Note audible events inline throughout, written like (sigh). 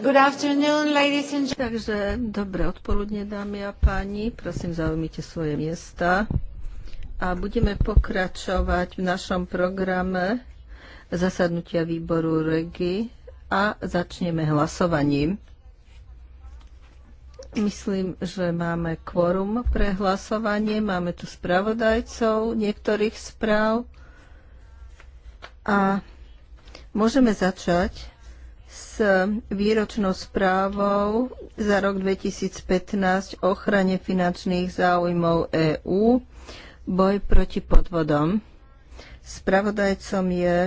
Takže dobré odpoludne, dámy a páni. Prosím, zaujmite svoje miesta. A budeme pokračovať v našom programe zasadnutia výboru REGI a začneme hlasovaním. Myslím, že máme kvorum pre hlasovanie. Máme tu spravodajcov niektorých správ. A môžeme začať s výročnou správou za rok 2015 o ochrane finančných záujmov EÚ, boj proti podvodom. Spravodajcom je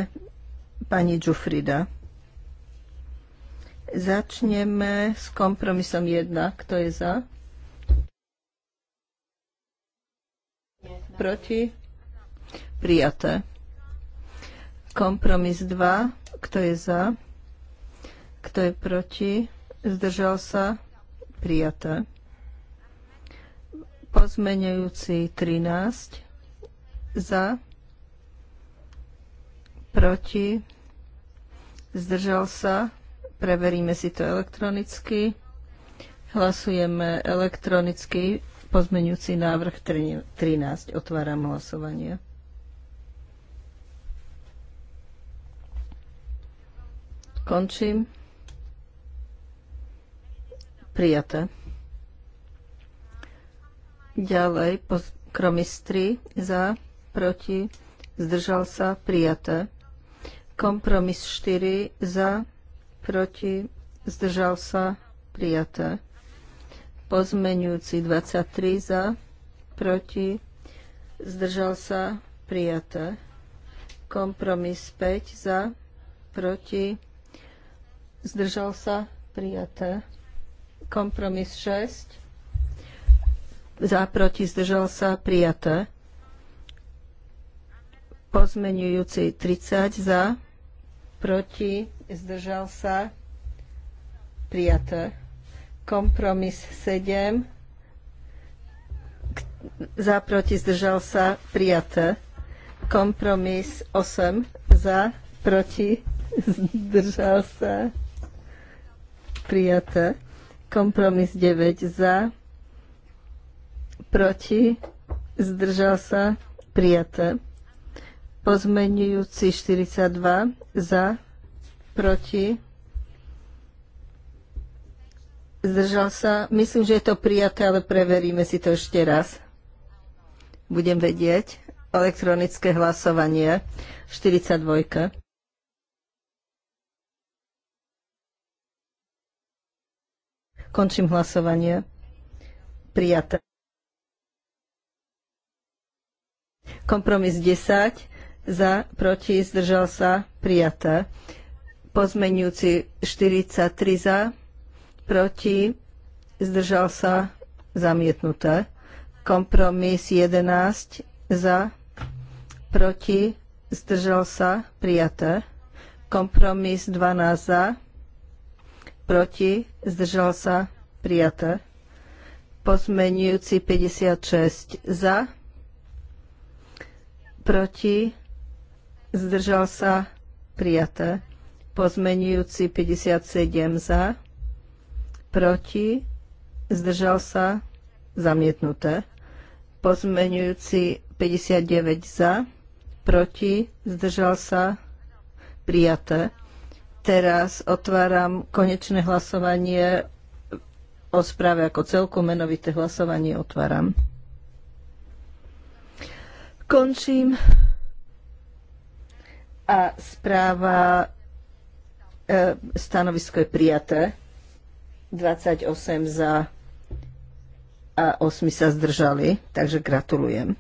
pani Džufrida. Začneme s kompromisom 1. Kto je za? Proti? Prijaté. Kompromis 2. Kto je za? Kto je proti? Zdržal sa? Prijaté. Pozmenujúci 13. Za? Proti? Zdržal sa? Preveríme si to elektronicky. Hlasujeme elektronicky. Pozmenujúci návrh 13. Otváram hlasovanie. Končím. Prijaté. Ďalej, kromistri 3 za, proti, zdržal sa, prijaté. Kompromis 4 za, proti, zdržal sa, prijaté. Pozmenujúci 23 za, proti, zdržal sa, prijaté. Kompromis 5 za, proti, zdržal sa, prijaté. Kompromis 6. Za, proti, zdržal sa, prijaté. Pozmenujúci 30 za, proti, zdržal sa, prijaté. Kompromis 7 za, proti, zdržal sa, prijaté. Kompromis 8 za, proti, (laughs) zdržal sa, prijaté. Kompromis 9 za, proti, zdržal sa, prijaté. Pozmenujúci 42 za, proti, zdržal sa. Myslím, že je to prijaté, ale preveríme si to ešte raz. Budem vedieť. Elektronické hlasovanie 42. Končím hlasovanie. Prijaté. Kompromis 10. Za, proti, zdržal sa, prijaté. Pozmenujúci 43 za, proti, zdržal sa, zamietnuté. Kompromis 11 za, proti, zdržal sa, prijaté. Kompromis 12 za, proti, zdržal sa, prijaté. Pozmenujúci 56 za, proti, zdržal sa, prijaté. Pozmenujúci 57 za, proti, zdržal sa, zamietnuté. Pozmenujúci 59 za, proti, zdržal sa, prijaté. Teraz otváram konečné hlasovanie o správe ako celku. Menovité hlasovanie otváram. Končím. A správa, e, stanovisko je prijaté. 28 za a 8 sa zdržali, takže gratulujem.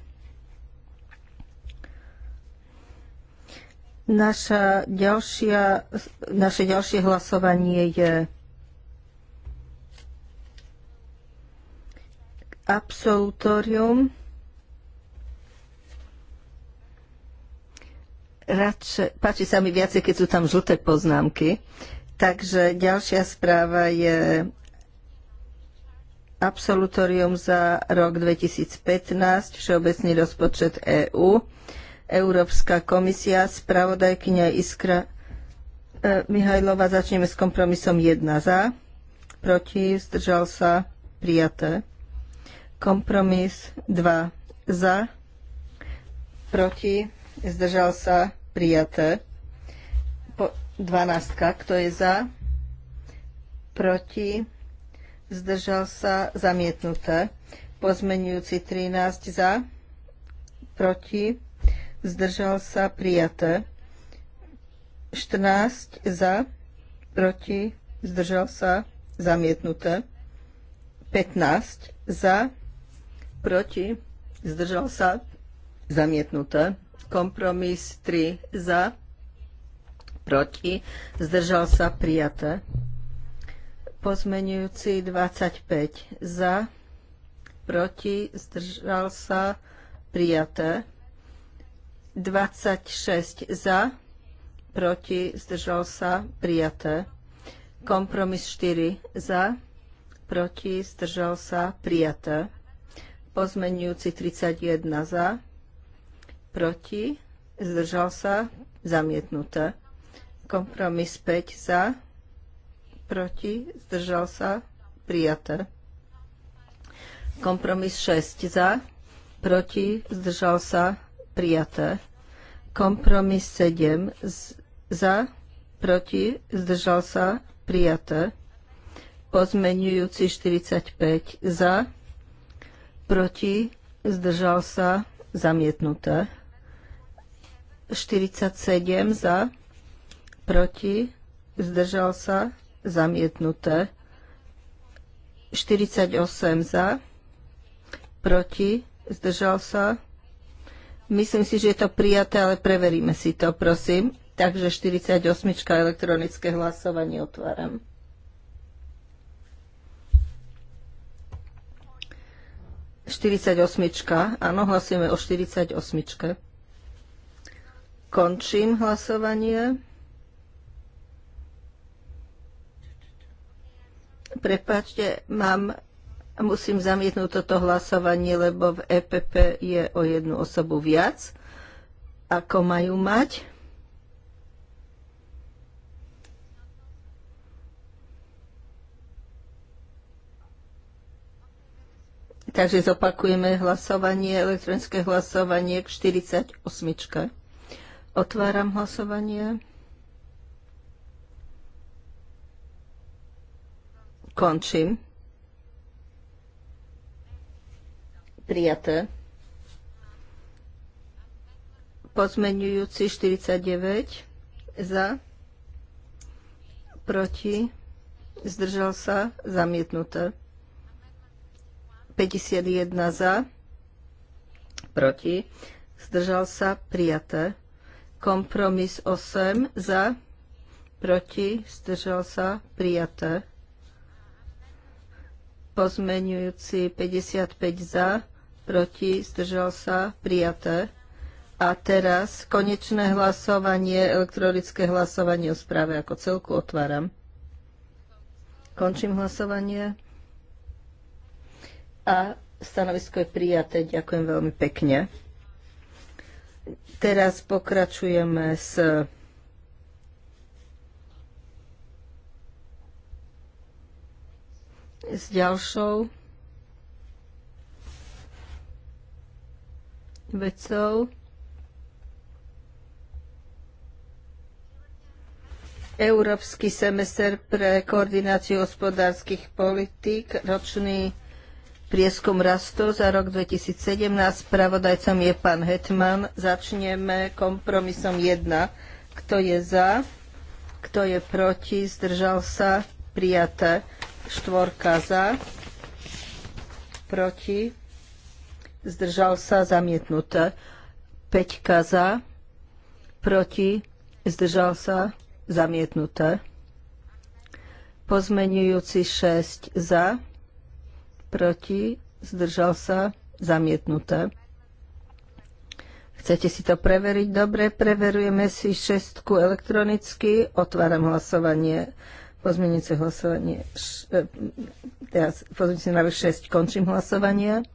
Naša ďalšia, naše ďalšie hlasovanie je absolutorium. Radšej, páči sa mi viacej, keď sú tam žlté poznámky. Takže ďalšia správa je absolutorium za rok 2015, všeobecný rozpočet EÚ. Európska komisia, spravodajkyňa Iskra e, Mihajlova. Začneme s kompromisom 1 za, proti, zdržal sa, prijaté. Kompromis 2 za, proti, zdržal sa, prijaté. Po 12. Kto je za? Proti? Zdržal sa? Zamietnuté. Pozmenujúci 13 za? Proti? zdržal sa, prijaté. 14 za, proti, zdržal sa, zamietnuté. 15 za, proti, zdržal sa, zamietnuté. Kompromis 3 za, proti, zdržal sa, prijaté. Pozmenujúci 25 za, proti, zdržal sa, prijaté. 26 za, proti, zdržal sa, prijaté. Kompromis 4 za, proti, zdržal sa, prijaté. Pozmenujúci 31 za, proti, zdržal sa, zamietnuté. Kompromis 5 za, proti, zdržal sa, prijaté. Kompromis 6 za, proti, zdržal sa, prijaté. Kompromis 7 za, proti, zdržal sa, prijaté. Pozmenujúci 45 za, proti, zdržal sa, zamietnuté. 47 za, proti, zdržal sa, zamietnuté. 48 za, proti, zdržal sa, Myslím si, že je to prijaté, ale preveríme si to, prosím. Takže 48. elektronické hlasovanie otváram. osmička. Áno, hlasujeme o 48. Končím hlasovanie. Prepačte, mám Musím zamietnúť toto hlasovanie, lebo v EPP je o jednu osobu viac, ako majú mať. Takže zopakujeme hlasovanie, elektronické hlasovanie k 48. Otváram hlasovanie. Končím. Prijaté. Pozmenujúci 49 za, proti, zdržal sa, zamietnuté. 51 za, proti, zdržal sa, prijaté. Kompromis 8 za, proti, zdržal sa, prijaté. Pozmenujúci 55 za, proti, zdržal sa, prijaté. A teraz konečné hlasovanie, elektronické hlasovanie o správe ako celku otváram. Končím hlasovanie. A stanovisko je prijaté. Ďakujem veľmi pekne. Teraz pokračujeme s s ďalšou vecov. Európsky semester pre koordináciu hospodárskych politík, ročný prieskum rastu za rok 2017. Spravodajcom je pán Hetman. Začneme kompromisom 1. Kto je za? Kto je proti? Zdržal sa? Prijaté. Štvorka za. Proti? zdržal sa, zamietnuté. 5 za, proti, zdržal sa, zamietnuté. Pozmenujúci 6 za, proti, zdržal sa, zamietnuté. Chcete si to preveriť? Dobre, preverujeme si šestku elektronicky. Otváram hlasovanie, pozmenujúce hlasovanie, š, e, teraz pozmenujúce návrh 6, končím hlasovanie.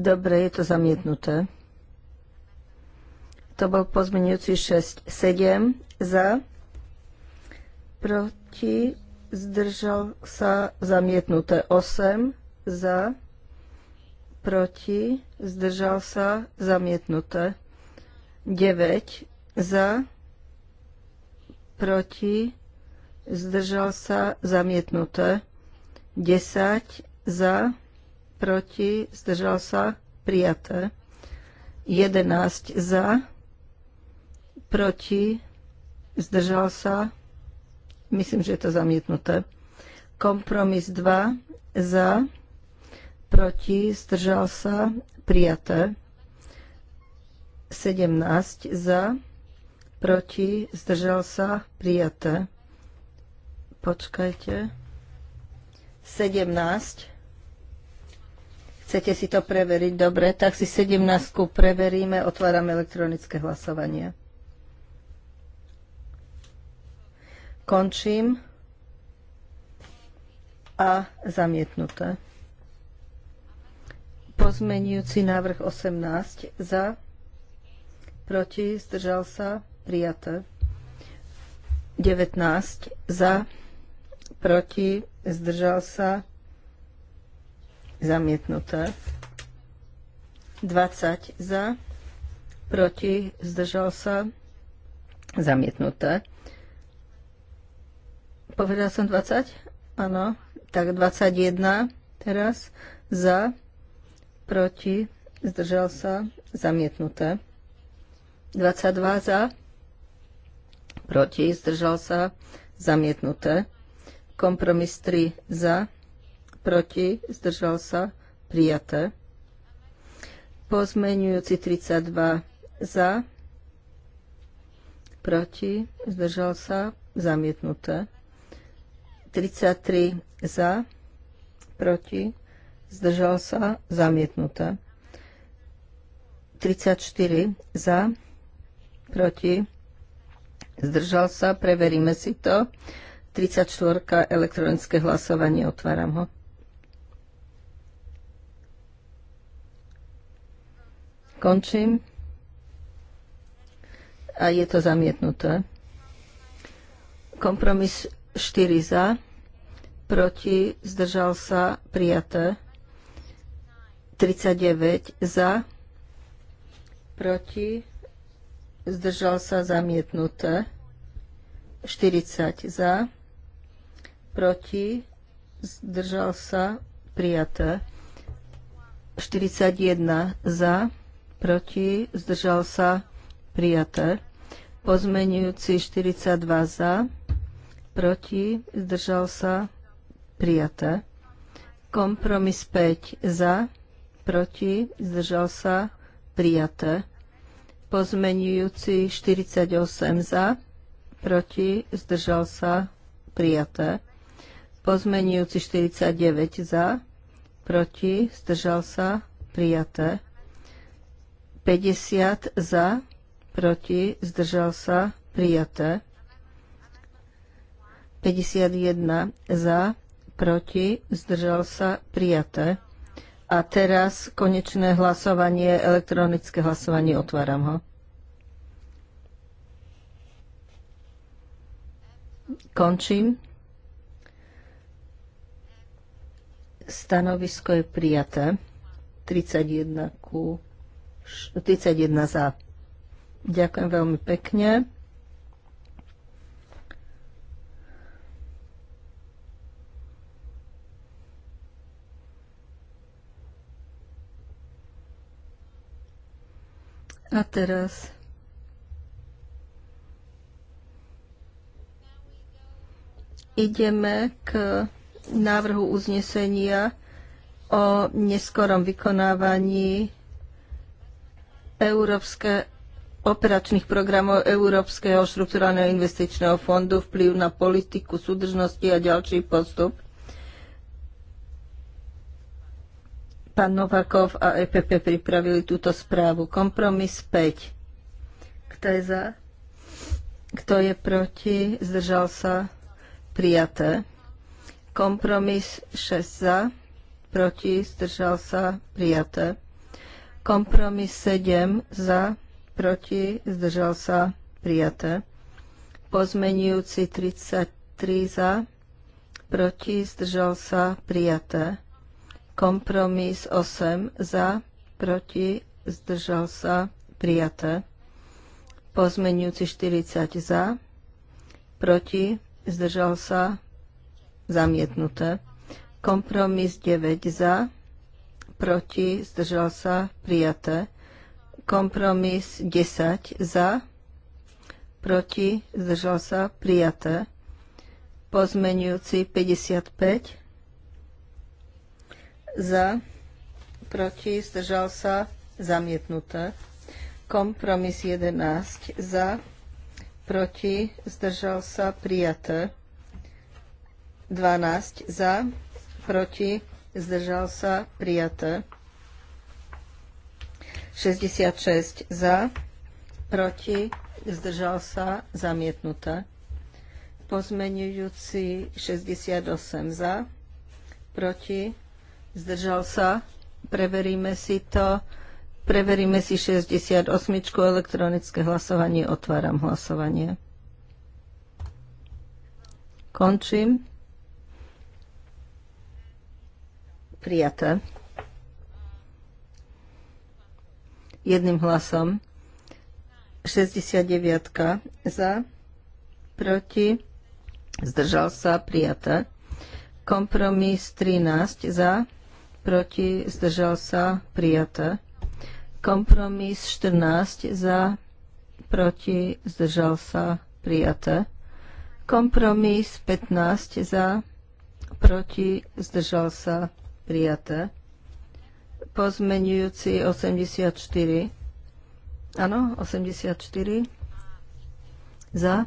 Dobre, je to zamietnuté. To bol pozmeňujúci 6, 7 za, proti, zdržal sa zamietnuté 8 za, proti, zdržal sa zamietnuté 9 za, proti, zdržal sa zamietnuté 10 za, proti, zdržal sa, prijaté. 11 za, proti, zdržal sa, myslím, že je to zamietnuté. Kompromis 2 za, proti, zdržal sa, prijaté. 17 za, proti, zdržal sa, prijaté. Počkajte. 17 Chcete si to preveriť? Dobre, tak si 17 preveríme, otváram elektronické hlasovanie. Končím a zamietnuté. Pozmenujúci návrh 18 za, proti, zdržal sa, prijaté. 19 za, proti, zdržal sa, zamietnuté. 20 za, proti, zdržal sa, zamietnuté. Povedal som 20? Áno. Tak 21 teraz za, proti, zdržal sa, zamietnuté. 22 za, proti, zdržal sa, zamietnuté. Kompromis 3 za, proti, zdržal sa, prijaté. Pozmenujúci 32 za, proti, zdržal sa, zamietnuté. 33 za, proti, zdržal sa, zamietnuté. 34 za, proti, zdržal sa, preveríme si to. 34 elektronické hlasovanie, otváram ho. Končím. A je to zamietnuté. Kompromis 4 za, proti, zdržal sa, prijaté. 39 za, proti, zdržal sa, zamietnuté. 40 za, proti, zdržal sa, prijaté. 41 za, proti, zdržal sa, prijaté. Pozmenujúci 42 za, proti, zdržal sa, prijaté. Kompromis 5 za, proti, zdržal sa, prijaté. Pozmenujúci 48 za, proti, zdržal sa, prijaté. Pozmenujúci 49 za, proti, zdržal sa, prijaté. 50 za, proti, zdržal sa, prijaté. 51 za, proti, zdržal sa, prijaté. A teraz konečné hlasovanie, elektronické hlasovanie, otváram ho. Končím. Stanovisko je prijaté. 31 ku 31 za. Ďakujem veľmi pekne. A teraz ideme k návrhu uznesenia o neskorom vykonávaní Európske operačných programov Európskeho štrukturálneho investičného fondu, vplyv na politiku súdržnosti a ďalší postup. Pán Novakov a EPP pripravili túto správu. Kompromis 5. Kto je za? Kto je proti? Zdržal sa? Prijaté. Kompromis 6 za, proti, zdržal sa, prijaté. Kompromis 7 za, proti, zdržal sa, prijaté. Pozmenujúci 33 za, proti, zdržal sa, prijaté. Kompromis 8 za, proti, zdržal sa, prijaté. Pozmenujúci 40 za, proti, zdržal sa, zamietnuté. Kompromis 9 za, proti, zdržal sa, prijaté. Kompromis 10 za, proti, zdržal sa, prijaté. Pozmenujúci 55 za, proti, zdržal sa, zamietnuté. Kompromis 11 za, proti, zdržal sa, prijaté. 12 za, proti, zdržal sa, prijaté. 66 za, proti, zdržal sa, zamietnuté. Pozmenujúci 68 za, proti, zdržal sa, preveríme si to. Preveríme si 68. elektronické hlasovanie. Otváram hlasovanie. Končím. prijaté. Jedným hlasom. 69 za, proti, zdržal sa, prijaté. Kompromis 13 za, proti, zdržal sa, prijaté. Kompromis 14 za, proti, zdržal sa, prijaté. Kompromis 15 za, proti, zdržal sa, prijaté. Pozmenujúci 84. Áno, 84. Za,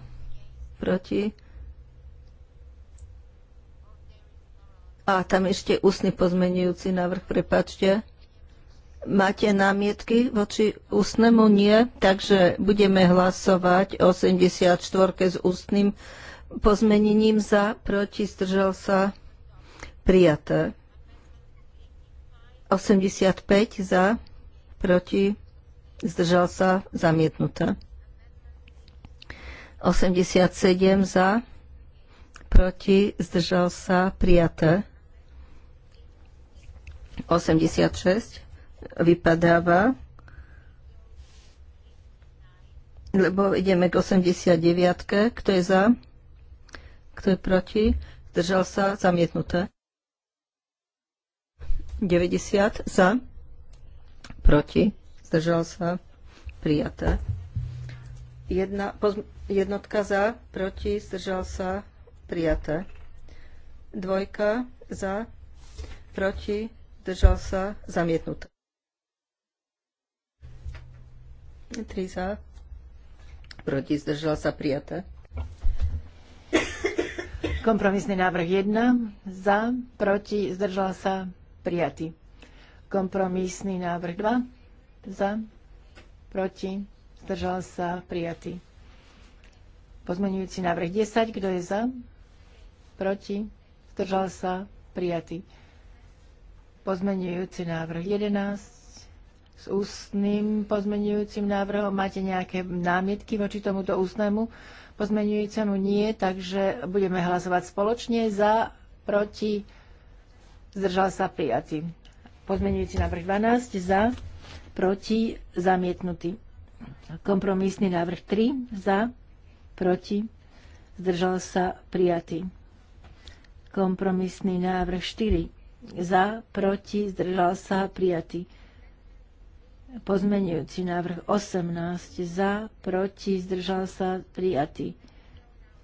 proti. A tam ešte ústny pozmenujúci návrh, prepačte. Máte námietky voči ústnemu? Nie. Takže budeme hlasovať 84 s ústnym pozmenením za, proti, zdržal sa, prijaté. 85 za, proti, zdržal sa, zamietnuté. 87 za, proti, zdržal sa, prijaté. 86 vypadáva, lebo ideme k 89. Kto je za? Kto je proti? Zdržal sa? Zamietnuté. 90 za, proti, zdržal sa, prijaté. Jedna, jednotka za, proti, zdržal sa, prijaté. Dvojka za, proti, zdržal sa, zamietnuté. Tri za, proti, zdržal sa, prijaté. Kompromisný návrh 1, za, proti, zdržal sa, prijatý. Kompromisný návrh 2 za, proti, zdržal sa, prijatý. Pozmeňujúci návrh 10, kto je za, proti, zdržal sa, prijatý. Pozmeňujúci návrh 11 s ústnym pozmeňujúcim návrhom. Máte nejaké námietky voči tomuto ústnemu Pozmeňujúcemu Nie, takže budeme hlasovať spoločne za, proti, zdržal sa prijatý. Pozmenujúci návrh 12 za, proti, zamietnutý. Kompromisný návrh 3 za, proti, zdržal sa prijatý. Kompromisný návrh 4 za, proti, zdržal sa prijatý. Pozmenujúci návrh 18 za, proti, zdržal sa prijatý.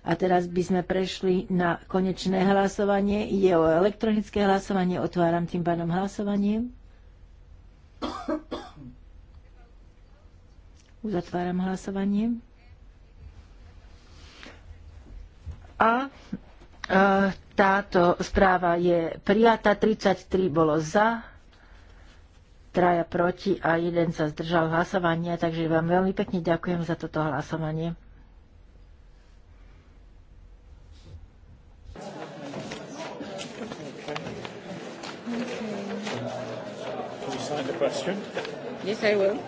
A teraz by sme prešli na konečné hlasovanie. Ide o elektronické hlasovanie. Otváram tým pádom hlasovanie. Uzatváram hlasovanie. A e, táto správa je prijatá. 33 bolo za, traja proti a jeden sa zdržal hlasovania. Takže vám veľmi pekne ďakujem za toto hlasovanie. question? Yes, I will.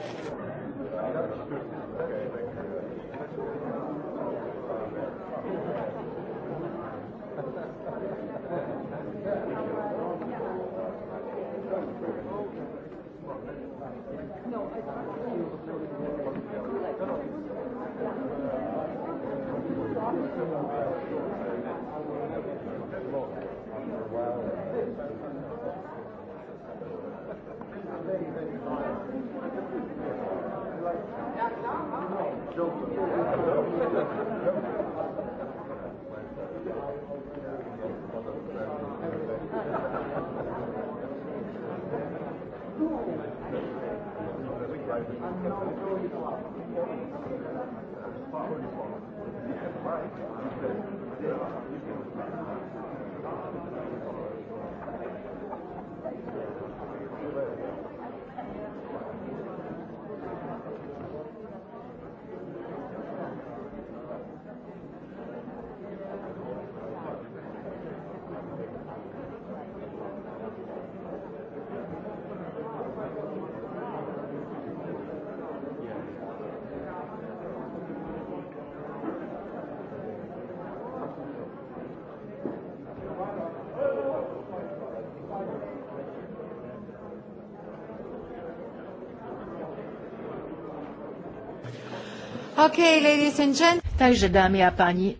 Okay, ladies and gentlemen. Takže dámy a páni,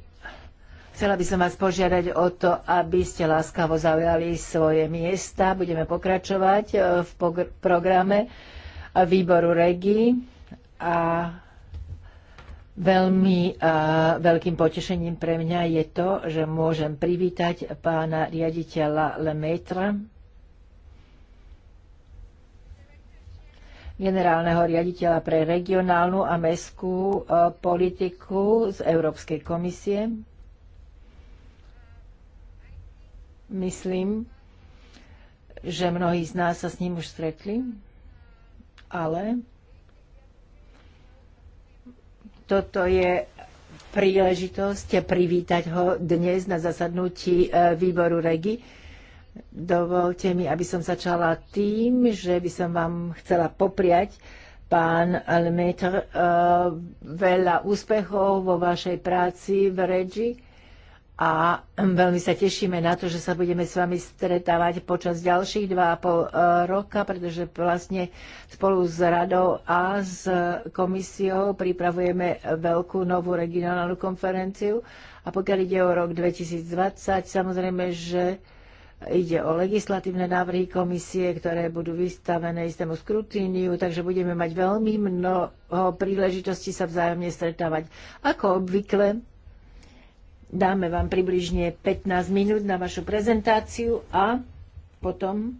chcela by som vás požiadať o to, aby ste láskavo zaujali svoje miesta. Budeme pokračovať e, v programe výboru REGI a veľmi e, veľkým potešením pre mňa je to, že môžem privítať pána riaditeľa Lemaitre generálneho riaditeľa pre regionálnu a mestskú e, politiku z Európskej komisie. Myslím, že mnohí z nás sa s ním už stretli, ale toto je príležitosť privítať ho dnes na zasadnutí e, výboru REGI Dovolte mi, aby som začala tým, že by som vám chcela popriať, pán Almetr, eh, veľa úspechov vo vašej práci v Regi a veľmi sa tešíme na to, že sa budeme s vami stretávať počas ďalších 2,5 eh, roka, pretože vlastne spolu s radou a s komisiou pripravujeme veľkú novú regionálnu konferenciu. A pokiaľ ide o rok 2020, samozrejme, že Ide o legislatívne návrhy komisie, ktoré budú vystavené istému skrutíniu, takže budeme mať veľmi mnoho príležitostí sa vzájomne stretávať. Ako obvykle, dáme vám približne 15 minút na vašu prezentáciu a potom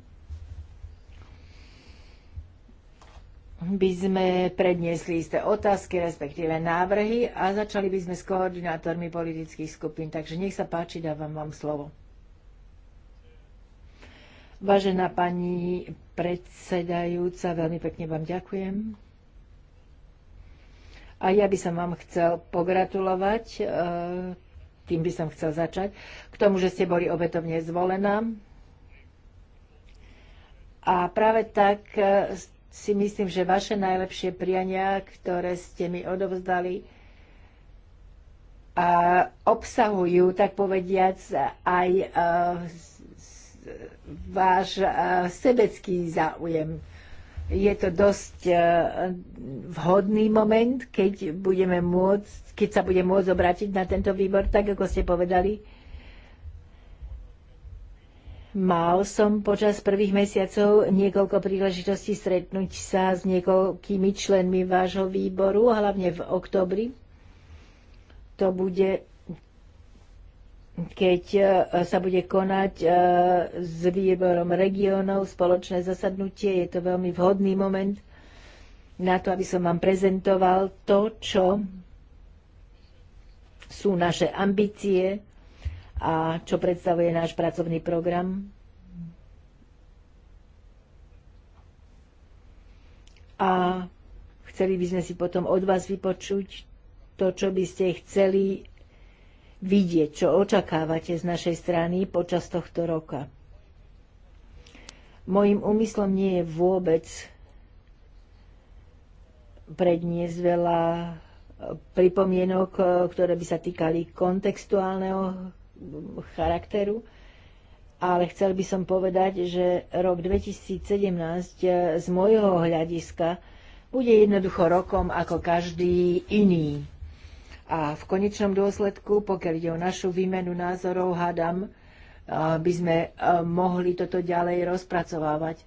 by sme predniesli isté otázky, respektíve návrhy a začali by sme s koordinátormi politických skupín. Takže nech sa páči, dávam vám slovo. Vážená pani predsedajúca, veľmi pekne vám ďakujem. A ja by som vám chcel pogratulovať, e, tým by som chcel začať, k tomu, že ste boli obetovne zvolená. A práve tak e, si myslím, že vaše najlepšie priania, ktoré ste mi odovzdali, a obsahujú, tak povediac, aj e, váš eh, sebecký záujem. Je to dosť eh, vhodný moment, keď, budeme môcť, keď sa bude môcť obrátiť na tento výbor, tak ako ste povedali. Mal som počas prvých mesiacov niekoľko príležitostí stretnúť sa s niekoľkými členmi vášho výboru, hlavne v oktobri. To bude keď e, sa bude konať e, s výborom regiónov spoločné zasadnutie. Je to veľmi vhodný moment na to, aby som vám prezentoval to, čo sú naše ambície a čo predstavuje náš pracovný program. A chceli by sme si potom od vás vypočuť to, čo by ste chceli vidieť, čo očakávate z našej strany počas tohto roka. Mojím úmyslom nie je vôbec predniesť veľa pripomienok, eh, ktoré by sa týkali kontextuálneho charakteru, ale chcel by som povedať, že rok 2017 eh, z môjho hľadiska bude jednoducho rokom ako každý iný. A v konečnom dôsledku, pokiaľ ide o našu výmenu názorov, hádam, by sme mohli toto ďalej rozpracovávať.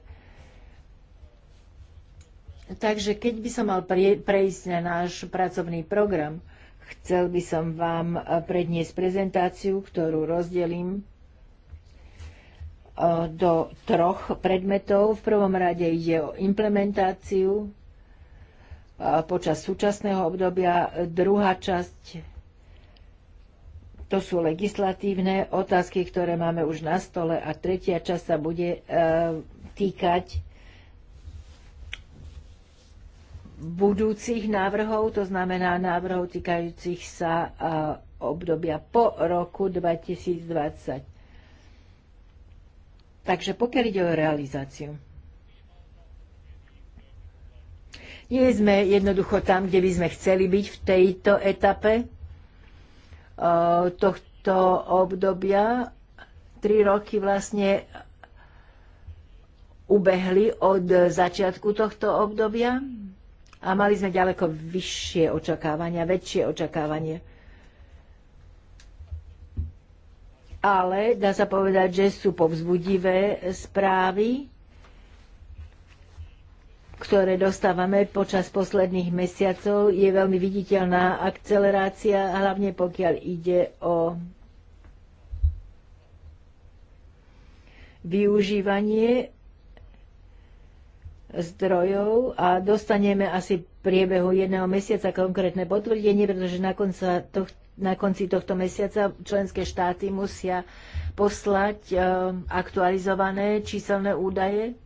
Takže keď by som mal prejsť na náš pracovný program, chcel by som vám predniesť prezentáciu, ktorú rozdelím do troch predmetov. V prvom rade ide o implementáciu počas súčasného obdobia. Druhá časť to sú legislatívne otázky, ktoré máme už na stole a tretia časť sa bude e, týkať budúcich návrhov, to znamená návrhov týkajúcich sa e, obdobia po roku 2020. Takže pokiaľ ide o realizáciu. Nie sme jednoducho tam, kde by sme chceli byť v tejto etape eh, tohto obdobia. Tri roky vlastne ubehli od začiatku tohto obdobia a mali sme ďaleko vyššie očakávania, väčšie očakávanie. Ale dá sa povedať, že sú povzbudivé správy ktoré dostávame počas posledných mesiacov, je veľmi viditeľná akcelerácia, hlavne pokiaľ ide o využívanie zdrojov a dostaneme asi priebehu jedného mesiaca konkrétne potvrdenie, pretože na, konca toh, na konci tohto mesiaca členské štáty musia poslať e, aktualizované číselné údaje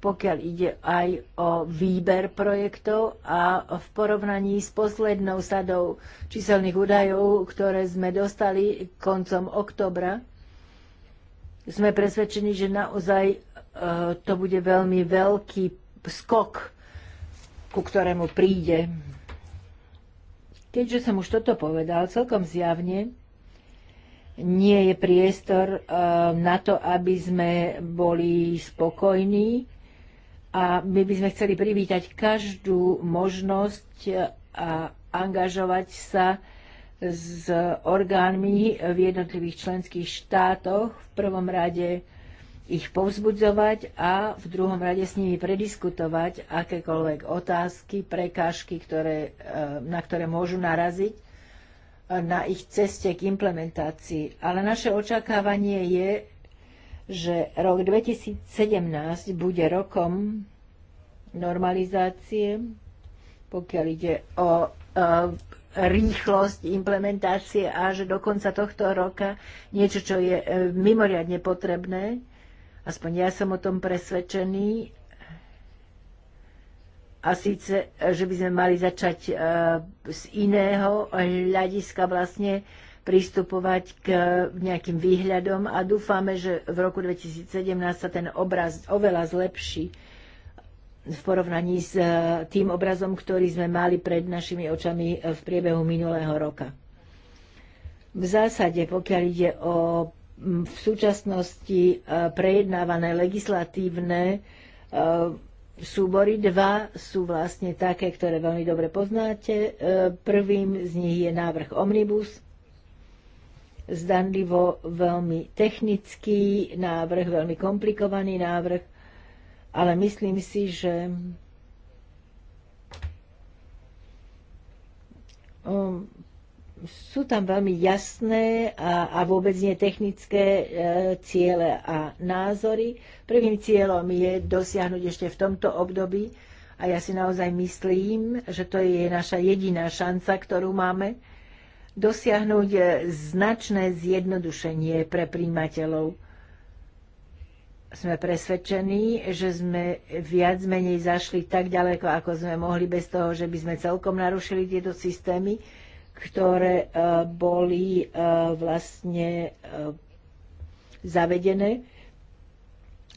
pokiaľ ide aj o výber projektov a v porovnaní s poslednou sadou číselných údajov, ktoré sme dostali koncom oktobra, sme presvedčení, že naozaj e, to bude veľmi veľký skok, ku ktorému príde. Keďže som už toto povedal, celkom zjavne nie je priestor e, na to, aby sme boli spokojní a my by sme chceli privítať každú možnosť e, a angažovať sa s orgánmi v jednotlivých členských štátoch, v prvom rade ich povzbudzovať a v druhom rade s nimi prediskutovať akékoľvek otázky, prekážky, ktoré, e, na ktoré môžu naraziť e, na ich ceste k implementácii. Ale naše očakávanie je, že rok 2017 bude rokom normalizácie, pokiaľ ide o e, rýchlosť implementácie a že do konca tohto roka niečo, čo je e, mimoriadne potrebné, aspoň ja som o tom presvedčený, a síce, e, že by sme mali začať z iného hľadiska vlastne pristupovať k e, nejakým výhľadom a dúfame, že v roku 2017 sa ten obraz oveľa zlepší v porovnaní s e, tým obrazom, ktorý sme mali pred našimi očami e, v priebehu minulého roka. V zásade, pokiaľ ide o v súčasnosti prejednávané legislatívne súbory. Dva sú vlastne také, ktoré veľmi dobre poznáte. Prvým z nich je návrh Omnibus zdanlivo veľmi technický návrh, veľmi komplikovaný návrh, ale myslím si, že um, sú tam veľmi jasné a, a vôbec nie technické e, ciele a názory. Prvým cieľom je dosiahnuť ešte v tomto období, a ja si naozaj myslím, že to je naša jediná šanca, ktorú máme, dosiahnuť e, značné zjednodušenie pre príjimateľov. Sme presvedčení, že sme viac menej zašli tak ďaleko, ako sme mohli bez toho, že by sme celkom narušili tieto systémy, ktoré e, boli e, vlastne zavedené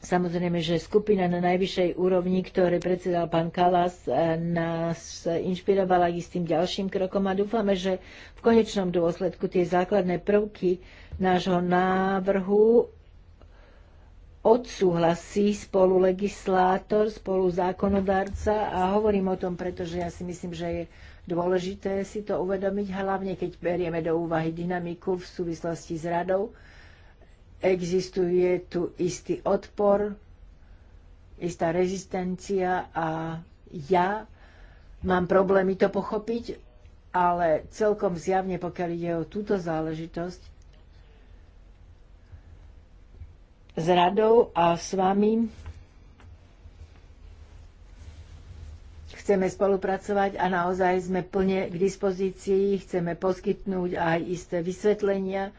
Samozrejme, že skupina na najvyššej úrovni, ktoré predsedal pán Kalas, e, nás inšpirovala istým ďalším krokom a dúfame, že v konečnom dôsledku tie základné prvky nášho návrhu odsúhlasí spolu legislátor, spolu zákonodárca a hovorím o tom, pretože ja si myslím, že je dôležité si to uvedomiť, hlavne keď berieme do úvahy dynamiku v súvislosti s radou Existuje tu istý odpor, istá rezistencia a ja mám problémy to pochopiť, ale celkom zjavne, pokiaľ ide o túto záležitosť, s radou a s vami chceme spolupracovať a naozaj sme plne k dispozícii, chceme poskytnúť aj isté vysvetlenia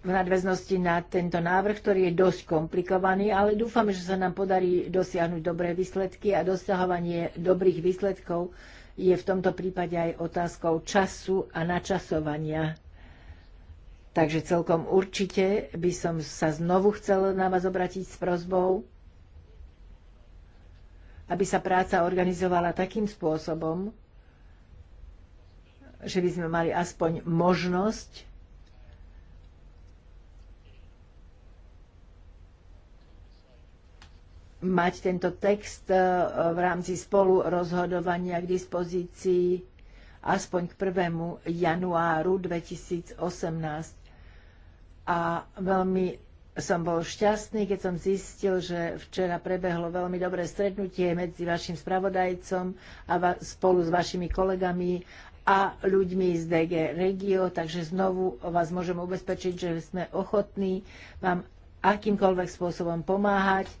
v nadväznosti na tento návrh, ktorý je dosť komplikovaný, ale dúfame, že sa nám podarí dosiahnuť dobré výsledky a dosahovanie dobrých výsledkov je v tomto prípade aj otázkou času a načasovania. Takže celkom určite by som sa znovu chcel na vás obratiť s prozbou, aby sa práca organizovala takým spôsobom, že by sme mali aspoň možnosť mať tento text e, v rámci spolu rozhodovania k dispozícii aspoň k 1. januáru 2018. A veľmi som bol šťastný, keď som zistil, že včera prebehlo veľmi dobré stretnutie medzi vašim spravodajcom a va- spolu s vašimi kolegami a ľuďmi z DG Regio, takže znovu vás môžem ubezpečiť, že sme ochotní vám akýmkoľvek spôsobom pomáhať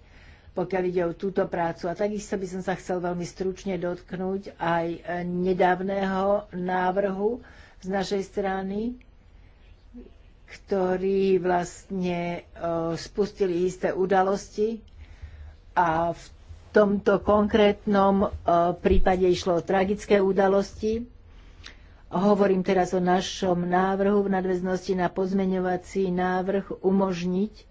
pokiaľ ide o túto prácu. A takisto by som sa chcel veľmi stručne dotknúť aj nedávneho návrhu z našej strany, ktorý vlastne e, spustili isté udalosti a v tomto konkrétnom e, prípade išlo o tragické udalosti. Hovorím teraz o našom návrhu v nadväznosti na pozmeňovací návrh umožniť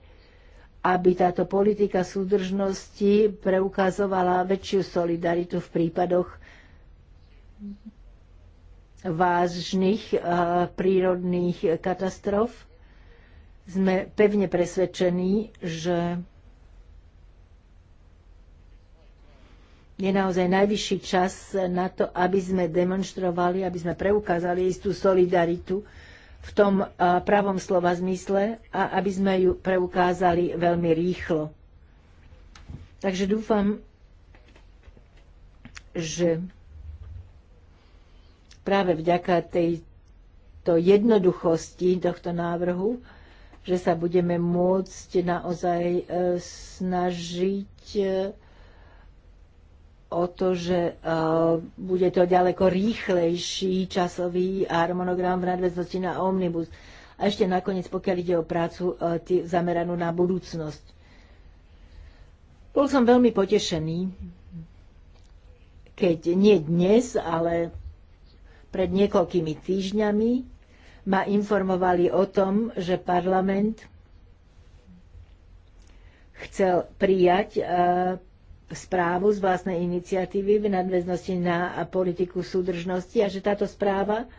aby táto politika súdržnosti preukazovala väčšiu solidaritu v prípadoch vážnych eh, prírodných katastrof. Sme pevne presvedčení, že je naozaj najvyšší čas na to, aby sme demonstrovali, aby sme preukázali istú solidaritu v tom eh, pravom slova zmysle a aby sme ju preukázali veľmi rýchlo. Takže dúfam, že práve vďaka tejto jednoduchosti tohto návrhu, že sa budeme môcť naozaj eh, snažiť eh, o to, že e, bude to ďaleko rýchlejší časový harmonogram v nadväznosti na Omnibus. A ešte nakoniec, pokiaľ ide o prácu e, zameranú na budúcnosť. Bol som veľmi potešený, keď nie dnes, ale pred niekoľkými týždňami ma informovali o tom, že parlament chcel prijať e, správu z vlastnej iniciatívy v nadväznosti na politiku súdržnosti a že táto správa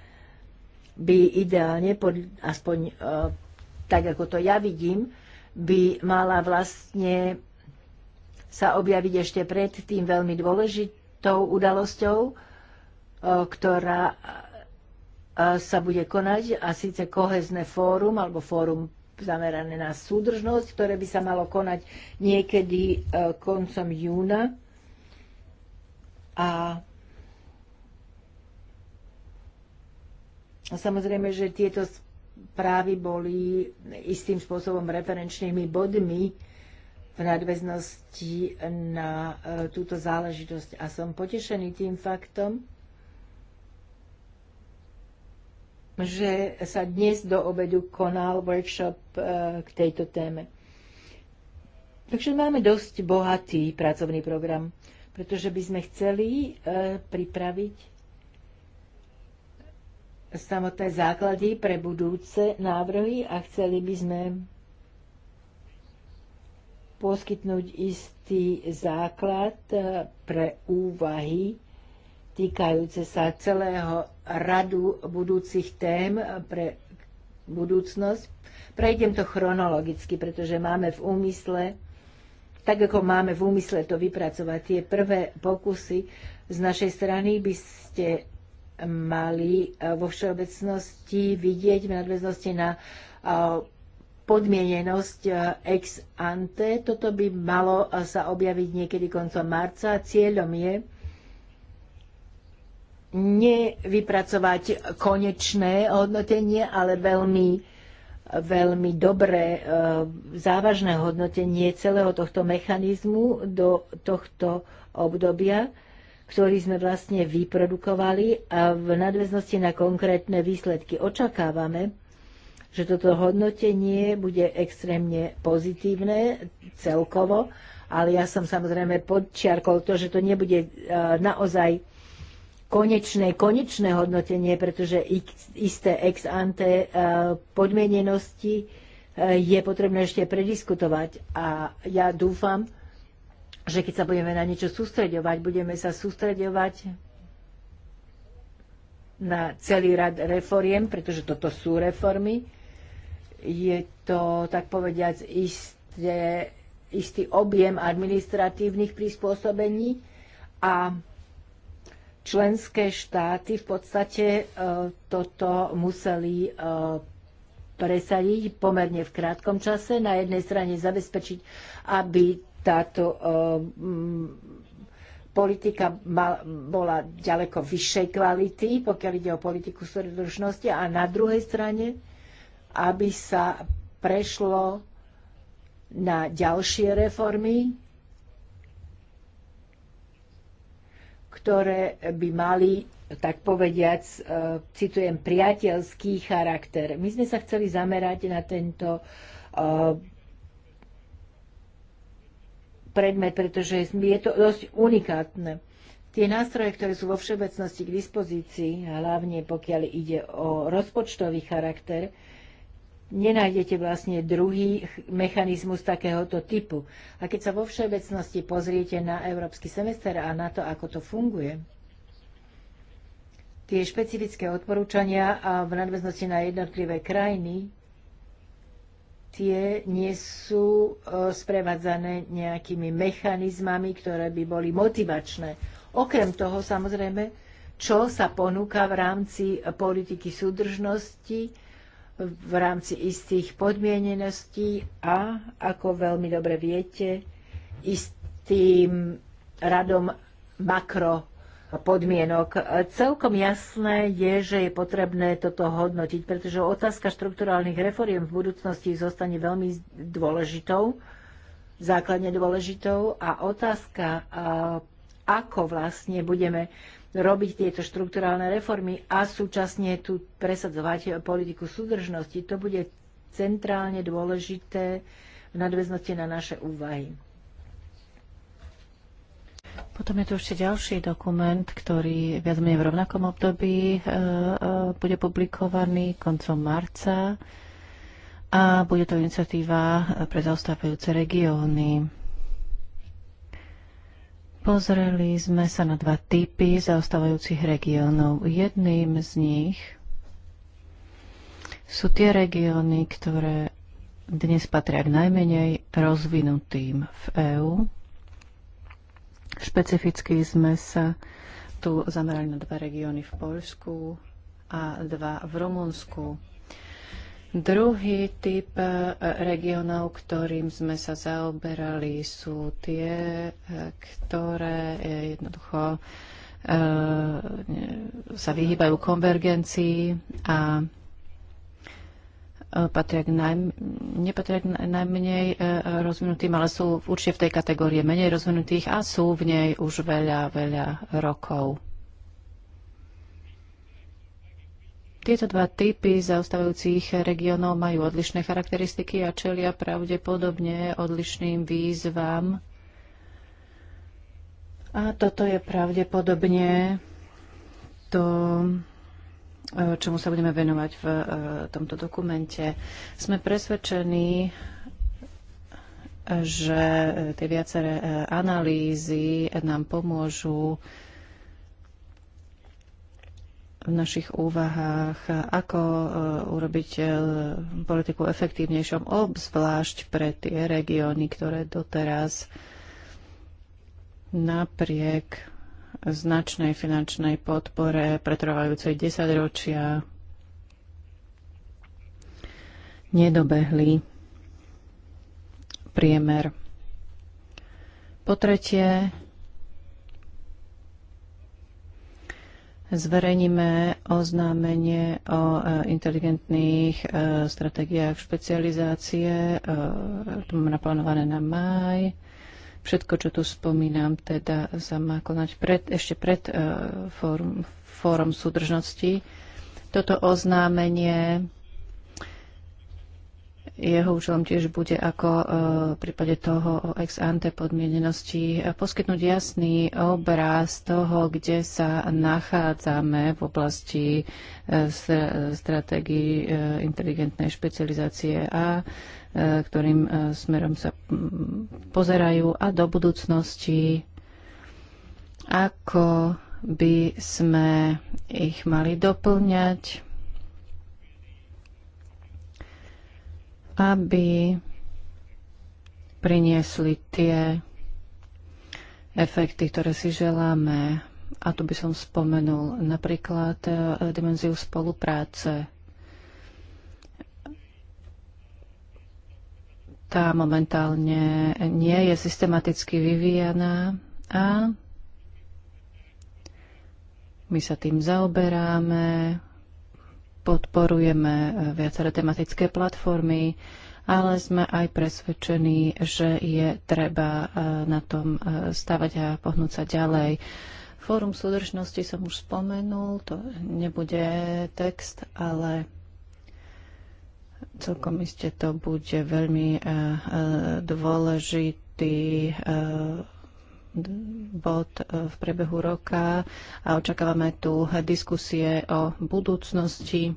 by ideálne, aspoň e, tak ako to ja vidím, by mala vlastne sa objaviť ešte pred tým veľmi dôležitou udalosťou, e, ktorá e, sa bude konať a síce kohezné fórum alebo fórum zamerané na súdržnosť, ktoré by sa malo konať niekedy e, koncom júna. A samozrejme, že tieto správy boli istým spôsobom referenčnými bodmi v nadväznosti na e, túto záležitosť. A som potešený tým faktom, že sa dnes do obedu konal workshop eh, k tejto téme. Takže máme dosť bohatý pracovný program, pretože by sme chceli eh, pripraviť samotné základy pre budúce návrhy a chceli by sme poskytnúť istý základ eh, pre úvahy týkajúce sa celého radu budúcich tém pre budúcnosť. Prejdem to chronologicky, pretože máme v úmysle, tak ako máme v úmysle to vypracovať, tie prvé pokusy z našej strany by ste mali eh, vo všeobecnosti vidieť v nadväznosti na eh, podmienenosť eh, ex ante. Toto by malo sa objaviť niekedy koncom marca. Cieľom je, nevypracovať konečné hodnotenie, ale veľmi, veľmi dobré e, závažné hodnotenie celého tohto mechanizmu do tohto obdobia, ktorý sme vlastne vyprodukovali a v nadväznosti na konkrétne výsledky očakávame, že toto hodnotenie bude extrémne pozitívne celkovo, ale ja som samozrejme podčiarkol to, že to nebude e, naozaj konečné, konečné hodnotenie, pretože isté ex ante e, podmienenosti e, je potrebné ešte prediskutovať. A ja dúfam, že keď sa budeme na niečo sústreďovať, budeme sa sústreďovať na celý rad reforiem, pretože toto sú reformy. Je to, tak povediať, isté, istý objem administratívnych prispôsobení a členské štáty v podstate e, toto museli e, presadiť pomerne v krátkom čase. Na jednej strane zabezpečiť, aby táto e, politika bola ďaleko vyššej kvality, pokiaľ ide o politiku súdržnosti, a na druhej strane, aby sa prešlo na ďalšie reformy, ktoré by mali, tak povediac, e, citujem, priateľský charakter. My sme sa chceli zamerať na tento e, predmet, pretože je to dosť unikátne. Tie nástroje, ktoré sú vo všeobecnosti k dispozícii, hlavne pokiaľ ide o rozpočtový charakter, nenájdete vlastne druhý mechanizmus takéhoto typu. A keď sa vo všeobecnosti pozriete na európsky semester a na to, ako to funguje, tie špecifické odporúčania a v nadväznosti na jednotlivé krajiny, tie nie sú e, sprevádzané nejakými mechanizmami, ktoré by boli motivačné. Okrem toho, samozrejme, čo sa ponúka v rámci politiky súdržnosti, v rámci istých podmieneností a, ako veľmi dobre viete, istým radom makro podmienok. Celkom jasné je, že je potrebné toto hodnotiť, pretože otázka štrukturálnych reforiem v budúcnosti zostane veľmi dôležitou, základne dôležitou a otázka ako vlastne budeme robiť tieto štruktúrálne reformy a súčasne tu presadzovať politiku súdržnosti. To bude centrálne dôležité v nadväznosti na naše úvahy. Potom je tu ešte ďalší dokument, ktorý viac menej v rovnakom období e, e, bude publikovaný koncom marca a bude to iniciatíva pre zaostávajúce regióny. Pozreli sme sa na dva typy zaostávajúcich regiónov. Jedným z nich sú tie regióny, ktoré dnes patria k najmenej rozvinutým v EÚ. Špecificky sme sa tu zamerali na dva regióny v Poľsku a dva v Rumunsku. Druhý typ e, regionov, ktorým sme sa zaoberali, sú tie, e, ktoré e, jednoducho sa vyhýbajú konvergencii a patria k naj, nepatria k najmenej rozvinutým, ale sú určite v tej kategórie menej rozvinutých a sú v nej už veľa, veľa rokov. Tieto dva typy zaostávajúcich regiónov majú odlišné charakteristiky a čelia pravdepodobne odlišným výzvam. A toto je pravdepodobne to, čomu sa budeme venovať v e, tomto dokumente. Sme presvedčení, že tie viaceré e, analýzy nám pomôžu v našich úvahách, ako eh, urobiť eh, politiku efektívnejšom, obzvlášť pre tie regióny, ktoré doteraz napriek značnej finančnej podpore pretrvajúcej desaťročia nedobehli priemer. Po tretie, zverejníme oznámenie o e, inteligentných e, stratégiách špecializácie. E, to mám naplánované na maj. Všetko, čo tu spomínam, teda sa má konať pred, ešte pred fórum, fórum súdržnosti. Toto oznámenie jeho účelom tiež bude, ako e, v prípade toho o ex ante podmienenosti, e, poskytnúť jasný obraz toho, kde sa nachádzame v oblasti e, stratégii inteligentnej špecializácie a ktorým smerom sa mm, pozerajú a do budúcnosti, ako by sme ich mali doplňať aby priniesli tie efekty, ktoré si želáme. A tu by som spomenul napríklad e, dimenziu spolupráce. Tá momentálne nie je systematicky vyvíjaná a my sa tým zaoberáme, podporujeme e, viaceré tematické platformy, ale sme aj presvedčení, že je treba e, na tom e, stavať a pohnúť sa ďalej. Fórum súdržnosti som už spomenul, to nebude text, ale celkom iste to bude veľmi dôležitý bod eh, v priebehu roka a očakávame tu diskusie o budúcnosti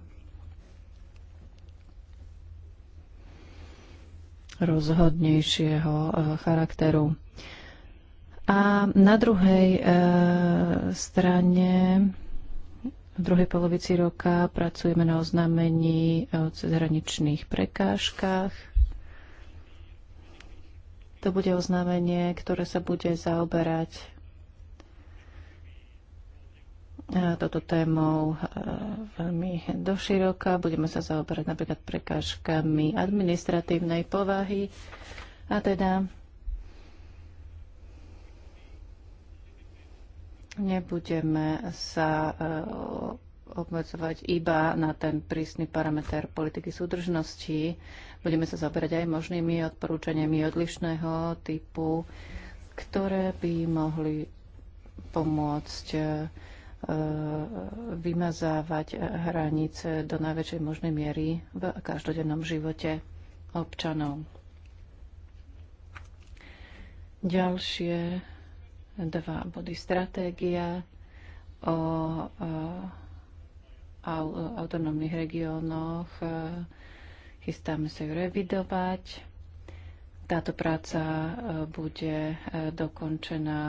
rozhodnejšieho eh, charakteru. A na druhej eh, strane v druhej polovici roka pracujeme na oznámení o cezhraničných prekážkach to bude oznámenie, ktoré sa bude zaoberať e, toto témou e, veľmi doširoka. Budeme sa zaoberať napríklad prekážkami administratívnej povahy a teda nebudeme sa e, obmedzovať iba na ten prísny parameter politiky súdržnosti. Budeme sa zaoberať aj možnými odporúčaniami odlišného typu, ktoré by mohli pomôcť e, vymazávať hranice do najväčšej možnej miery v každodennom živote občanov. Ďalšie dva body stratégia o, o e, autonómnych regiónoch. E, chystáme sa ju revidovať. Táto práca e, bude e, dokončená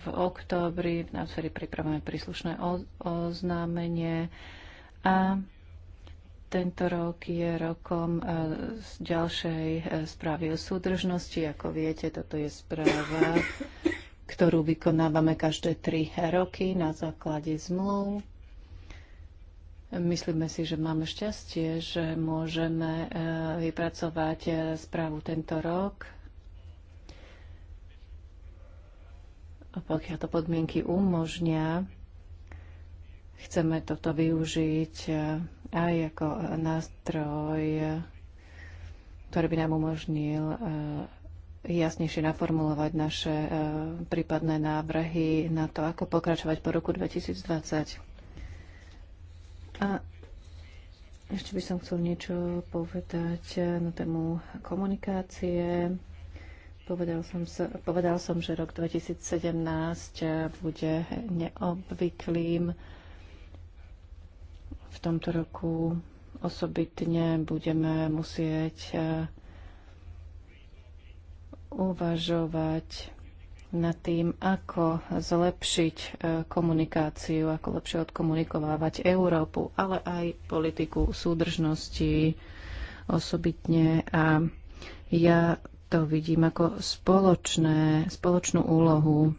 v októbri. V násferi pripravujeme príslušné oznámenie a tento rok je rokom z ďalšej správy o súdržnosti. Ako viete, toto je správa, ktorú vykonávame každé tri roky na základe zmluv. Myslíme si, že máme šťastie, že môžeme e, vypracovať e, správu tento rok. A pokiaľ to podmienky umožnia, chceme toto využiť e, aj ako nástroj, ktorý by nám umožnil jasnejšie naformulovať naše e, prípadné návrhy na to, ako pokračovať po roku 2020. A ešte by som chcel niečo povedať e, na tému komunikácie. Povedal som, povedal som, že rok 2017 e, bude neobvyklým. V tomto roku osobitne budeme musieť uvažovať nad tým, ako zlepšiť e, komunikáciu, ako lepšie odkomunikovávať Európu, ale aj politiku súdržnosti osobitne. A ja to vidím ako spoločné, spoločnú úlohu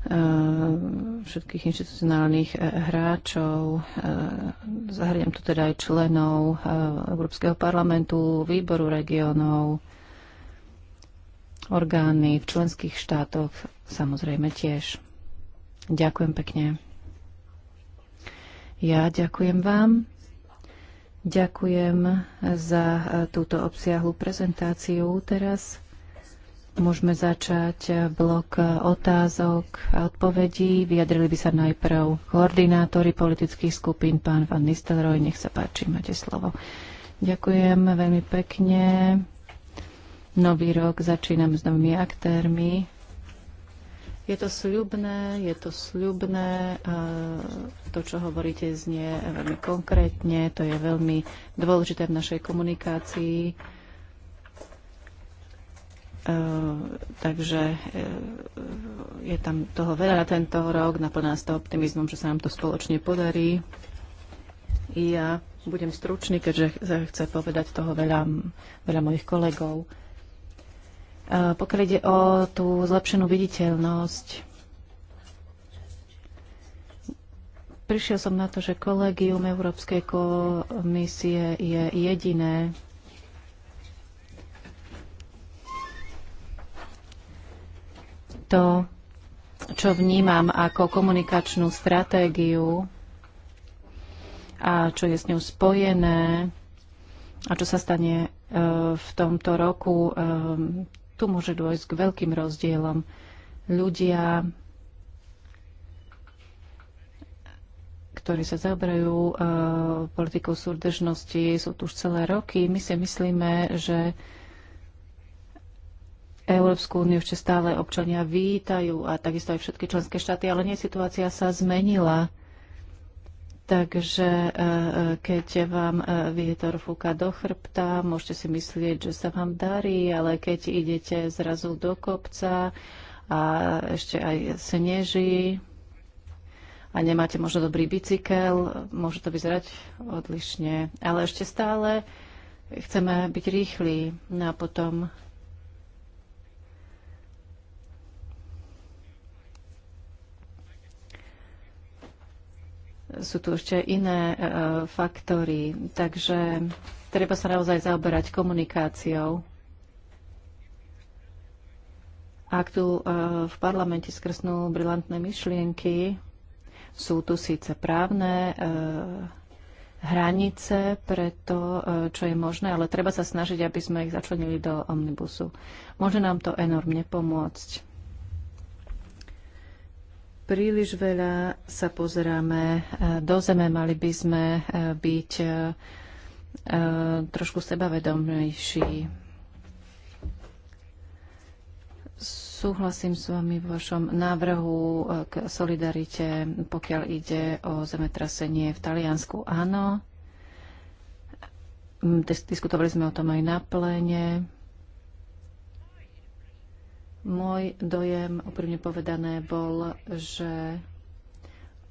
Eh, všetkých inštitucionálnych eh, hráčov. Eh, zahrňam tu teda aj členov Európskeho parlamentu, výboru regionov, orgány v členských štátoch samozrejme tiež. Ďakujem pekne. Ja ďakujem vám. Ďakujem za túto obsiahlu prezentáciu. Teraz Môžeme začať eh, blok eh, otázok a odpovedí. Vyjadrili by sa najprv koordinátori politických skupín. Pán Van Nistelrooy, nech sa páči, máte slovo. Ďakujem veľmi pekne. Nový rok začínam s novými aktérmi. Je to sľubné, je to sľubné. Eh, to, čo hovoríte, znie veľmi konkrétne. To je veľmi dôležité v našej komunikácii E, takže e, je tam toho veľa na tento rok, naplná s to optimizmom, že sa nám to spoločne podarí. I ja budem stručný, keďže chce povedať toho veľa, veľa mojich kolegov. E, pokiaľ ide o tú zlepšenú viditeľnosť, prišiel som na to, že kolegium Európskej komisie je jediné, to, čo vnímam ako komunikačnú stratégiu a čo je s ňou spojené a čo sa stane e, v tomto roku, e, tu môže dôjsť k veľkým rozdielom. Ľudia, ktorí sa zaoberajú e, politikou súdržnosti, sú tu už celé roky. My si myslíme, že Európsku úniu ešte stále občania vítajú a takisto aj všetky členské štáty, ale nie situácia sa zmenila. Takže eh, eh, keď vám eh, vietor fúka do chrbta, môžete si myslieť, že sa vám darí, ale keď idete zrazu do kopca a ešte aj sneží a nemáte možno dobrý bicykel, môže to vyzerať odlišne. Ale ešte stále chceme byť rýchli no a potom sú tu ešte iné e, e, faktory, takže treba sa naozaj zaoberať komunikáciou. Ak tu e, v parlamente skrsnú brilantné myšlienky, sú tu síce právne e, hranice pre to, e, čo je možné, ale treba sa snažiť, aby sme ich začlenili do omnibusu. Môže nám to enormne pomôcť. Príliš veľa sa pozeráme e, do zeme, mali by sme e, byť e, trošku sebavedomnejší. Súhlasím s vami v vašom návrhu k solidarite, pokiaľ ide o zemetrasenie v Taliansku. Áno. Diskutovali sme o tom aj na pléne. Môj dojem, úprimne povedané, bol, že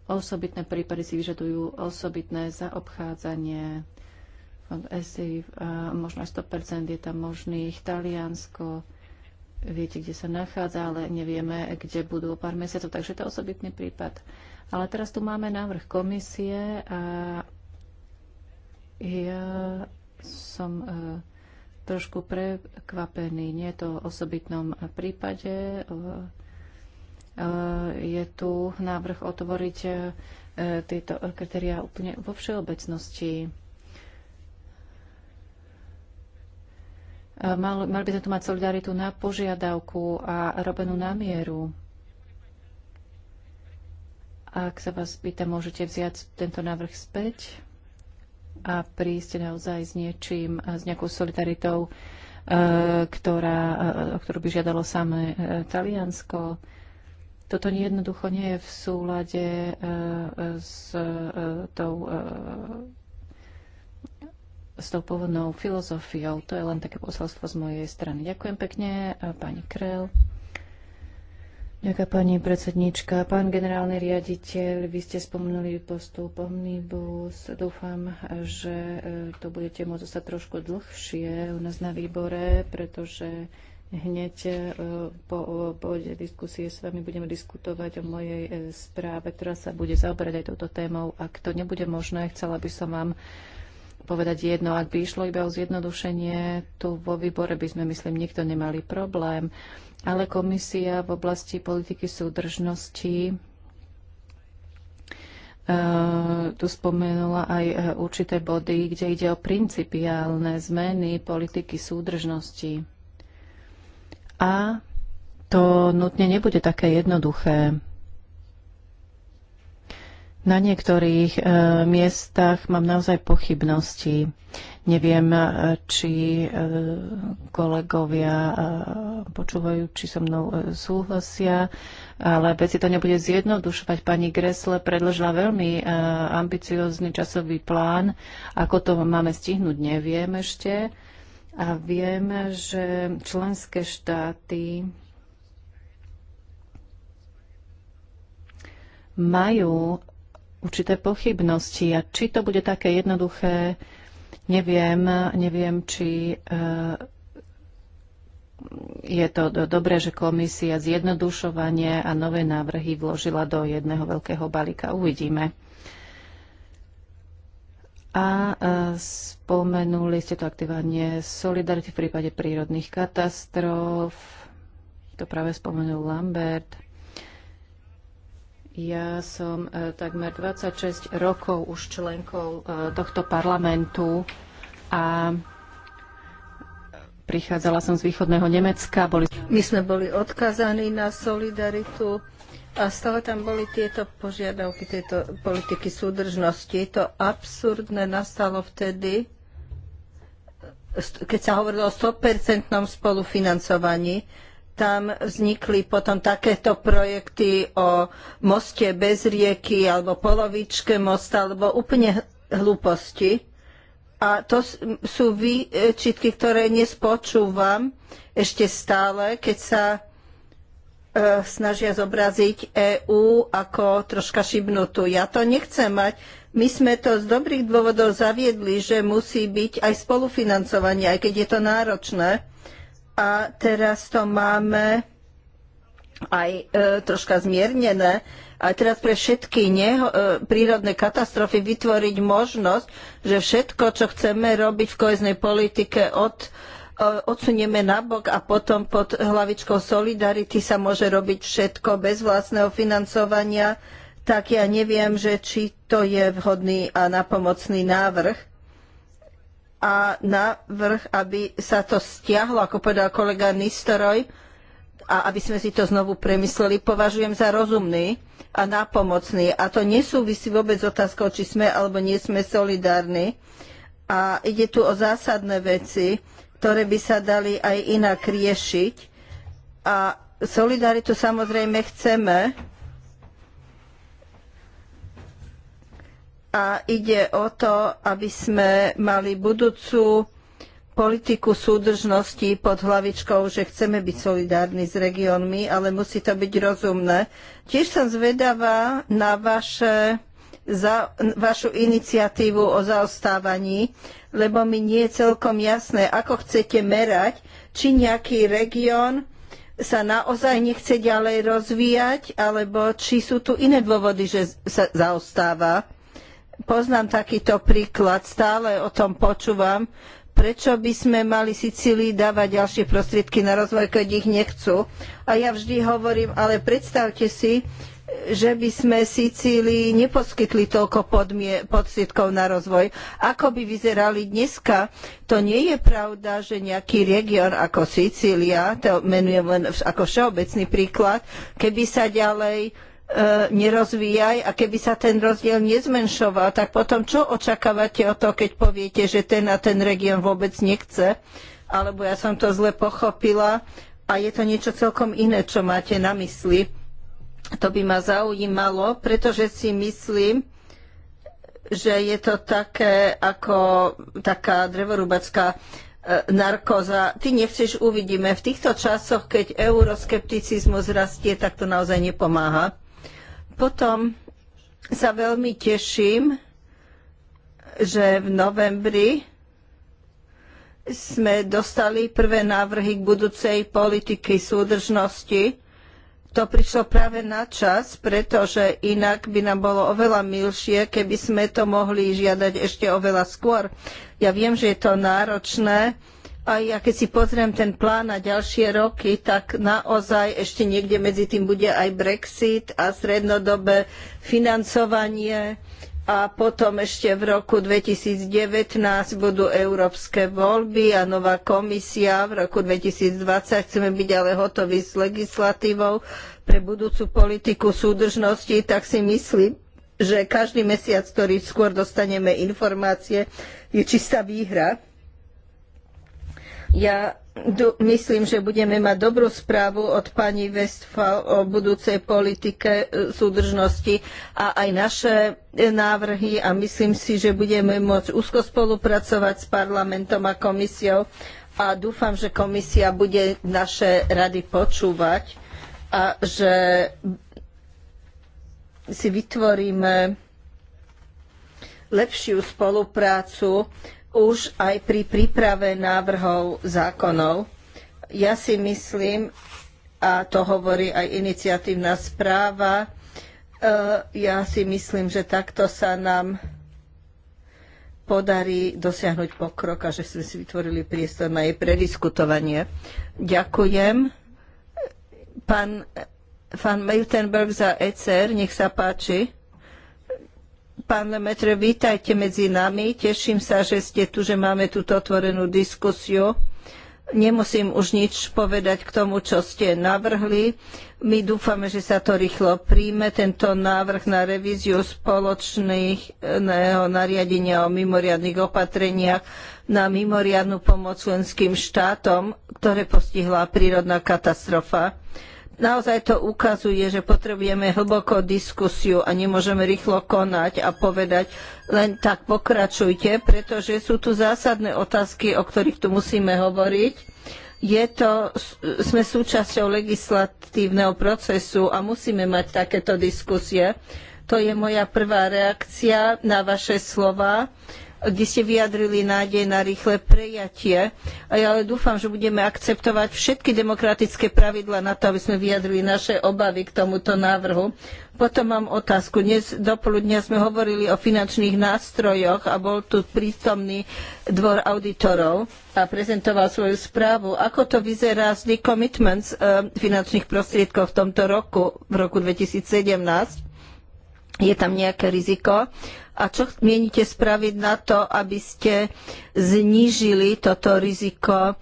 osobitné prípady si vyžadujú osobitné zaobchádzanie. Fond ESI, eh, možno aj 100% je tam možných. Taliansko, viete, kde sa nachádza, ale nevieme, kde budú pár mesiacov, takže to je osobitný prípad. Ale teraz tu máme návrh komisie a ja som eh, trošku prekvapený. Nie je to v osobitnom prípade. E, je tu návrh otvoriť e, tieto kritériá úplne vo všeobecnosti. E, mal, mali by sme tu mať solidaritu na požiadavku a robenú námieru. Ak sa vás pýta, môžete vziať tento návrh späť? a prísť naozaj s niečím, s nejakou solidaritou, e, ktorá, e, o ktorú by žiadalo samé e, Taliansko. Toto jednoducho nie je v súlade s tou s tou pôvodnou filozofiou. To je len také posolstvo z mojej strany. Ďakujem pekne, pani Krell. Ďakujem pani predsednička. Pán generálny riaditeľ, vy ste spomenuli postup Omnibus. Dúfam, že e, to budete môcť zostať trošku dlhšie u nás na výbore, pretože hneď e, po bode diskusie s vami budeme diskutovať o mojej e, správe, ktorá sa bude zaoberať aj touto témou. Ak to nebude možné, chcela by som vám povedať jedno. Ak by išlo iba o zjednodušenie, tu vo výbore by sme, myslím, nikto nemali problém ale komisia v oblasti politiky súdržnosti e, tu spomenula aj e, určité body, kde ide o principiálne zmeny politiky súdržnosti. A to nutne nebude také jednoduché. Na niektorých e, miestach mám naozaj pochybnosti. Neviem, či eh, kolegovia eh, počúvajú, či so mnou eh, súhlasia, ale veci to nebude zjednodušovať. Pani Gresle predložila veľmi ambiciózny časový plán. Ako to máme stihnúť, neviem ešte. A viem, že členské štáty majú určité pochybnosti a či to bude také jednoduché, Neviem, neviem či eh, je to dobré, že komisia zjednodušovanie a nové návrhy vložila do jedného veľkého balíka. Uvidíme. A eh, spomenuli ste to aktivovanie solidarity v prípade prírodných katastrof. To práve spomenul Lambert. Ja som e, takmer 26 rokov už členkou e, tohto parlamentu a prichádzala som z východného Nemecka. Boli... My sme boli odkazaní na solidaritu a stále tam boli tieto požiadavky tejto politiky súdržnosti. To absurdné nastalo vtedy, e, keď sa hovorilo o 100% spolufinancovaní tam vznikli potom takéto projekty o moste bez rieky alebo polovičke mosta, alebo úplne hlúposti. A to sú výčitky, ktoré nespočúvam ešte stále, keď sa e, snažia zobraziť EÚ ako troška šibnutú. Ja to nechcem mať. My sme to z dobrých dôvodov zaviedli, že musí byť aj spolufinancovanie, aj keď je to náročné a teraz to máme aj e, troška zmiernené, a teraz pre všetky neho- e, prírodné katastrofy vytvoriť možnosť, že všetko, čo chceme robiť v koheznej politike od e, odsunieme nabok a potom pod hlavičkou solidarity sa môže robiť všetko bez vlastného financovania, tak ja neviem, že či to je vhodný a napomocný návrh a na vrch, aby sa to stiahlo, ako povedal kolega Nistoroj, a aby sme si to znovu premysleli, považujem za rozumný a nápomocný. A to nesúvisí vôbec s otázkou, či sme alebo nie sme solidárni. A ide tu o zásadné veci, ktoré by sa dali aj inak riešiť. A solidaritu samozrejme chceme, a ide o to, aby sme mali budúcu politiku súdržnosti pod hlavičkou, že chceme byť solidárni s regiónmi, ale musí to byť rozumné. Tiež som zvedavá na vaše, za, vašu iniciatívu o zaostávaní, lebo mi nie je celkom jasné, ako chcete merať, či nejaký región sa naozaj nechce ďalej rozvíjať, alebo či sú tu iné dôvody, že sa zaostáva. Poznám takýto príklad, stále o tom počúvam. Prečo by sme mali Sicílii dávať ďalšie prostriedky na rozvoj, keď ich nechcú? A ja vždy hovorím, ale predstavte si, že by sme Sicílii neposkytli toľko prostriedkov na rozvoj. Ako by vyzerali dneska? To nie je pravda, že nejaký región ako Sicília, to menujem len ako všeobecný príklad, keby sa ďalej E, nerozvíjaj a keby sa ten rozdiel nezmenšoval, tak potom čo očakávate o to, keď poviete, že ten a ten región vôbec nechce? Alebo ja som to zle pochopila a je to niečo celkom iné, čo máte na mysli. To by ma zaujímalo, pretože si myslím, že je to také ako taká drevorubacká e, narkóza. Ty nechceš, uvidíme. V týchto časoch, keď euroskepticizmus rastie, tak to naozaj nepomáha. Potom sa veľmi teším, že v novembri sme dostali prvé návrhy k budúcej politiky súdržnosti. To prišlo práve na čas, pretože inak by nám bolo oveľa milšie, keby sme to mohli žiadať ešte oveľa skôr. Ja viem, že je to náročné, a ja keď si pozriem ten plán na ďalšie roky, tak naozaj ešte niekde medzi tým bude aj Brexit a strednodobé financovanie a potom ešte v roku 2019 budú európske voľby a nová komisia. V roku 2020 chceme byť ale hotoví s legislatívou pre budúcu politiku súdržnosti, tak si myslím, že každý mesiac, ktorý skôr dostaneme informácie, je čistá výhra ja myslím, že budeme mať dobrú správu od pani Westphal o budúcej politike e, súdržnosti a aj naše e, návrhy a myslím si, že budeme môcť úzko spolupracovať s parlamentom a komisiou a dúfam, že komisia bude naše rady počúvať a že si vytvoríme lepšiu spoluprácu už aj pri príprave návrhov zákonov. Ja si myslím, a to hovorí aj iniciatívna správa, e, ja si myslím, že takto sa nám podarí dosiahnuť pokrok a že sme si vytvorili priestor na jej prediskutovanie. Ďakujem. Pán, pán Miltenberg za ECR, nech sa páči. Pán Lemetre, vítajte medzi nami. Teším sa, že ste tu, že máme túto otvorenú diskusiu. Nemusím už nič povedať k tomu, čo ste navrhli. My dúfame, že sa to rýchlo príjme, tento návrh na revíziu spoločného nariadenia o mimoriadnych opatreniach na mimoriadnu pomoc členským štátom, ktoré postihla prírodná katastrofa naozaj to ukazuje, že potrebujeme hlbokú diskusiu a nemôžeme rýchlo konať a povedať len tak pokračujte, pretože sú tu zásadné otázky, o ktorých tu musíme hovoriť. Je to, sme súčasťou legislatívneho procesu a musíme mať takéto diskusie. To je moja prvá reakcia na vaše slova kde ste vyjadrili nádej na rýchle prejatie. A ja ale dúfam, že budeme akceptovať všetky demokratické pravidlá na to, aby sme vyjadrili naše obavy k tomuto návrhu. Potom mám otázku. Dnes dopoludnia sme hovorili o finančných nástrojoch a bol tu prítomný dvor auditorov a prezentoval svoju správu. Ako to vyzerá s decommitments eh, finančných prostriedkov v tomto roku, v roku 2017? je tam nejaké riziko. A čo mienite spraviť na to, aby ste znížili toto riziko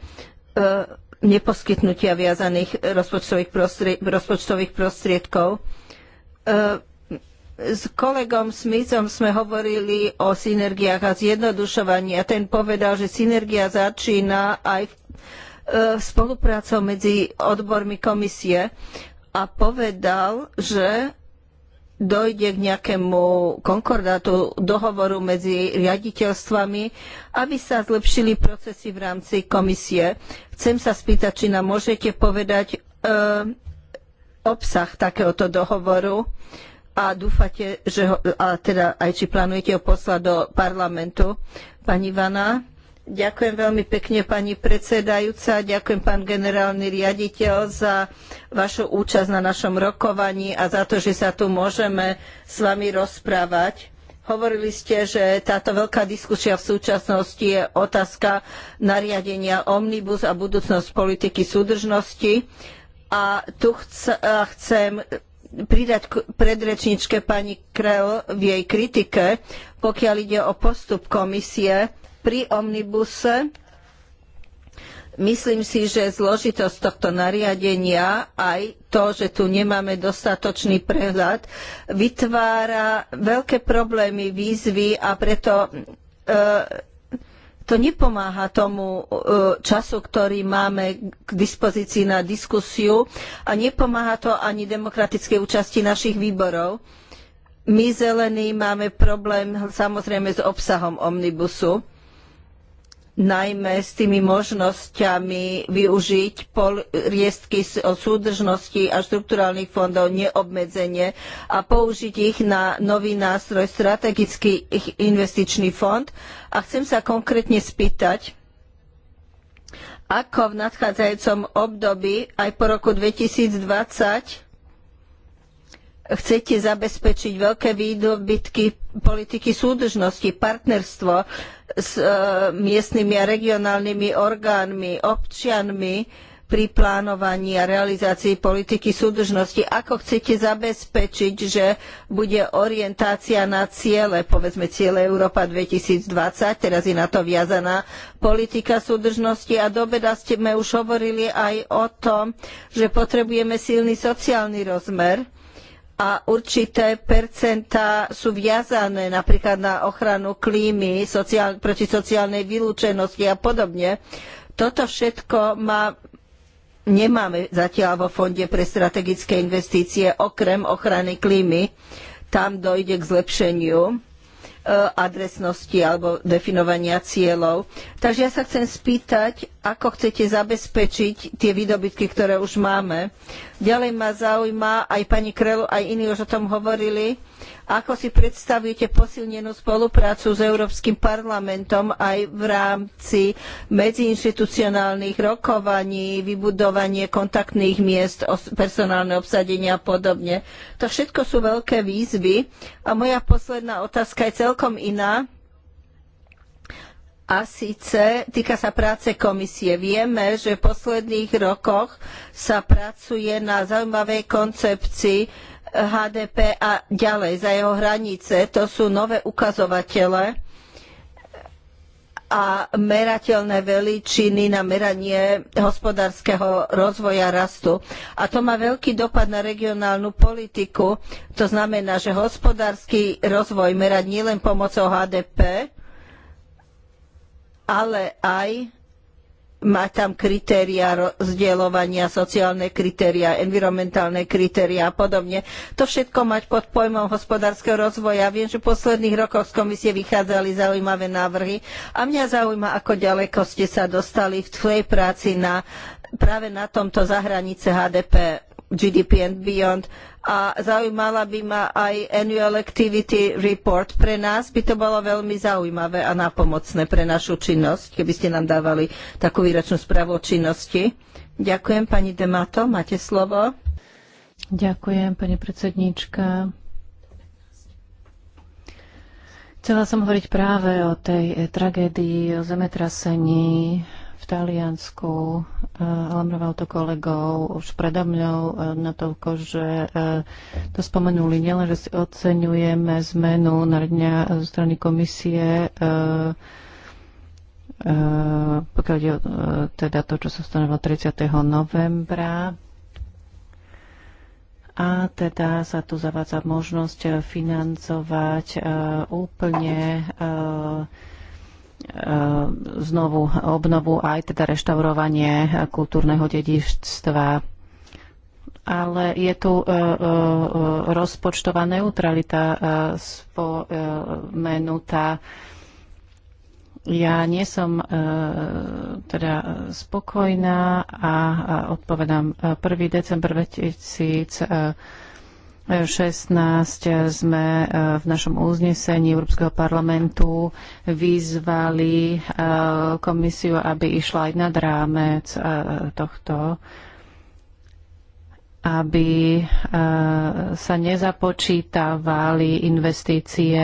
e, neposkytnutia viazaných rozpočtových, prostrie, rozpočtových prostriedkov? E, s kolegom Smithom sme hovorili o synergiách a zjednodušovaní a ten povedal, že synergia začína aj v, e, spoluprácou medzi odbormi komisie a povedal, že dojde k nejakému konkordátu, dohovoru medzi riaditeľstvami, aby sa zlepšili procesy v rámci komisie. Chcem sa spýtať, či nám môžete povedať e, obsah takéhoto dohovoru a dúfate, že ho, a teda aj či plánujete ho poslať do parlamentu. Pani Vana? Ďakujem veľmi pekne pani predsedajúca, ďakujem pán generálny riaditeľ za vašu účasť na našom rokovaní a za to, že sa tu môžeme s vami rozprávať. Hovorili ste, že táto veľká diskusia v súčasnosti je otázka nariadenia Omnibus a budúcnosť politiky súdržnosti. A tu chcem pridať k predrečničke pani Krell v jej kritike, pokiaľ ide o postup komisie pri omnibuse. Myslím si, že zložitosť tohto nariadenia aj to, že tu nemáme dostatočný prehľad, vytvára veľké problémy, výzvy a preto e, to nepomáha tomu e, času, ktorý máme k dispozícii na diskusiu a nepomáha to ani demokratickej účasti našich výborov. My zelení máme problém samozrejme s obsahom omnibusu najmä s tými možnosťami využiť riestky o súdržnosti a štrukturálnych fondov neobmedzenie a použiť ich na nový nástroj strategický investičný fond. A chcem sa konkrétne spýtať, ako v nadchádzajúcom období aj po roku 2020 chcete zabezpečiť veľké výdobytky politiky súdržnosti, partnerstvo s e, miestnymi a regionálnymi orgánmi, občianmi pri plánovaní a realizácii politiky súdržnosti. Ako chcete zabezpečiť, že bude orientácia na ciele, povedzme ciele Európa 2020, teraz je na to viazaná politika súdržnosti a do obeda sme už hovorili aj o tom, že potrebujeme silný sociálny rozmer a určité percentá sú viazané napríklad na ochranu klímy, sociál, proti sociálnej vylúčenosti a podobne. Toto všetko má, nemáme zatiaľ vo Fonde pre strategické investície okrem ochrany klímy. Tam dojde k zlepšeniu Eh, adresnosti alebo definovania cieľov. Takže ja sa chcem spýtať, ako chcete zabezpečiť tie výdobytky, ktoré už máme. Ďalej ma zaujíma, aj pani Krelu, aj iní už o tom hovorili, ako si predstavujete posilnenú spoluprácu s Európskym parlamentom aj v rámci medziinštitucionálnych rokovaní, vybudovanie kontaktných miest, personálne obsadenia a podobne? To všetko sú veľké výzvy. A moja posledná otázka je celkom iná a síce týka sa práce komisie. Vieme, že v posledných rokoch sa pracuje na zaujímavej koncepcii HDP a ďalej za jeho hranice. To sú nové ukazovatele a merateľné veličiny na meranie hospodárskeho rozvoja rastu. A to má veľký dopad na regionálnu politiku. To znamená, že hospodársky rozvoj merať nielen pomocou HDP, ale aj má tam kritéria rozdielovania, sociálne kritéria, environmentálne kritéria a podobne. To všetko mať pod pojmom hospodárskeho rozvoja. Viem, že v posledných rokoch z komisie vychádzali zaujímavé návrhy a mňa zaujíma, ako ďaleko ste sa dostali v tvojej práci na, práve na tomto zahranice HDP, GDP and Beyond a zaujímala by ma aj Annual Activity Report. Pre nás by to bolo veľmi zaujímavé a nápomocné pre našu činnosť, keby ste nám dávali takú výročnú správu o činnosti. Ďakujem, pani Demato, máte slovo. Ďakujem, pani predsedníčka. Chcela som hovoriť práve o tej tragédii, o zemetrasení, v Taliansku. Eh, Alamroval to kolegov už predo mňou eh, to, že eh, to spomenuli. Nielen, že si oceňujeme zmenu dňa zo strany komisie, pokiaľ je teda to, čo sa stanovilo 30. novembra, a teda sa tu zavádza možnosť financovať úplne E, znovu obnovu aj teda reštaurovanie kultúrneho dedičstva. Ale je tu e, e, rozpočtová neutralita spomenutá. Ja nie som teda spokojná a, odpovedám 1. december 2000. 16 eh, sme eh, v našom uznesení Európskeho parlamentu vyzvali eh, komisiu, aby išla aj nad rámec tohto aby sa nezapočítavali investície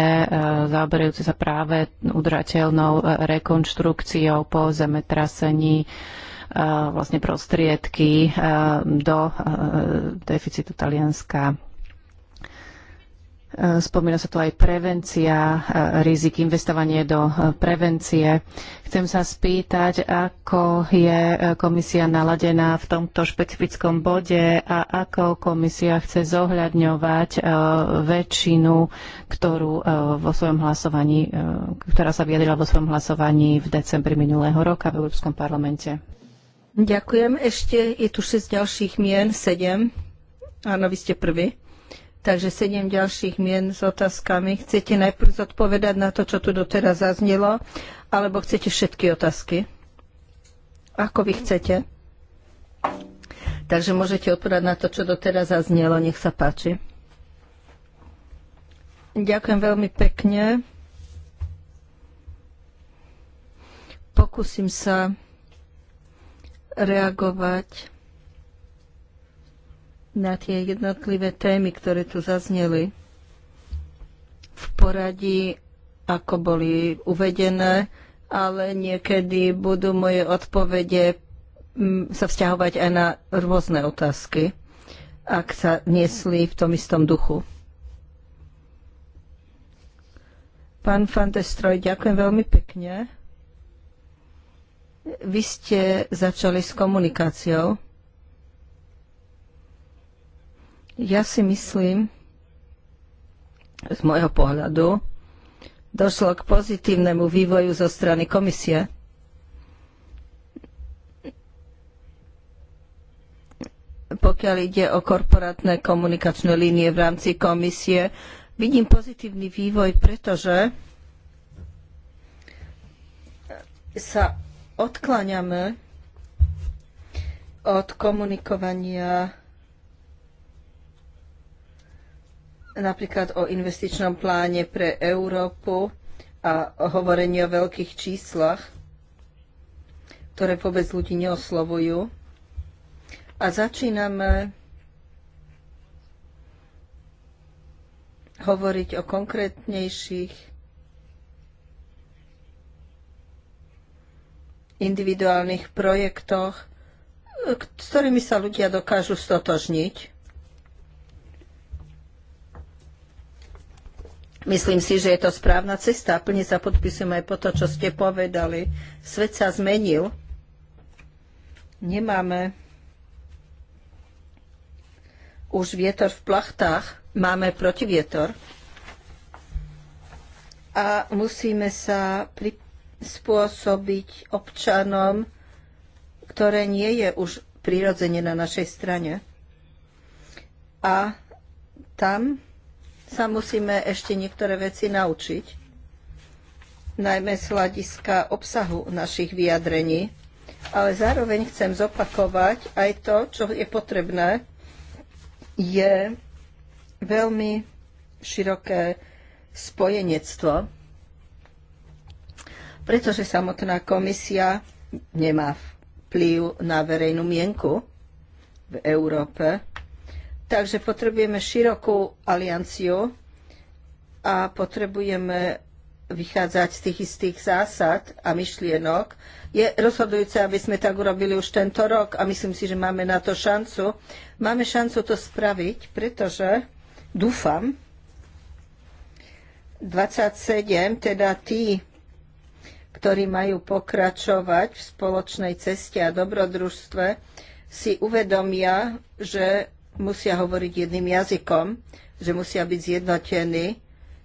zaoberajúce sa práve udrateľnou rekonštrukciou po zemetrasení vlastne prostriedky do deficitu Talianska. Spomína sa tu aj prevencia e, rizik, investovanie do e, prevencie. Chcem sa spýtať, ako je e, komisia naladená v tomto špecifickom bode a ako komisia chce zohľadňovať väčšinu, ktorú vo svojom hlasovaní, ktorá sa vyjadrila vo svojom hlasovaní v decembri minulého roka v Európskom parlamente. Ďakujem. Ešte je tu 6 ďalších mien, sedem. Áno, vy ste prvý. Takže sedem ďalších mien s otázkami. Chcete najprv zodpovedať na to, čo tu doteraz zaznelo, alebo chcete všetky otázky? Ako vy chcete? Takže môžete odpovedať na to, čo doteraz zaznelo. Nech sa páči. Ďakujem veľmi pekne. Pokúsim sa reagovať na tie jednotlivé témy, ktoré tu zazneli v poradí, ako boli uvedené, ale niekedy budú moje odpovede mm, sa vzťahovať aj na rôzne otázky, ak sa niesli v tom istom duchu. Pán Fantestroj, ďakujem veľmi pekne. Vy ste začali s komunikáciou. Ja si myslím, z môjho pohľadu, došlo k pozitívnemu vývoju zo strany komisie. Pokiaľ ide o korporátne komunikačné línie v rámci komisie, vidím pozitívny vývoj, pretože sa odkláňame od komunikovania napríklad o investičnom pláne pre Európu a o hovorení o veľkých číslach, ktoré vôbec ľudí neoslovujú. A začíname hovoriť o konkrétnejších individuálnych projektoch, s ktorými sa ľudia dokážu stotožniť. Myslím si, že je to správna cesta. Plne sa podpisujem aj po to, čo ste povedali. Svet sa zmenil. Nemáme už vietor v plachtách, máme protivietor. A musíme sa prispôsobiť občanom, ktoré nie je už prirodzene na našej strane. A tam sa musíme ešte niektoré veci naučiť, najmä z hľadiska obsahu našich vyjadrení. Ale zároveň chcem zopakovať aj to, čo je potrebné, je veľmi široké spojenectvo, pretože samotná komisia nemá vplyv na verejnú mienku v Európe Takže potrebujeme širokú alianciu a potrebujeme vychádzať z tých istých zásad a myšlienok. Je rozhodujúce, aby sme tak urobili už tento rok a myslím si, že máme na to šancu. Máme šancu to spraviť, pretože dúfam, 27, teda tí, ktorí majú pokračovať v spoločnej ceste a dobrodružstve, si uvedomia, že musia hovoriť jedným jazykom, že musia byť zjednotení,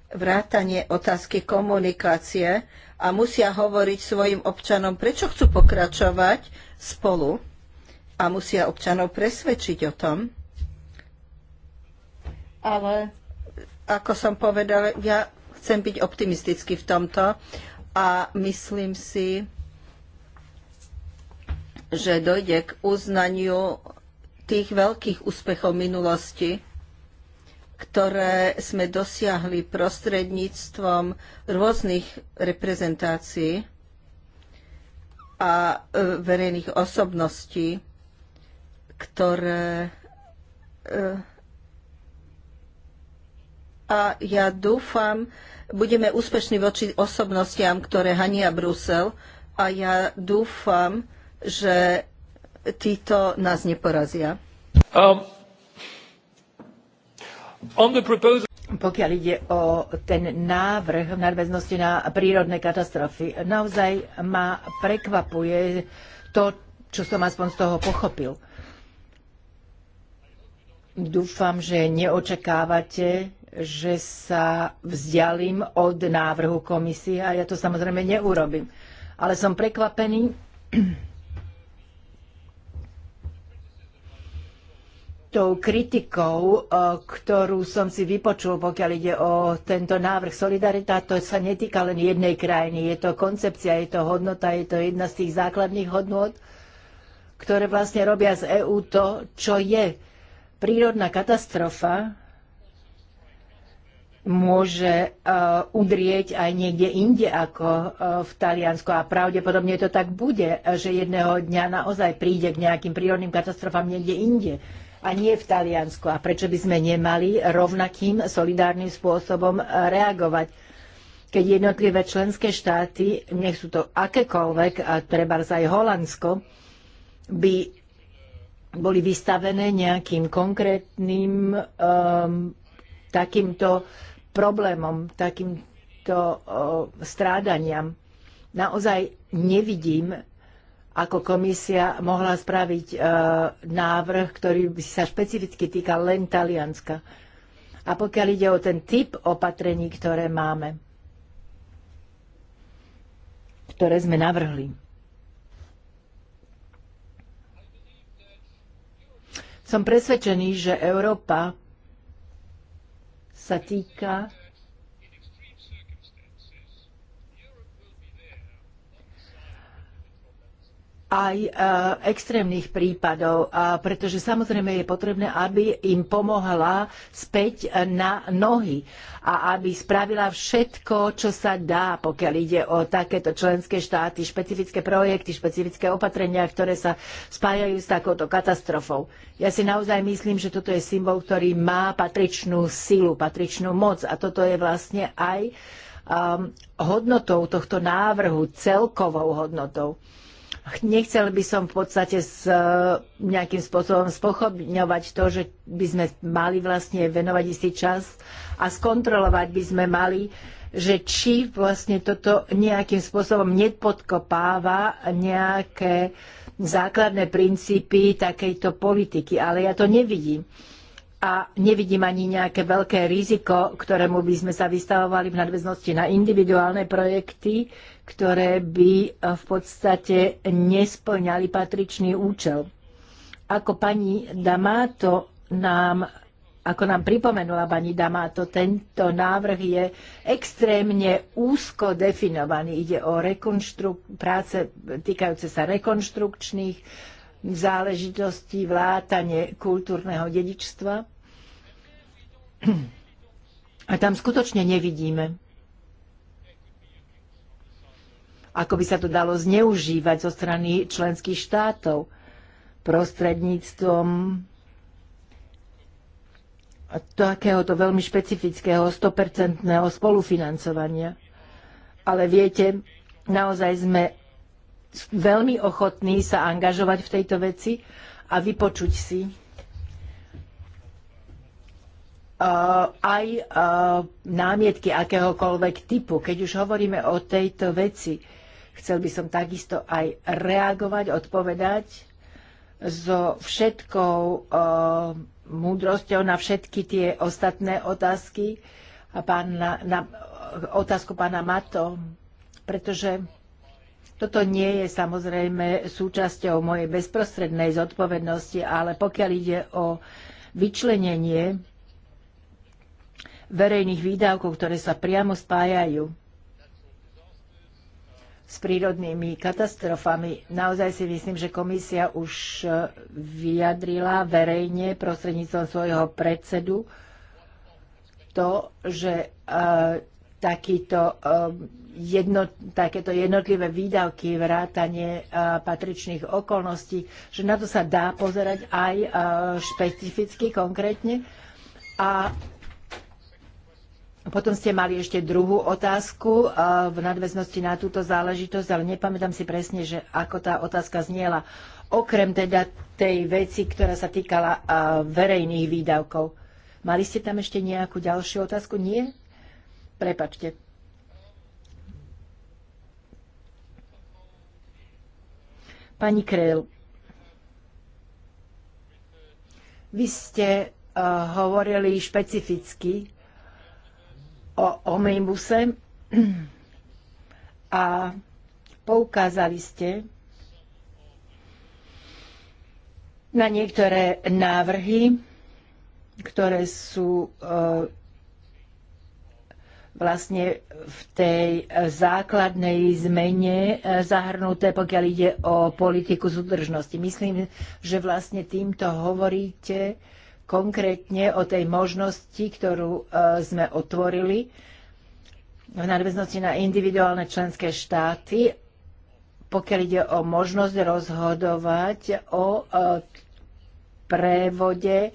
vrátanie otázky komunikácie a musia hovoriť svojim občanom, prečo chcú pokračovať spolu a musia občanov presvedčiť o tom. Ale ako som povedal, ja chcem byť optimistický v tomto a myslím si, že dojde k uznaniu tých veľkých úspechov minulosti, ktoré sme dosiahli prostredníctvom rôznych reprezentácií a e, verejných osobností, ktoré. E, a ja dúfam, budeme úspešní voči osobnostiam, ktoré hania Brusel. A ja dúfam, že títo nás neporazia. Um, Pokiaľ ide o ten návrh v nadväznosti na prírodné katastrofy, naozaj ma prekvapuje to, čo som aspoň z toho pochopil. Dúfam, že neočakávate, že sa vzdialím od návrhu komisie a ja to samozrejme neurobím. Ale som prekvapený, tou kritikou, e, ktorú som si vypočul, pokiaľ ide o tento návrh Solidarita, to sa netýka len jednej krajiny. Je to koncepcia, je to hodnota, je to jedna z tých základných hodnot, ktoré vlastne robia z EÚ to, čo je. Prírodná katastrofa môže e, udrieť aj niekde inde ako e, v Taliansku. A pravdepodobne to tak bude, že jedného dňa naozaj príde k nejakým prírodným katastrofám niekde inde a nie v Taliansku. A prečo by sme nemali rovnakým solidárnym spôsobom eh, reagovať? Keď jednotlivé členské štáty, nech sú to akékoľvek, a treba aj Holandsko, by boli vystavené nejakým konkrétnym um, takýmto problémom, takýmto um, strádaniam. Naozaj nevidím ako komisia mohla spraviť e, návrh, ktorý by sa špecificky týkal len Talianska. A pokiaľ ide o ten typ opatrení, ktoré máme, ktoré sme navrhli. Som presvedčený, že Európa sa týka aj e, extrémnych prípadov, pretože samozrejme je potrebné, aby im pomohla späť na nohy a aby spravila všetko, čo sa dá, pokiaľ ide o takéto členské štáty, špecifické projekty, špecifické opatrenia, ktoré sa spájajú s takouto katastrofou. Ja si naozaj myslím, že toto je symbol, ktorý má patričnú silu, patričnú moc a toto je vlastne aj um, hodnotou tohto návrhu, celkovou hodnotou. Nechcel by som v podstate s, e, nejakým spôsobom spochobňovať to, že by sme mali vlastne venovať istý čas a skontrolovať by sme mali, že či vlastne toto nejakým spôsobom nepodkopáva nejaké základné princípy takejto politiky. Ale ja to nevidím a nevidím ani nejaké veľké riziko, ktorému by sme sa vystavovali v nadväznosti na individuálne projekty, ktoré by eh, v podstate nesplňali patričný účel. Ako pani Damato nám ako nám pripomenula pani Damato, tento návrh je extrémne úzko definovaný. Ide o práce týkajúce sa rekonštrukčných záležitosti vlátanie kultúrneho dedičstva. A tam skutočne nevidíme, ako by sa to dalo zneužívať zo strany členských štátov prostredníctvom takéhoto veľmi špecifického 100% spolufinancovania. Ale viete, naozaj sme veľmi ochotní sa angažovať v tejto veci a vypočuť si e, aj e, námietky akéhokoľvek typu. Keď už hovoríme o tejto veci, chcel by som takisto aj reagovať, odpovedať so všetkou e, múdrosťou na všetky tie ostatné otázky a pán, na, na otázku pána Mato, pretože toto nie je samozrejme súčasťou mojej bezprostrednej zodpovednosti, ale pokiaľ ide o vyčlenenie verejných výdavkov, ktoré sa priamo spájajú s prírodnými katastrofami, naozaj si myslím, že komisia už e, vyjadrila verejne prostredníctvom svojho predsedu to, že e, takýto um, jedno, takéto jednotlivé výdavky, vrátanie uh, patričných okolností, že na to sa dá pozerať aj uh, špecificky, konkrétne. A potom ste mali ešte druhú otázku uh, v nadväznosti na túto záležitosť, ale nepamätám si presne, že ako tá otázka zniela. Okrem teda tej veci, ktorá sa týkala verejných výdavkov. Mali ste tam ešte nejakú ďalšiu otázku? Nie? Prepačte. Pani Krejl, vy ste uh, hovorili špecificky o omejbuse a poukázali ste na niektoré návrhy, ktoré sú uh, vlastne v tej e, základnej zmene e, zahrnuté, pokiaľ ide o politiku súdržnosti. Myslím, že vlastne týmto hovoríte konkrétne o tej možnosti, ktorú e, sme otvorili v nadväznosti na individuálne členské štáty, pokiaľ ide o možnosť rozhodovať o prevode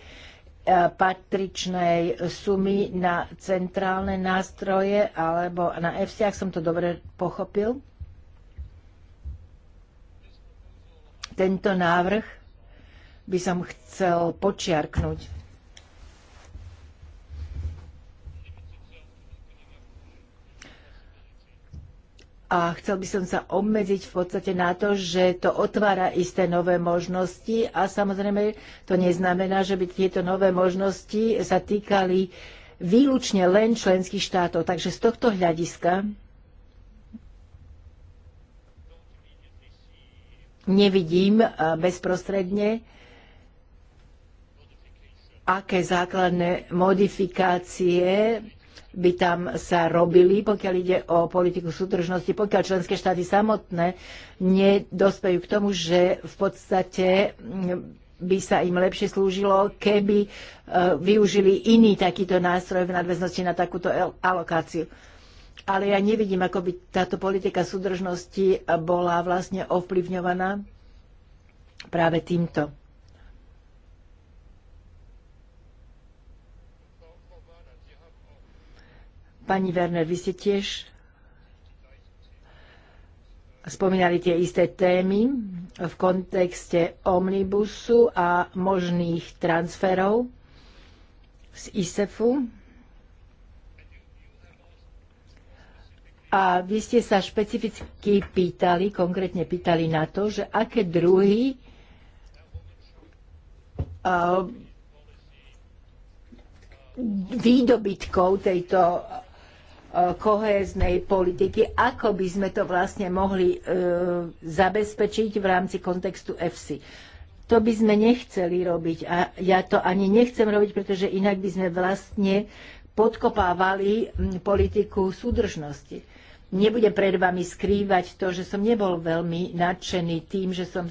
E, patričnej sumy na centrálne nástroje alebo na EFSI, ak som to dobre pochopil. Tento návrh by som chcel počiarknúť. a chcel by som sa obmedziť v podstate na to, že to otvára isté nové možnosti a samozrejme to neznamená, že by tieto nové možnosti sa týkali výlučne len členských štátov. Takže z tohto hľadiska nevidím eh, bezprostredne, aké základné modifikácie by tam sa robili, pokiaľ ide o politiku súdržnosti, pokiaľ členské štáty samotné nedospejú k tomu, že v podstate mm, by sa im lepšie slúžilo, keby e, využili iný takýto nástroj v nadväznosti na takúto alokáciu. Ale ja nevidím, ako by táto politika súdržnosti bola vlastne ovplyvňovaná práve týmto. Pani Werner, vy ste tiež spomínali tie isté témy v kontexte omnibusu a možných transferov z ISEFu. A vy ste sa špecificky pýtali, konkrétne pýtali na to, že aké druhy výdobytkov tejto Eh, kohéznej politiky, ako by sme to vlastne mohli eh, zabezpečiť v rámci kontextu EFSI. To by sme nechceli robiť a ja to ani nechcem robiť, pretože inak by sme vlastne podkopávali hm, politiku súdržnosti. Nebudem pred vami skrývať to, že som nebol veľmi nadšený tým, že som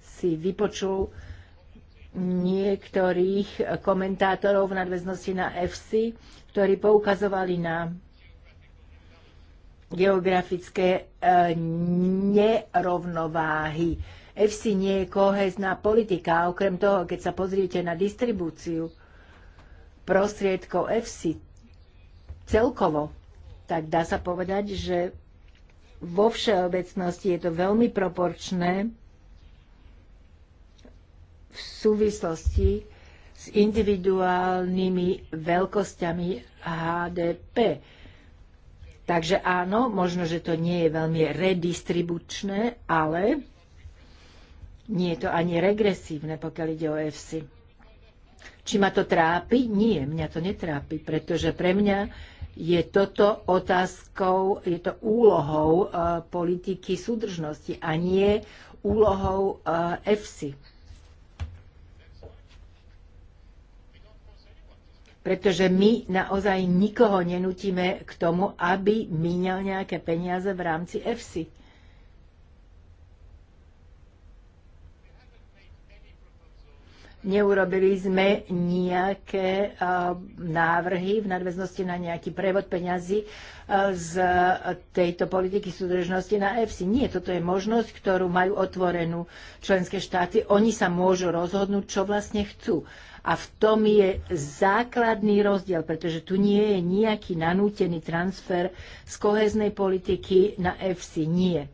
si vypočul niektorých komentátorov v nadväznosti na FC, ktorí poukazovali na geografické e, nerovnováhy. FC nie je kohezná politika. A okrem toho, keď sa pozriete na distribúciu prostriedkov FC celkovo, tak dá sa povedať, že vo všeobecnosti je to veľmi proporčné v súvislosti s individuálnymi veľkosťami HDP. Takže áno, možno, že to nie je veľmi redistribučné, ale nie je to ani regresívne, pokiaľ ide o EFSI. Či ma to trápi? Nie, mňa to netrápi, pretože pre mňa je toto otázkou, je to úlohou uh, politiky súdržnosti a nie úlohou uh, eh, EFSI. pretože my naozaj nikoho nenutíme k tomu, aby míňal nejaké peniaze v rámci EFSI. Neurobili sme nejaké návrhy v nadväznosti na nejaký prevod peňazí z tejto politiky súdržnosti na EFSI. Nie, toto je možnosť, ktorú majú otvorenú členské štáty. Oni sa môžu rozhodnúť, čo vlastne chcú. A v tom je základný rozdiel, pretože tu nie je nejaký nanútený transfer z koheznej politiky na EFSI. Nie.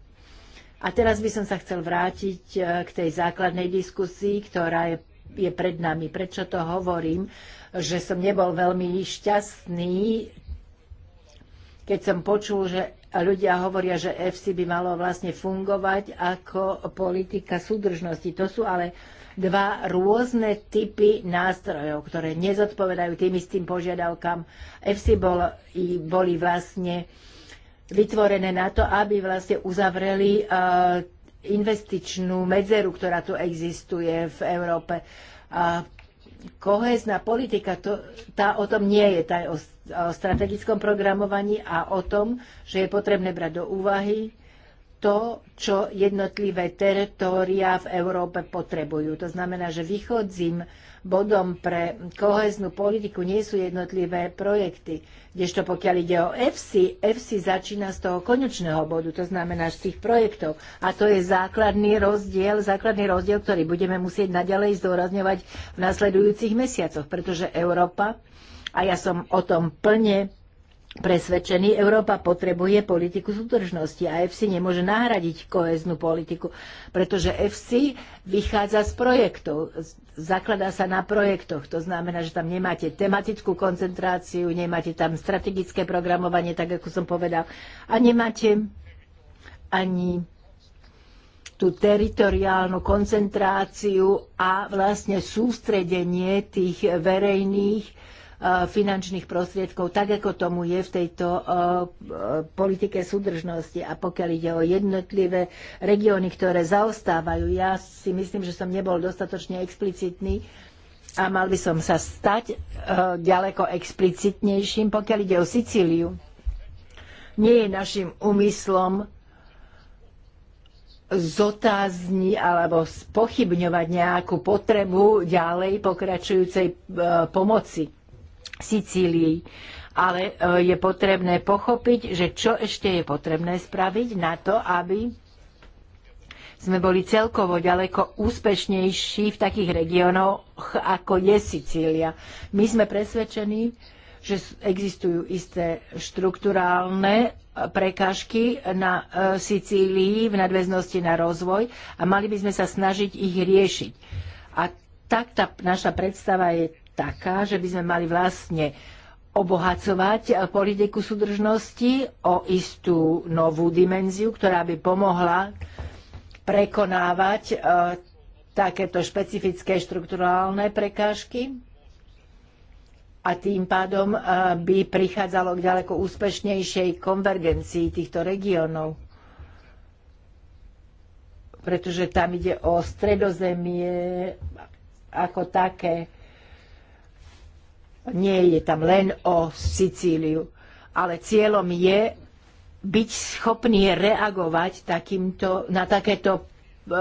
A teraz by som sa chcel vrátiť e, k tej základnej diskusii, ktorá je, je pred nami. Prečo to hovorím? Že som nebol veľmi šťastný, keď som počul, že ľudia hovoria, že FC by malo vlastne fungovať ako politika súdržnosti. To sú ale dva rôzne typy nástrojov, ktoré nezodpovedajú tým istým požiadavkám. EFSI bol, boli vlastne vytvorené na to, aby vlastne uzavreli eh, investičnú medzeru, ktorá tu existuje v Európe. A kohezná politika, to, tá o tom nie je, tá je o, o strategickom programovaní a o tom, že je potrebné brať do úvahy to, čo jednotlivé teritória v Európe potrebujú. To znamená, že východzím bodom pre koheznú politiku nie sú jednotlivé projekty. Kdežto pokiaľ ide o EFSI, EFSI začína z toho konečného bodu, to znamená z tých projektov. A to je základný rozdiel, základný rozdiel, ktorý budeme musieť naďalej zdôrazňovať v nasledujúcich mesiacoch, pretože Európa, a ja som o tom plne Presvedčený. Európa potrebuje politiku súdržnosti a EFSI nemôže nahradiť koheznú politiku, pretože EFSI vychádza z projektov, zakladá sa na projektoch. To znamená, že tam nemáte tematickú koncentráciu, nemáte tam strategické programovanie, tak ako som povedal, a nemáte ani tú teritoriálnu koncentráciu a vlastne sústredenie tých verejných finančných prostriedkov, tak ako tomu je v tejto e, e, politike súdržnosti. A pokiaľ ide o jednotlivé regióny, ktoré zaostávajú, ja si myslím, že som nebol dostatočne explicitný a mal by som sa stať e, ďaleko explicitnejším, pokiaľ ide o Sicíliu. Nie je našim úmyslom zotázni alebo spochybňovať nejakú potrebu ďalej pokračujúcej pomoci. Sicílii. Ale e, je potrebné pochopiť, že čo ešte je potrebné spraviť na to, aby sme boli celkovo ďaleko úspešnejší v takých regiónoch, ako je Sicília. My sme presvedčení, že existujú isté štruktúrálne e, prekážky na e, Sicílii v nadväznosti na rozvoj a mali by sme sa snažiť ich riešiť. A tak tá naša predstava je taká, že by sme mali vlastne obohacovať politiku súdržnosti o istú novú dimenziu, ktorá by pomohla prekonávať e, takéto špecifické štrukturálne prekážky a tým pádom e, by prichádzalo k ďaleko úspešnejšej konvergencii týchto regiónov. Pretože tam ide o stredozemie ako také nie je tam len o Sicíliu, ale cieľom je byť schopný reagovať takýmto, na takéto e, e,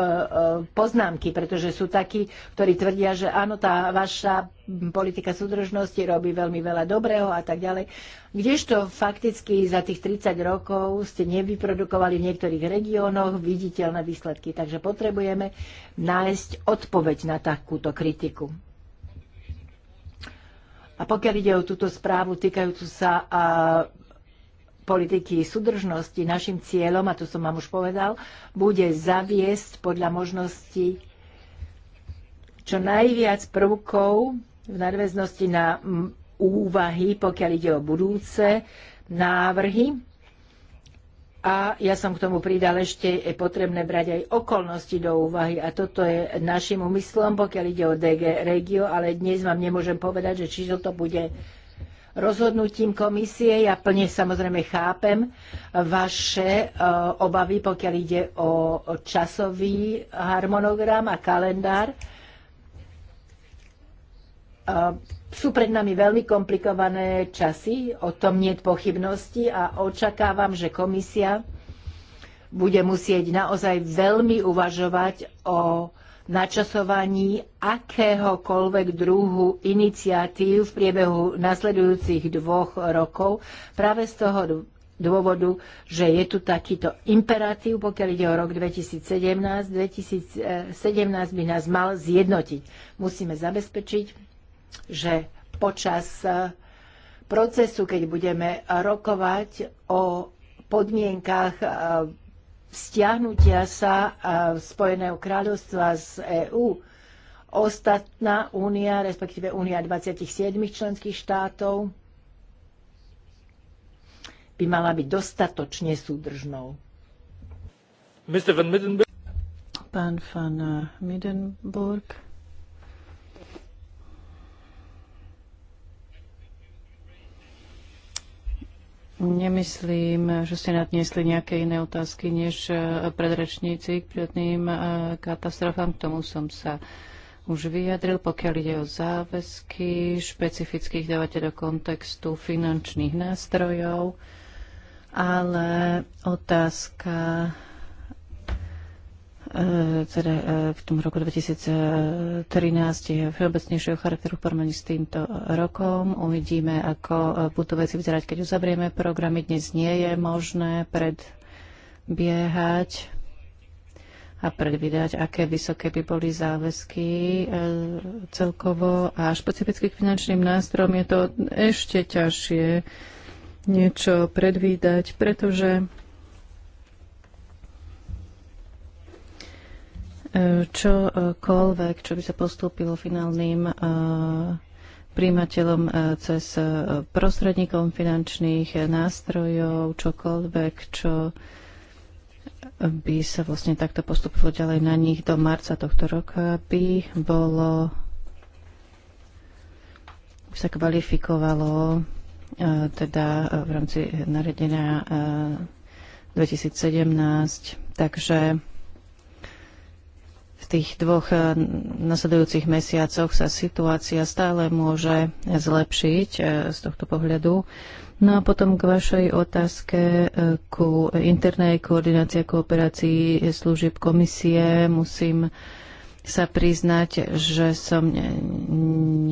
poznámky, pretože sú takí, ktorí tvrdia, že áno, tá vaša politika súdržnosti robí veľmi veľa dobrého a tak ďalej. Kdežto fakticky za tých 30 rokov ste nevyprodukovali v niektorých regiónoch viditeľné výsledky, takže potrebujeme nájsť odpoveď na takúto kritiku. A pokiaľ ide o túto správu týkajúcu sa a, politiky súdržnosti, našim cieľom, a to som vám už povedal, bude zaviesť podľa možnosti čo najviac prvkov v nadväznosti na úvahy, pokiaľ ide o budúce návrhy a ja som k tomu pridal ešte, je potrebné brať aj okolnosti do úvahy a toto je našim úmyslom, pokiaľ ide o DG Regio, ale dnes vám nemôžem povedať, že či to bude rozhodnutím komisie. Ja plne samozrejme chápem vaše e, obavy, pokiaľ ide o časový harmonogram a kalendár. E, sú pred nami veľmi komplikované časy, o tom nie je pochybnosti a očakávam, že komisia bude musieť naozaj veľmi uvažovať o načasovaní akéhokoľvek druhu iniciatív v priebehu nasledujúcich dvoch rokov práve z toho dôvodu, že je tu takýto imperatív, pokiaľ ide o rok 2017. 2017 by nás mal zjednotiť. Musíme zabezpečiť, že počas e, procesu, keď budeme rokovať o podmienkách e, stiahnutia sa e, Spojeného kráľovstva z EÚ, ostatná únia, respektíve únia 27 členských štátov, by mala byť dostatočne súdržnou. Pán van Middenburg. Nemyslím, že ste nadniesli nejaké iné otázky než e, predrečníci k prírodným e, katastrofám. K tomu som sa už vyjadril, pokiaľ ide o záväzky špecifických dávate do kontextu finančných nástrojov, ale otázka E, teda e, v tom roku 2013 je všeobecnejšieho charakteru v porovnaní s týmto rokom. Uvidíme, ako e, budú veci vyzerať, keď uzavrieme programy. Dnes nie je možné predbiehať a predvídať, aké vysoké by boli záväzky celkovo a špecificky k finančným nástrojom je to ešte ťažšie niečo predvídať, pretože čokoľvek, čo by sa postúpilo finálnym eh, príjimateľom eh, cez eh, prostredníkom finančných nástrojov, čokoľvek, čo by sa vlastne takto postupilo ďalej na nich do marca tohto roka, by bolo by sa kvalifikovalo teda v rámci naredenia 2017. Takže tých dvoch eh, nasledujúcich mesiacoch sa situácia stále môže zlepšiť eh, z tohto pohľadu. No a potom k vašej otázke eh, ku internej koordinácii a kooperácii služieb komisie musím sa priznať, že som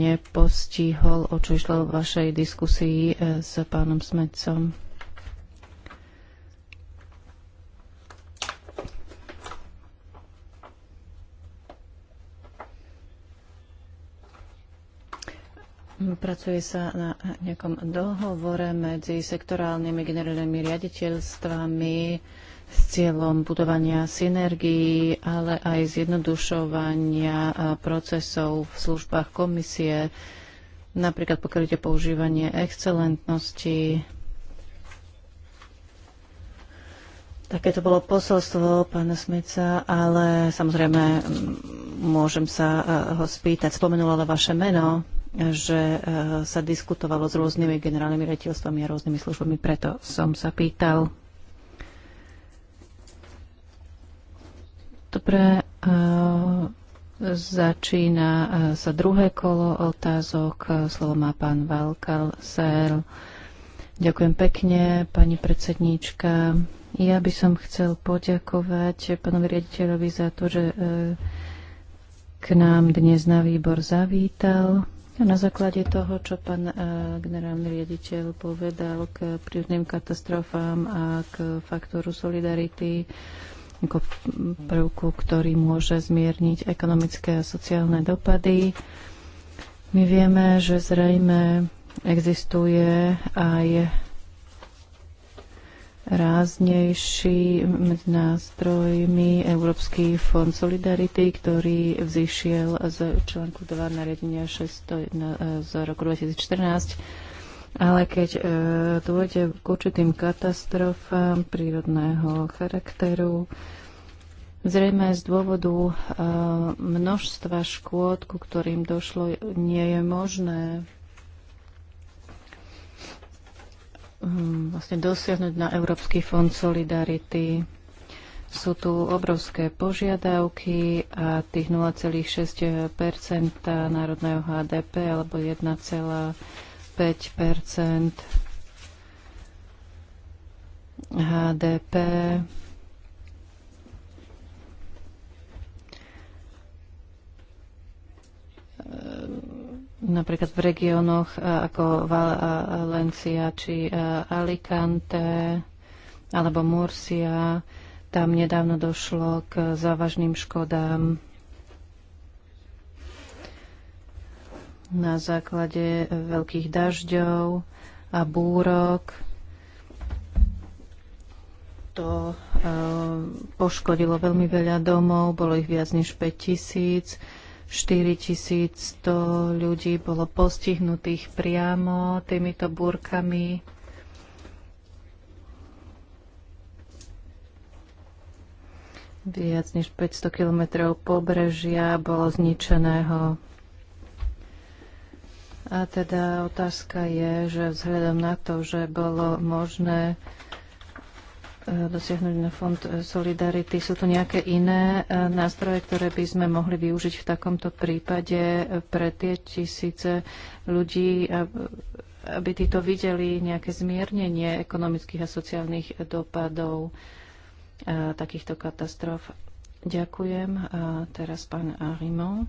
nepostihol, o čo išlo v vašej diskusii s pánom Smedcom. Pracuje sa na nejakom dohovore medzi sektorálnymi generálnymi riaditeľstvami s cieľom budovania synergií, ale aj zjednodušovania procesov v službách komisie, napríklad pokiaľ ide používanie excelentnosti. Také to bolo posolstvo pána Smica, ale samozrejme môžem sa ho spýtať. Spomenula ale vaše meno že e, sa diskutovalo s rôznymi generálnymi rejiteľstvami a rôznymi službami, preto som sa pýtal. Dobre, e, začína e, sa druhé kolo otázok. Slovo má pán Valkal Sel. Ďakujem pekne, pani predsedníčka. Ja by som chcel poďakovať pánovi riaditeľovi za to, že k nám dnes na výbor zavítal. Na základe toho, čo pán e, generálny riaditeľ povedal k prírodným katastrofám a k faktoru solidarity, ako prvku, ktorý môže zmierniť ekonomické a sociálne dopady, my vieme, že zrejme existuje aj ráznejší medzi nástrojmi Európsky fond Solidarity, ktorý vzýšiel z článku 2 nariadenia 6 eh, z roku 2014. Ale keď e, dôjde k určitým katastrofám prírodného charakteru, zrejme z dôvodu e, množstva škôd, ku ktorým došlo, nie je možné Hm, vlastne dosiahnuť na Európsky fond solidarity. Sú tu obrovské požiadavky a tých 0,6 národného HDP alebo 1,5 HDP napríklad v regiónoch e, ako Valencia či e, Alicante alebo Murcia. Tam nedávno došlo k závažným škodám na základe veľkých dažďov a búrok. To e, poškodilo veľmi veľa domov, bolo ich viac než 5000 4100 ľudí bolo postihnutých priamo týmito búrkami. Viac než 500 kilometrov pobrežia bolo zničeného. A teda otázka je, že vzhľadom na to, že bolo možné Eh, dosiahnuť na fond eh, Solidarity. Sú tu nejaké iné eh, nástroje, ktoré by sme mohli využiť v takomto prípade pre tie tisíce ľudí, aby títo videli nejaké zmiernenie ekonomických a sociálnych dopadov takýchto katastrof. Ďakujem. A teraz pán Arimo.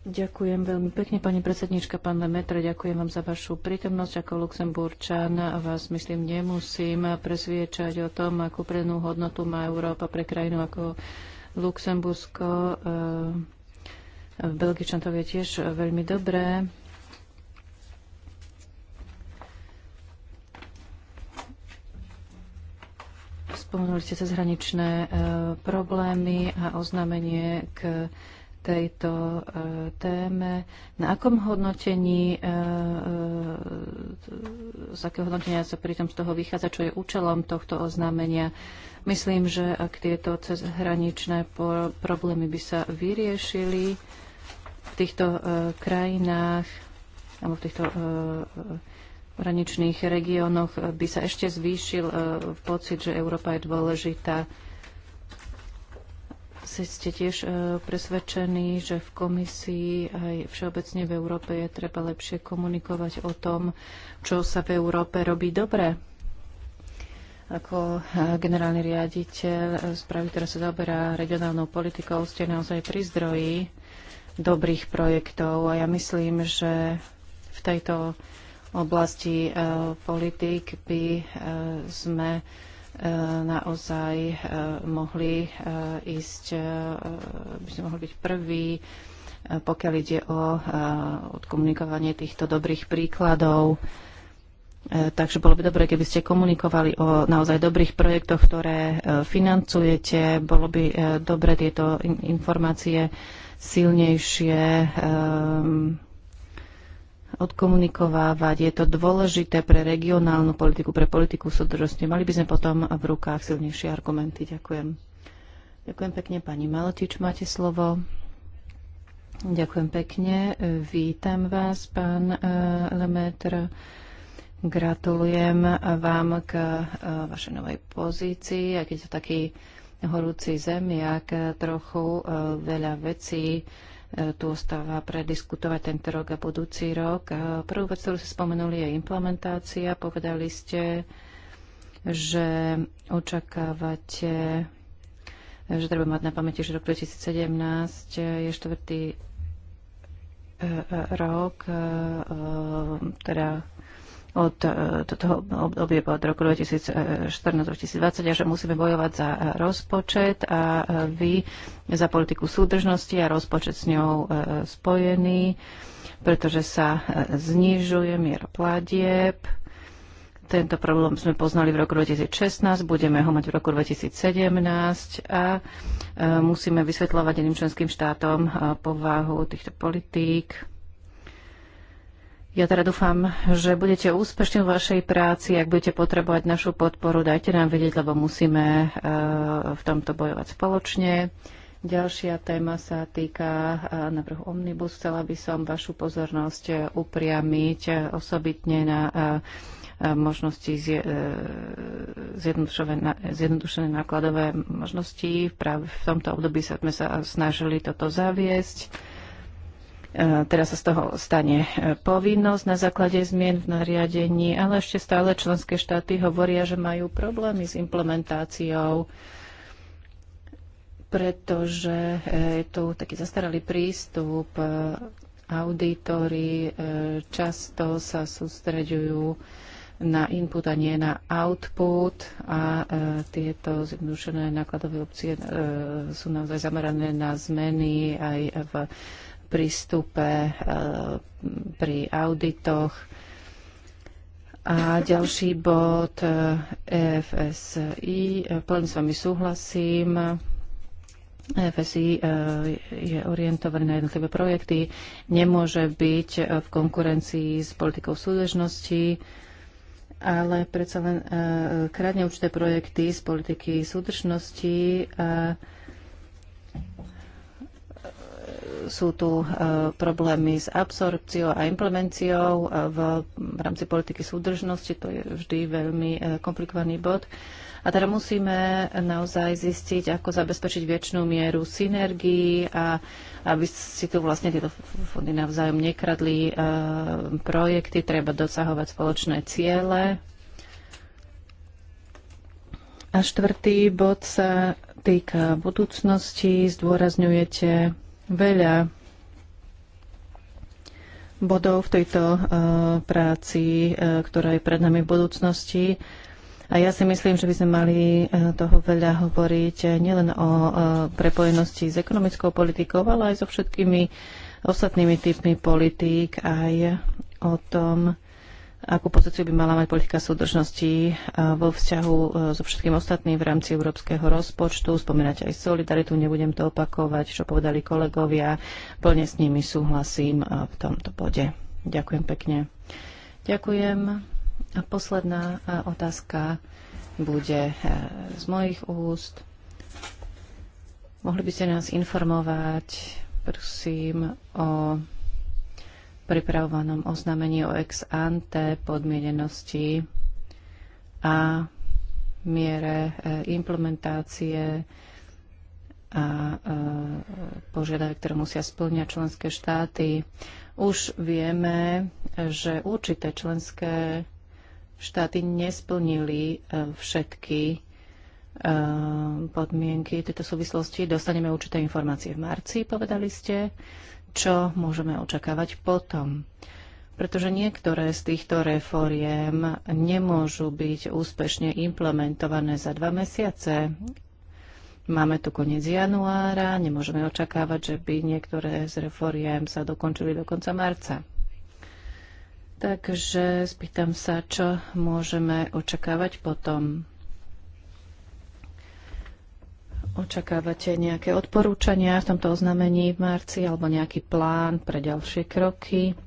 Ďakujem veľmi pekne, pani predsednička, pán Lemetre, ďakujem vám za vašu prítomnosť. Ako Luxemburčan vás, myslím, nemusím presviečať o tom, akú prednú hodnotu má Európa pre krajinu ako Luxembursko. Eh, Belgičan to vie tiež veľmi dobré. Spomenuli ste sa zhraničné eh, problémy a oznámenie k tejto e, téme. Na akom hodnotení, e, e, z akého hodnotenia sa pritom z toho vychádza, čo je účelom tohto oznámenia? Myslím, že ak tieto cezhraničné problémy by sa vyriešili v týchto krajinách alebo v týchto hraničných regiónoch, by sa ešte zvýšil pocit, že Európa je dôležitá asi ste tiež e, presvedčení, že v komisii aj všeobecne v Európe je treba lepšie komunikovať o tom, čo sa v Európe robí dobre. Ako e, generálny riaditeľ správy, ktorá sa zaoberá regionálnou politikou, ste naozaj pri zdroji dobrých projektov a ja myslím, že v tejto oblasti e, politik by sme Eh, naozaj eh, mohli eh, ísť, by sme mohli byť prví, pokiaľ ide o odkomunikovanie týchto dobrých príkladov. Takže bolo by dobre, keby ste komunikovali o naozaj dobrých projektoch, ktoré financujete. Bolo by dobre tieto informácie silnejšie odkomunikovávať. Je to dôležité pre regionálnu politiku, pre politiku súdržnosti. Mali by sme potom v rukách silnejšie argumenty. Ďakujem. Ďakujem pekne, pani Maletič, máte slovo. Ďakujem pekne. Vítam vás, pán eh, Lemetr. Gratulujem vám k eh, vašej novej pozícii. A keď to taký horúci zemiak, eh, trochu veľa vecí E, tu ostáva prediskutovať tento rok a budúci rok. E, prvú vec, ktorú ste spomenuli, je implementácia. Povedali ste, že očakávate, že treba mať na pamäti, že rok 2017 je štvrtý e, rok, teda od e, toho obdobia od roku 2014-2020 a že musíme bojovať za rozpočet a e, vy za politiku súdržnosti a rozpočet s ňou e, spojený, pretože sa znižuje miera pladieb. Tento problém sme poznali v roku 2016, budeme ho mať v roku 2017 a musíme vysvetľovať iným členským štátom povahu týchto politík ja teda dúfam, že budete úspešní v vašej práci. Ak budete potrebovať našu podporu, dajte nám vedieť, lebo musíme e, v tomto bojovať spoločne. Ďalšia téma sa týka e, návrhu Omnibus. Chcela by som vašu pozornosť e, upriamiť osobitne na možnosti zjednodušené nákladové možnosti. Práve v tomto období sme sa snažili toto zaviesť E, teraz sa z toho stane e, povinnosť na základe zmien v nariadení, ale ešte stále členské štáty hovoria, že majú problémy s implementáciou pretože e, je tu taký zastaralý prístup. Auditory často sa sústreďujú na input a nie na output a tieto zjednodušené nákladové opcie sú naozaj zamerané na zmeny aj v prístupe e, pri auditoch. A ďalší bod EFSI. E e, plne s vami súhlasím. EFSI je orientovaný na jednotlivé projekty, nemôže byť v konkurencii s politikou súdržnosti, ale predsa len kradne určité projekty z politiky súdržnosti sú tu e, problémy s absorpciou a implementiou e, v, v rámci politiky súdržnosti, to je vždy veľmi e, komplikovaný bod. A teda musíme naozaj zistiť, ako zabezpečiť väčšinu mieru synergii a aby si tu vlastne tieto fondy navzájom nekradli e, projekty, treba dosahovať spoločné ciele. A štvrtý bod sa týka budúcnosti. Zdôrazňujete veľa bodov v tejto uh, práci, uh, ktorá je pred nami v budúcnosti. A ja si myslím, že by sme mali uh, toho veľa hovoriť nielen o prepojenosti s ekonomickou politikou, ale aj so všetkými ostatnými typmi politík, aj o tom, akú pozíciu by mala mať politika súdržnosti e, vo vzťahu e, so všetkým ostatným v rámci európskeho rozpočtu. Spomínať aj solidaritu, nebudem to opakovať, čo povedali kolegovia. Plne s nimi súhlasím e, v tomto bode. Ďakujem pekne. Ďakujem. A posledná otázka bude z mojich úst. Mohli by ste nás informovať, prosím, o pripravovanom oznámení o ex ante podmienenosti a miere e, implementácie a e, požiadavky, ktoré musia splňať členské štáty. Už vieme, že určité členské štáty nesplnili e, všetky podmienky tejto súvislosti. Dostaneme určité informácie v marci, povedali ste čo môžeme očakávať potom. Pretože niektoré z týchto reforiem nemôžu byť úspešne implementované za dva mesiace. Máme tu koniec januára, nemôžeme očakávať, že by niektoré z reforiem sa dokončili do konca marca. Takže spýtam sa, čo môžeme očakávať potom. Očakávate nejaké odporúčania v tomto oznámení v marci alebo nejaký plán pre ďalšie kroky?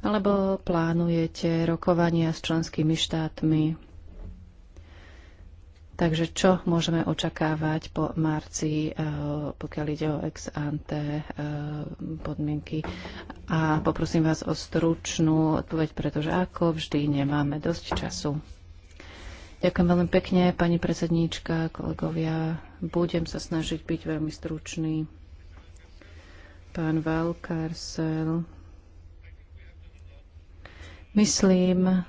Alebo plánujete rokovania s členskými štátmi? Takže čo môžeme očakávať po marci, eh, pokiaľ ide o ex ante eh, podmienky? A poprosím vás o stručnú odpoveď, pretože ako vždy nemáme dosť času. Ďakujem veľmi pekne, pani predsedníčka, kolegovia. Budem sa snažiť byť veľmi stručný. Pán Valkarsel. Myslím,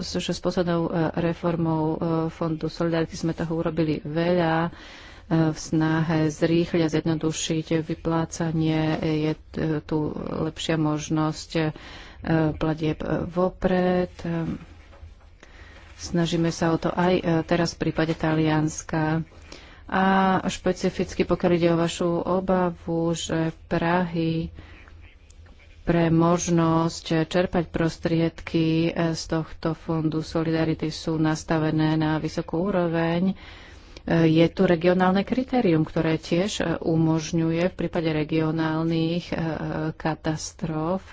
že s poslednou e, reformou e, Fondu Solidarity sme toho urobili veľa e, v snahe zrýchliť a zjednodušiť vyplácanie. Je tu lepšia možnosť platieb vopred. Snažíme sa o to aj e, teraz v prípade Talianska. A špecificky, pokiaľ ide o vašu obavu, že Prahy pre možnosť čerpať prostriedky e, z tohto fondu Solidarity sú nastavené na vysokú úroveň. E, je tu regionálne kritérium, ktoré tiež umožňuje v prípade regionálnych katastrof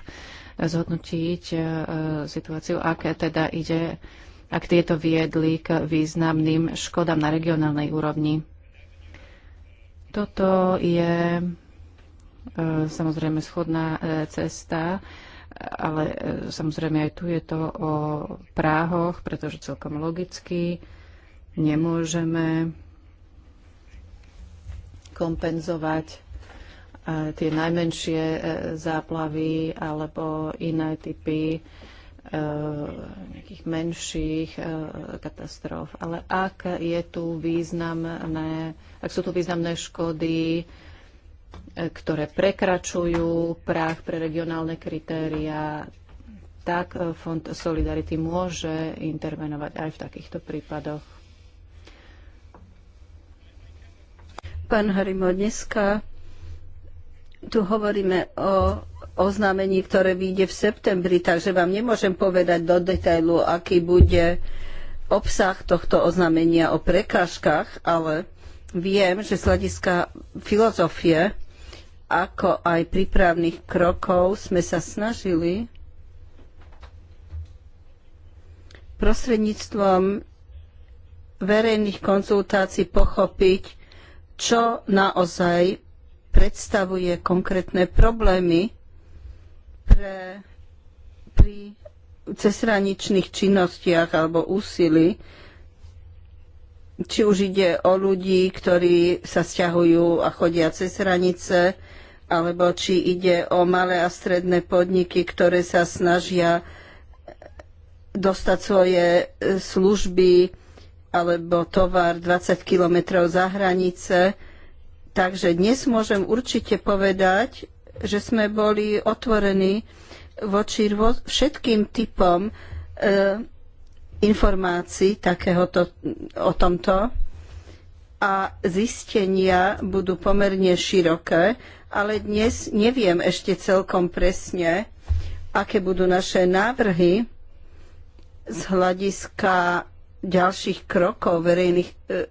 zhodnotiť situáciu, aké teda ide ak tieto viedli k významným škodám na regionálnej úrovni. Toto je e, samozrejme schodná e, cesta, ale e, samozrejme aj tu je to o práhoch, pretože celkom logicky nemôžeme kompenzovať tie najmenšie záplavy alebo iné typy Eh, nejakých menších eh, katastrof. Ale ak, je tu významné, ak sú tu významné škody, eh, ktoré prekračujú práh pre regionálne kritéria, tak Fond Solidarity môže intervenovať aj v takýchto prípadoch. Pán Harimo, dneska tu hovoríme o oznámení, ktoré vyjde v septembri, takže vám nemôžem povedať do detailu, aký bude obsah tohto oznámenia o prekážkach, ale viem, že z hľadiska filozofie, ako aj prípravných krokov sme sa snažili prostredníctvom verejných konzultácií pochopiť, čo naozaj predstavuje konkrétne problémy pre, pri cezhraničných činnostiach alebo úsilí, či už ide o ľudí, ktorí sa sťahujú a chodia cez hranice, alebo či ide o malé a stredné podniky, ktoré sa snažia dostať svoje e, služby alebo tovar 20 kilometrov za hranice. Takže dnes môžem určite povedať, že sme boli otvorení voči všetkým typom e, informácií takéhoto, o tomto a zistenia budú pomerne široké, ale dnes neviem ešte celkom presne, aké budú naše návrhy z hľadiska ďalších krokov, verejných, e,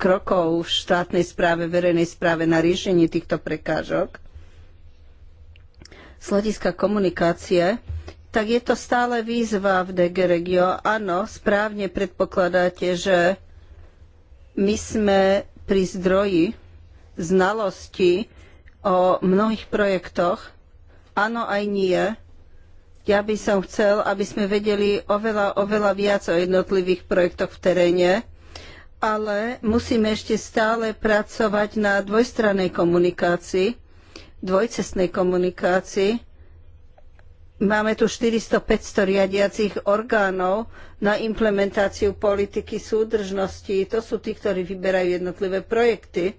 krokov v štátnej správe, verejnej správe na riešenie týchto prekážok z hľadiska komunikácie, tak je to stále výzva v DG Regio. Áno, správne predpokladáte, že my sme pri zdroji znalosti o mnohých projektoch. Áno aj nie. Ja by som chcel, aby sme vedeli oveľa, oveľa viac o jednotlivých projektoch v teréne, ale musíme ešte stále pracovať na dvojstrannej komunikácii, dvojcestnej komunikácii. Máme tu 400-500 riadiacich orgánov na implementáciu politiky súdržnosti. To sú tí, ktorí vyberajú jednotlivé projekty.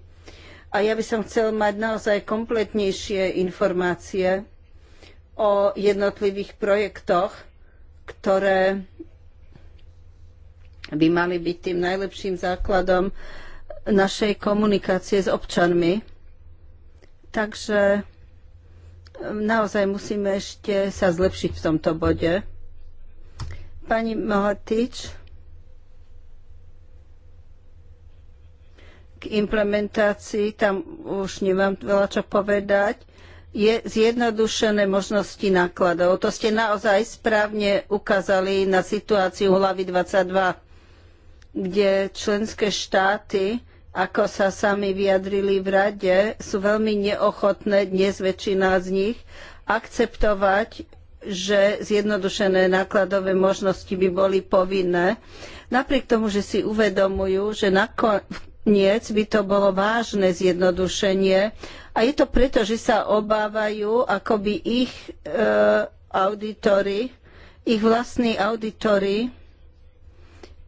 A ja by som chcel mať naozaj kompletnejšie informácie o jednotlivých projektoch, ktoré by mali byť tým najlepším základom našej komunikácie s občanmi Takže ehm, naozaj musíme ešte sa zlepšiť v tomto bode. Pani Mohatič, k implementácii, tam už nemám veľa čo povedať, je zjednodušené možnosti nákladov. To ste naozaj správne ukázali na situáciu hlavy 22, kde členské štáty ako sa sami vyjadrili v rade, sú veľmi neochotné dnes väčšina z nich akceptovať, že zjednodušené nákladové možnosti by boli povinné, napriek tomu, že si uvedomujú, že nakoniec by to bolo vážne zjednodušenie a je to preto, že sa obávajú, ako by ich e, auditory, ich vlastní auditory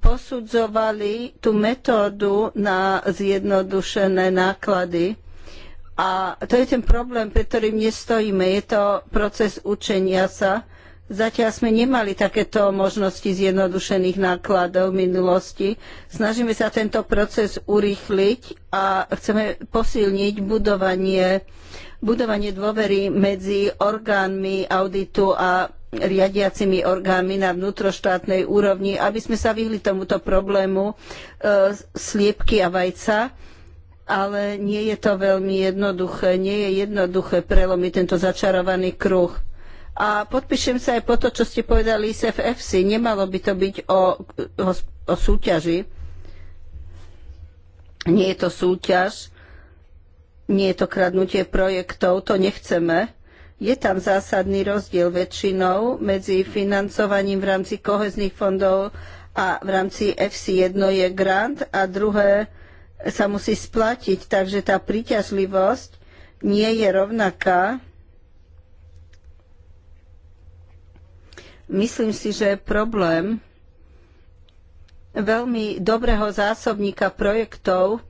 posudzovali tú metódu na zjednodušené náklady. A to je ten problém, pre ktorým nestojíme. Je to proces učenia sa. Zatiaľ sme nemali takéto možnosti zjednodušených nákladov v minulosti. Snažíme sa tento proces urýchliť a chceme posilniť budovanie, budovanie dôvery medzi orgánmi auditu a riadiacimi orgánmi na vnútroštátnej úrovni, aby sme sa vyhli tomuto problému e, sliepky a vajca, ale nie je to veľmi jednoduché. Nie je jednoduché prelomiť tento začarovaný kruh. A podpíšem sa aj po to, čo ste povedali z FFC. Nemalo by to byť o, o, o súťaži. Nie je to súťaž, nie je to kradnutie projektov, to nechceme je tam zásadný rozdiel väčšinou medzi financovaním v rámci kohezných fondov a v rámci FC jedno je grant a druhé sa musí splatiť, takže tá príťažlivosť nie je rovnaká. Myslím si, že problém veľmi dobrého zásobníka projektov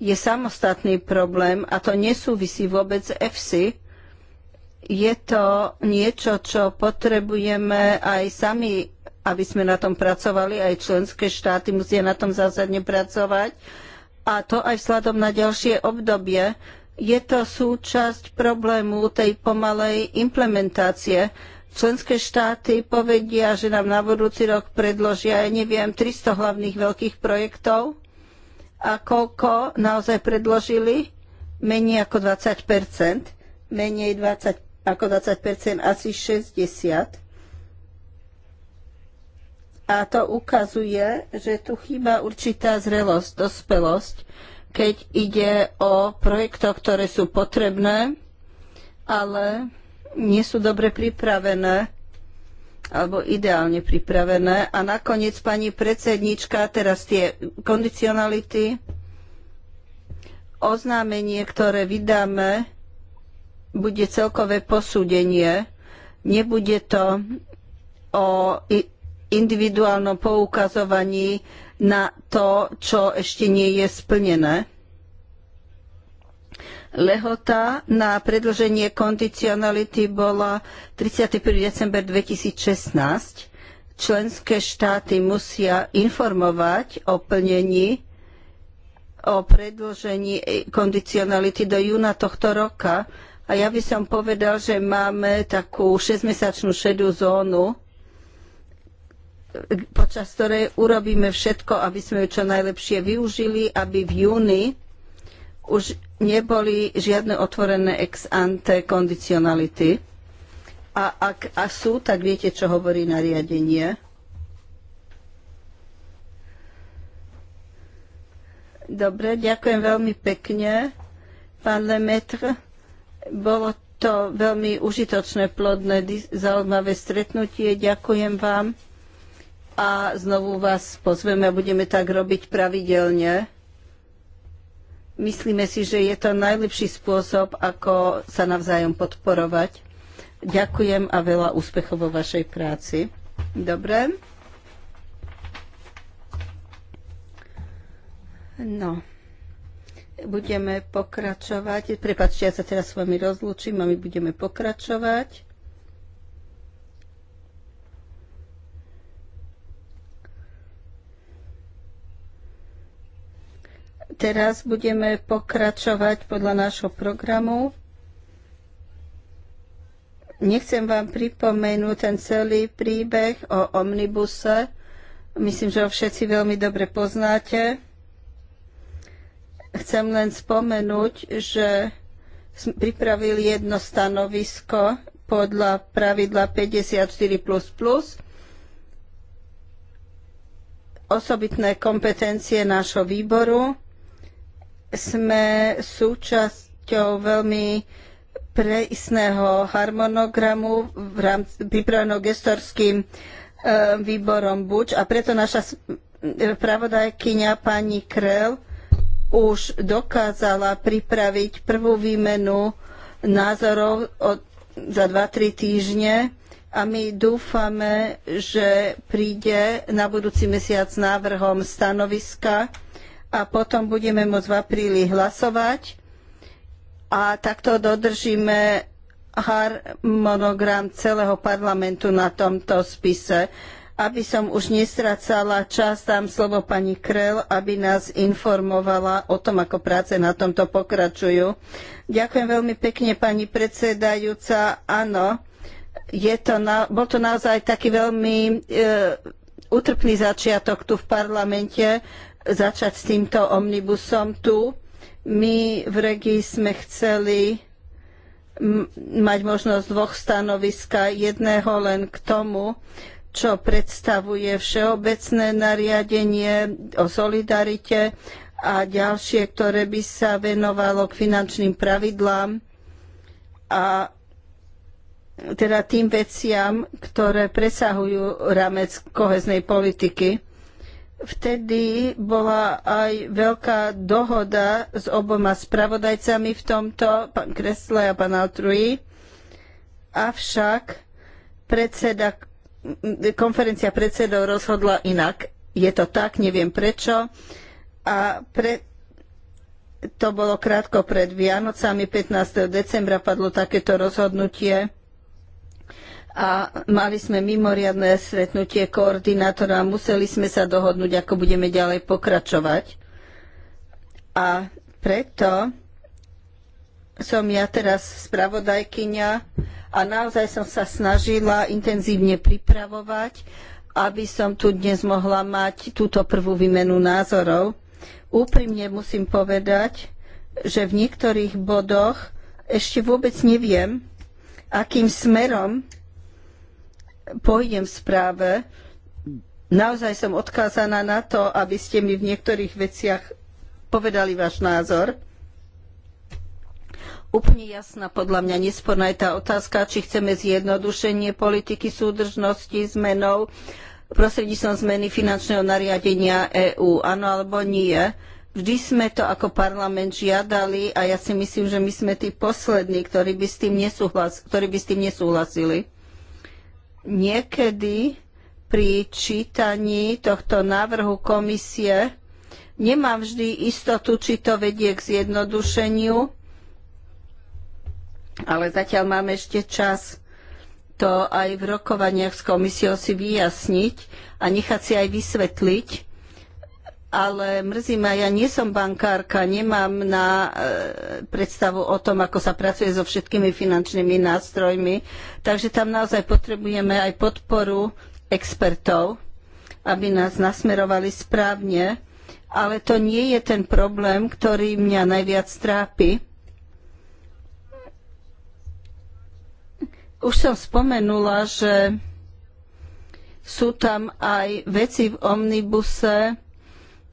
je samostatný problém a to nesúvisí vôbec s EFSI, je to niečo, čo potrebujeme aj sami, aby sme na tom pracovali, aj členské štáty musia na tom zásadne pracovať. A to aj vzhľadom na ďalšie obdobie. Je to súčasť problému tej pomalej implementácie. Členské štáty povedia, že nám na budúci rok predložia, ja neviem, 300 hlavných veľkých projektov. A koľko naozaj predložili? Menej ako 20 menej 20 ako 20%, asi 60%. A to ukazuje, že tu chýba určitá zrelosť, dospelosť, keď ide o projektoch, ktoré sú potrebné, ale nie sú dobre pripravené alebo ideálne pripravené. A nakoniec, pani predsednička, teraz tie kondicionality, oznámenie, ktoré vydáme, bude celkové posúdenie. Nebude to o individuálnom poukazovaní na to, čo ešte nie je splnené. Lehota na predlženie kondicionality bola 31. december 2016. Členské štáty musia informovať o plnení o predlžení kondicionality do júna tohto roka a ja by som povedal, že máme takú 6-mesačnú šedú zónu, počas ktorej urobíme všetko, aby sme ju čo najlepšie využili, aby v júni už neboli žiadne otvorené ex ante kondicionality. A ak a sú, tak viete, čo hovorí nariadenie. Dobre, ďakujem veľmi pekne, pán Lemaitre. Bolo to veľmi užitočné, plodné, zaujímavé stretnutie. Ďakujem vám a znovu vás pozveme a budeme tak robiť pravidelne. Myslíme si, že je to najlepší spôsob, ako sa navzájom podporovať. Ďakujem a veľa úspechov vo vašej práci. Dobre. No budeme pokračovať. Prepačte, ja sa teraz s vami rozlúčim a my budeme pokračovať. Teraz budeme pokračovať podľa nášho programu. Nechcem vám pripomenúť ten celý príbeh o omnibuse. Myslím, že ho všetci veľmi dobre poznáte. Chcem len spomenúť, že sme pripravili jedno stanovisko podľa pravidla 54++, osobitné kompetencie nášho výboru. Sme súčasťou veľmi presného harmonogramu v rámci, pripraveného gestorským e, výborom Buč a preto naša e, pravodajkyňa pani Krell už dokázala pripraviť prvú výmenu názorov od, za 2-3 týždne a my dúfame, že príde na budúci mesiac návrhom stanoviska a potom budeme môcť v apríli hlasovať a takto dodržíme harmonogram celého parlamentu na tomto spise aby som už nestracala čas, dám slovo pani Krel, aby nás informovala o tom, ako práce na tomto pokračujú. Ďakujem veľmi pekne, pani predsedajúca. Áno, je to na, bol to naozaj taký veľmi e, utrpný začiatok tu v parlamente, začať s týmto omnibusom tu. My v Regii sme chceli mať možnosť dvoch stanoviska, jedného len k tomu, čo predstavuje všeobecné nariadenie o solidarite a ďalšie, ktoré by sa venovalo k finančným pravidlám a teda tým veciam, ktoré presahujú rámec koheznej politiky. Vtedy bola aj veľká dohoda s oboma spravodajcami v tomto, pán Kresle a pán Altruji. Avšak predseda konferencia predsedov rozhodla inak. Je to tak, neviem prečo. A pre, to bolo krátko pred Vianocami, 15. decembra padlo takéto rozhodnutie a mali sme mimoriadne stretnutie koordinátora a museli sme sa dohodnúť, ako budeme ďalej pokračovať. A preto som ja teraz spravodajkyňa a naozaj som sa snažila intenzívne pripravovať, aby som tu dnes mohla mať túto prvú výmenu názorov. Úprimne musím povedať, že v niektorých bodoch ešte vôbec neviem, akým smerom pôjdem v správe. Naozaj som odkázaná na to, aby ste mi v niektorých veciach povedali váš názor úplne jasná, podľa mňa nesporná je tá otázka, či chceme zjednodušenie politiky súdržnosti zmenou prostredníctvom zmeny finančného nariadenia EÚ. Áno alebo nie? Vždy sme to ako parlament žiadali a ja si myslím, že my sme tí poslední, ktorí by s tým, nesúhlas, ktorí by s tým nesúhlasili. Niekedy pri čítaní tohto návrhu komisie nemám vždy istotu, či to vedie k zjednodušeniu ale zatiaľ máme ešte čas to aj v rokovaniach s komisiou si vyjasniť a nechať si aj vysvetliť. Ale mrzí ma, ja nie som bankárka, nemám na e, predstavu o tom, ako sa pracuje so všetkými finančnými nástrojmi, takže tam naozaj potrebujeme aj podporu expertov, aby nás nasmerovali správne, ale to nie je ten problém, ktorý mňa najviac trápi Už som spomenula, že sú tam aj veci v omnibuse,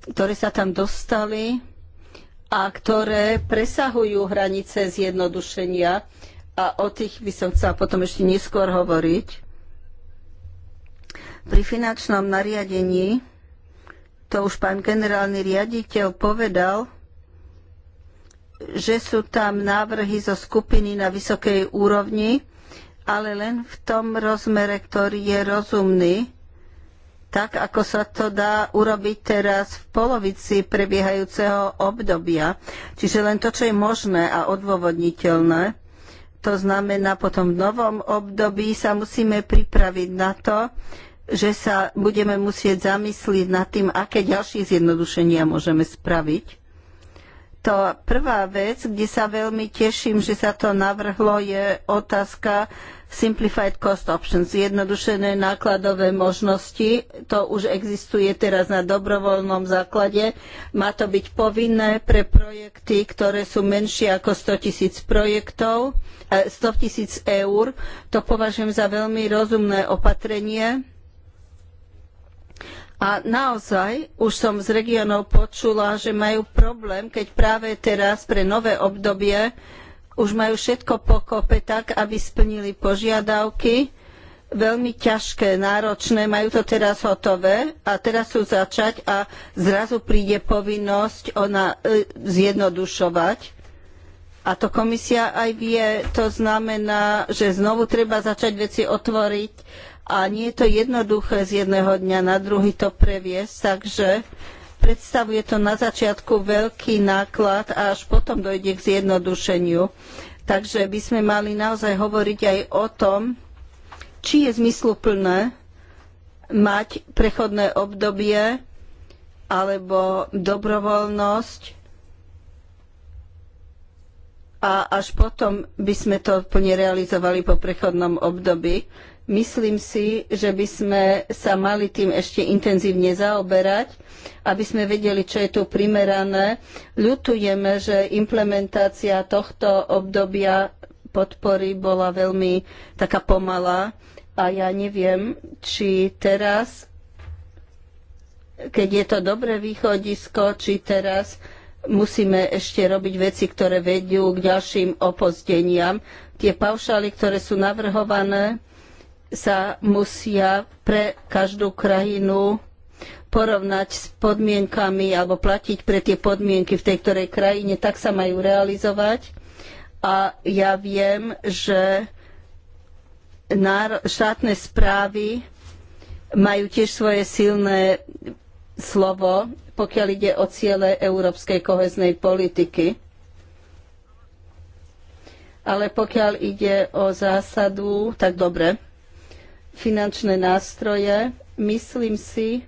ktoré sa tam dostali a ktoré presahujú hranice zjednodušenia a o tých by som chcela potom ešte neskôr hovoriť. Pri finančnom nariadení, to už pán generálny riaditeľ povedal, že sú tam návrhy zo skupiny na vysokej úrovni, ale len v tom rozmere, ktorý je rozumný, tak ako sa to dá urobiť teraz v polovici prebiehajúceho obdobia. Čiže len to, čo je možné a odôvodniteľné. To znamená, potom v novom období sa musíme pripraviť na to, že sa budeme musieť zamyslieť nad tým, aké ďalšie zjednodušenia môžeme spraviť to prvá vec, kde sa veľmi teším, že sa to navrhlo, je otázka Simplified Cost Options, zjednodušené nákladové možnosti. To už existuje teraz na dobrovoľnom základe. Má to byť povinné pre projekty, ktoré sú menšie ako 100 tisíc projektov, 100 eh, tisíc eur. To považujem za veľmi rozumné opatrenie a naozaj už som z regiónov počula, že majú problém, keď práve teraz pre nové obdobie už majú všetko pokope tak, aby splnili požiadavky. Veľmi ťažké, náročné, majú to teraz hotové a teraz sú začať a zrazu príde povinnosť ona e, zjednodušovať. A to komisia aj vie, to znamená, že znovu treba začať veci otvoriť a nie je to jednoduché z jedného dňa na druhý to previesť, takže predstavuje to na začiatku veľký náklad a až potom dojde k zjednodušeniu. Takže by sme mali naozaj hovoriť aj o tom, či je zmysluplné mať prechodné obdobie alebo dobrovoľnosť a až potom by sme to plne realizovali po prechodnom období. Myslím si, že by sme sa mali tým ešte intenzívne zaoberať, aby sme vedeli, čo je tu primerané. Ľutujeme, že implementácia tohto obdobia podpory bola veľmi taká pomalá a ja neviem, či teraz, keď je to dobré východisko, či teraz musíme ešte robiť veci, ktoré vedú k ďalším opozdeniam. Tie paušály, ktoré sú navrhované, sa musia pre každú krajinu porovnať s podmienkami alebo platiť pre tie podmienky v tej ktorej krajine, tak sa majú realizovať. A ja viem, že štátne správy majú tiež svoje silné slovo, pokiaľ ide o ciele európskej koheznej politiky. Ale pokiaľ ide o zásadu, tak dobre, finančné nástroje. Myslím si,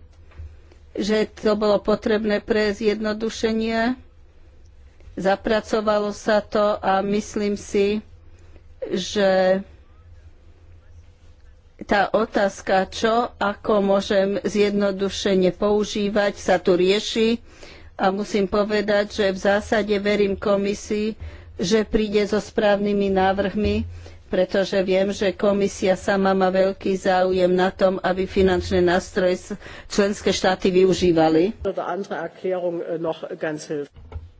že to bolo potrebné pre zjednodušenie. Zapracovalo sa to a myslím si, že tá otázka, čo, ako môžem zjednodušenie používať, sa tu rieši a musím povedať, že v zásade verím komisii, že príde so správnymi návrhmi, pretože viem, že komisia sama má veľký záujem na tom, aby finančné nástroje členské štáty využívali. Äh,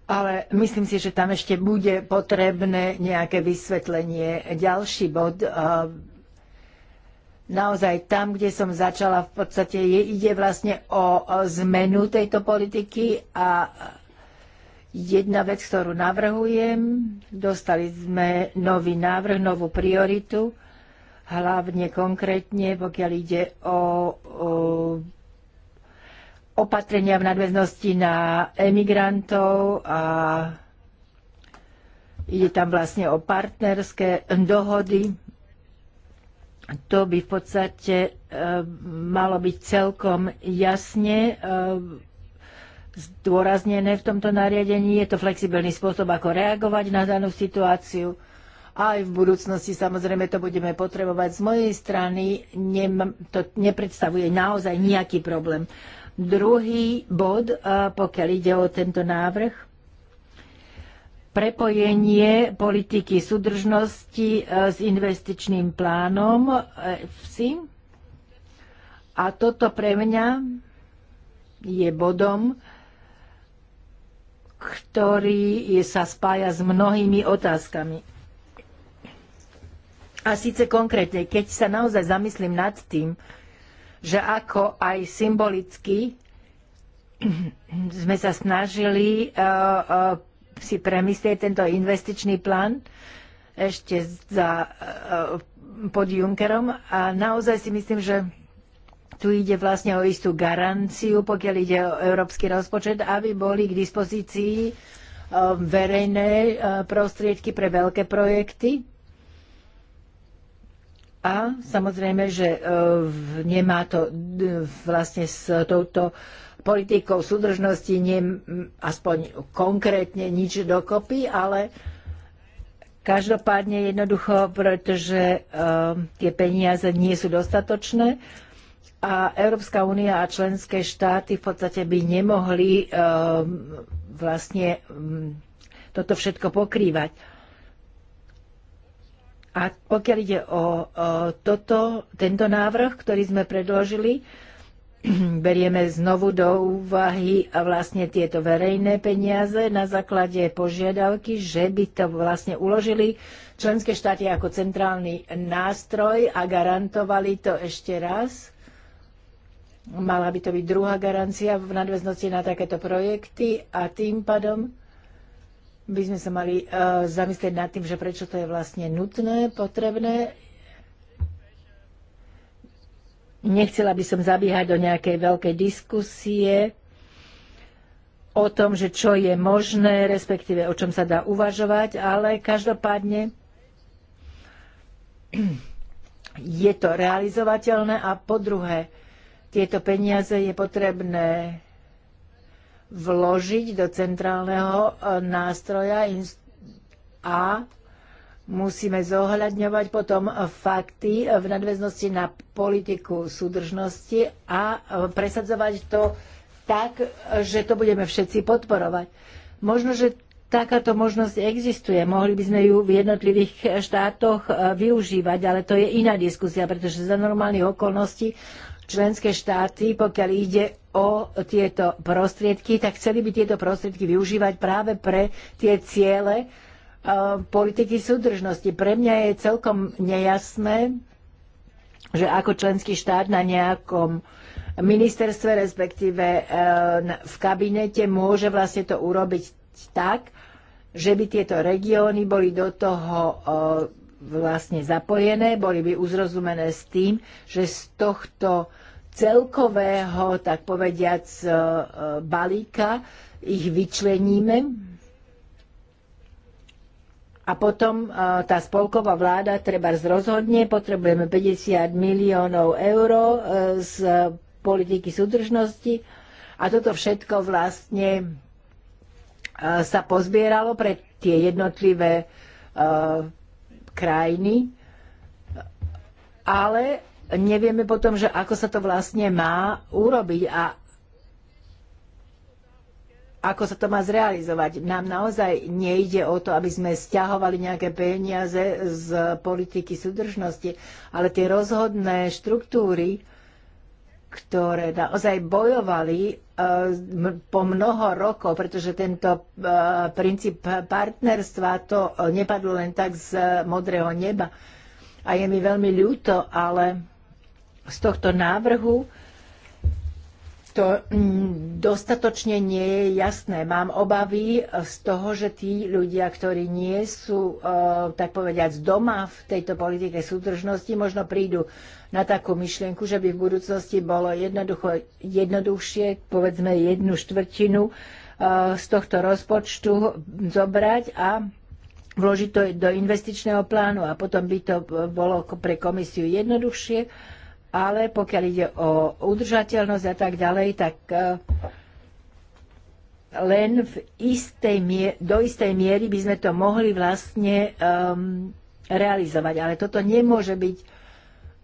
Ale myslím si, že tam ešte bude potrebné nejaké vysvetlenie. Ďalší bod. Äh, naozaj tam, kde som začala, v podstate ide vlastne o zmenu tejto politiky a Jedna vec, ktorú navrhujem, dostali sme nový návrh, novú prioritu, hlavne konkrétne, pokiaľ ide o, o opatrenia v nadväznosti na emigrantov a ide tam vlastne o partnerské dohody. To by v podstate e, malo byť celkom jasne e, zdôraznené v tomto nariadení. Je to flexibilný spôsob, ako reagovať na danú situáciu. Aj v budúcnosti samozrejme to budeme potrebovať. Z mojej strany to nepredstavuje naozaj nejaký problém. Druhý bod, pokiaľ ide o tento návrh, prepojenie politiky súdržnosti e, s investičným plánom e, FSI. A toto pre mňa je bodom, ktorý sa spája s mnohými otázkami. A síce konkrétne, keď sa naozaj zamyslím nad tým, že ako aj symbolicky sme sa snažili uh, uh, si premyslieť tento investičný plán ešte za, uh, pod Junckerom a naozaj si myslím, že tu ide vlastne o istú garanciu, pokiaľ ide o európsky rozpočet, aby boli k dispozícii e, verejné e, prostriedky pre veľké projekty. A samozrejme, že e, nemá to vlastne s touto politikou súdržnosti nie, aspoň konkrétne nič dokopy, ale každopádne jednoducho, pretože tie peniaze nie sú dostatočné, a Európska únia a členské štáty v podstate by nemohli um, vlastne um, toto všetko pokrývať. A pokiaľ ide o, o toto, tento návrh, ktorý sme predložili, (clears throat) berieme znovu do úvahy a vlastne tieto verejné peniaze na základe požiadavky, že by to vlastne uložili členské štáty ako centrálny nástroj a garantovali to ešte raz Mala by to byť druhá garancia v nadväznosti na takéto projekty a tým pádom by sme sa mali uh, zamyslieť nad tým, že prečo to je vlastne nutné, potrebné. Nechcela by som zabiehať do nejakej veľkej diskusie o tom, že čo je možné, respektíve o čom sa dá uvažovať, ale každopádne je to realizovateľné a po druhé, tieto peniaze je potrebné vložiť do centrálneho e, nástroja a musíme zohľadňovať potom fakty v nadväznosti na politiku súdržnosti a e, presadzovať to tak, že to budeme všetci podporovať. Možno, že takáto možnosť existuje. Mohli by sme ju v jednotlivých štátoch e, využívať, ale to je iná diskusia, pretože za normálnych okolností členské štáty, pokiaľ ide o tieto prostriedky, tak chceli by tieto prostriedky využívať práve pre tie ciele uh, politiky súdržnosti. Pre mňa je celkom nejasné, že ako členský štát na nejakom ministerstve, respektíve uh, v kabinete môže vlastne to urobiť tak, že by tieto regióny boli do toho uh, vlastne zapojené, boli by uzrozumené s tým, že z tohto celkového, tak povediac, e, e, balíka ich vyčleníme. A potom e, tá spolková vláda treba rozhodne, potrebujeme 50 miliónov eur z politiky súdržnosti a toto všetko vlastne sa pozbieralo pre tie jednotlivé krajiny, ale nevieme potom, že ako sa to vlastne má urobiť a ako sa to má zrealizovať. Nám naozaj nejde o to, aby sme stiahovali nejaké peniaze z politiky súdržnosti, ale tie rozhodné štruktúry, ktoré naozaj bojovali e, po mnoho rokov, pretože tento e, princíp partnerstva to e, nepadlo len tak z modrého neba. A je mi veľmi ľúto, ale z tohto návrhu to mm, dostatočne nie je jasné. Mám obavy eh, z toho, že tí ľudia, ktorí nie sú, eh, tak povediať, doma v tejto politike súdržnosti, možno prídu na takú myšlienku, že by v budúcnosti bolo jednoducho, jednoduchšie, povedzme jednu štvrtinu eh, z tohto rozpočtu zobrať a vložiť to do investičného plánu a potom by to bolo pre komisiu jednoduchšie ale pokiaľ ide o udržateľnosť a tak ďalej, tak e, len v istej mier- do istej miery by sme to mohli vlastne um, realizovať. Ale toto nemôže byť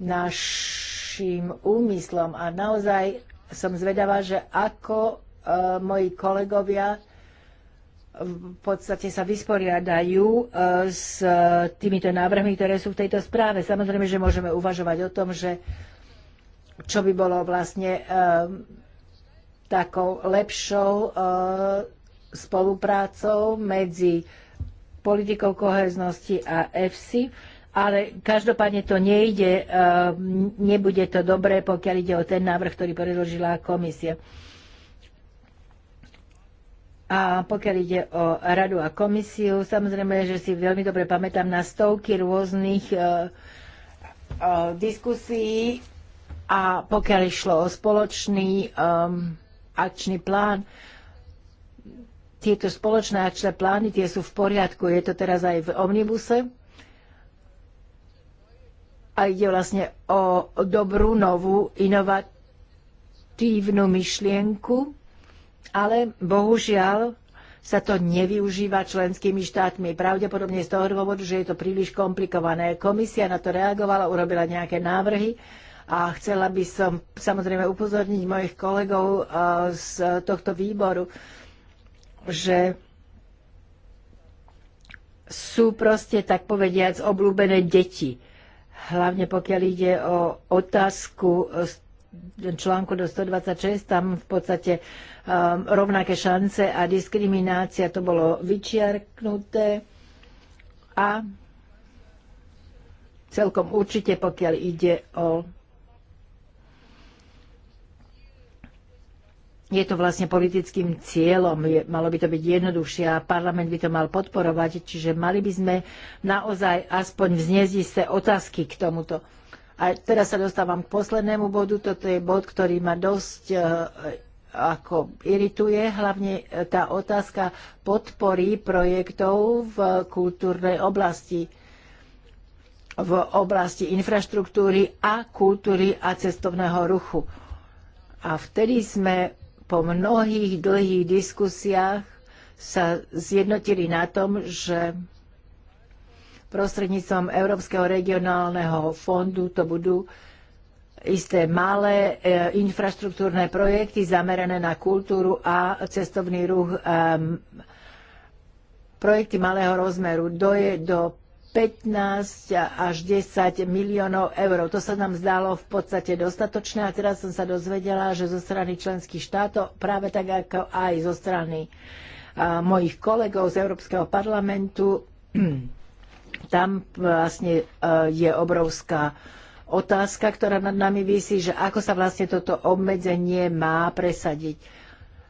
našim úmyslom. A naozaj som zvedavá, že ako uh, moji kolegovia v podstate sa vysporiadajú e, s týmito návrhmi, ktoré sú v tejto správe. Samozrejme, že môžeme uvažovať o tom, že čo by bolo vlastne eh, takou lepšou eh, spoluprácou medzi politikou koheznosti a EFSI, ale každopádne to nejde, eh, nebude to dobré, pokiaľ ide o ten návrh, ktorý predložila komisia. A pokiaľ ide o radu a komisiu, samozrejme, že si veľmi dobre pamätám na stovky rôznych diskusí a pokiaľ išlo o spoločný um, akčný plán, tieto spoločné akčné plány, tie sú v poriadku. Je to teraz aj v omnibuse. A ide vlastne o dobrú, novú, inovatívnu myšlienku, ale bohužiaľ sa to nevyužíva členskými štátmi. Pravdepodobne z toho dôvodu, že je to príliš komplikované. Komisia na to reagovala, urobila nejaké návrhy a chcela by som samozrejme upozorniť mojich kolegov eh, z tohto výboru, že sú proste, tak povediac, oblúbené deti. Hlavne pokiaľ ide o otázku eh, článku do 126, tam v podstate um, rovnaké šance a diskriminácia, to bolo vyčiarknuté. A celkom určite, pokiaľ ide o je to vlastne politickým cieľom, je, malo by to byť jednoduchšie a parlament by to mal podporovať, čiže mali by sme naozaj aspoň vzniesť isté otázky k tomuto. A teraz sa dostávam k poslednému bodu, toto je bod, ktorý ma dosť e, ako irituje, hlavne tá otázka podpory projektov v kultúrnej oblasti v oblasti infraštruktúry a kultúry a cestovného ruchu. A vtedy sme po mnohých dlhých diskusiách sa zjednotili na tom, že prostredníctvom Európskeho regionálneho fondu to budú isté malé e, infraštruktúrne projekty zamerané na kultúru a cestovný ruch, e, projekty malého rozmeru. Do, do 15 až 10 miliónov eur. To sa nám zdalo v podstate dostatočné a teraz som sa dozvedela, že zo strany členských štátov, práve tak ako aj zo strany mojich kolegov z Európskeho parlamentu, (clears throat) tam e, vlastne e, je obrovská otázka, ktorá nad nami vysí, že ako sa vlastne toto obmedzenie má presadiť.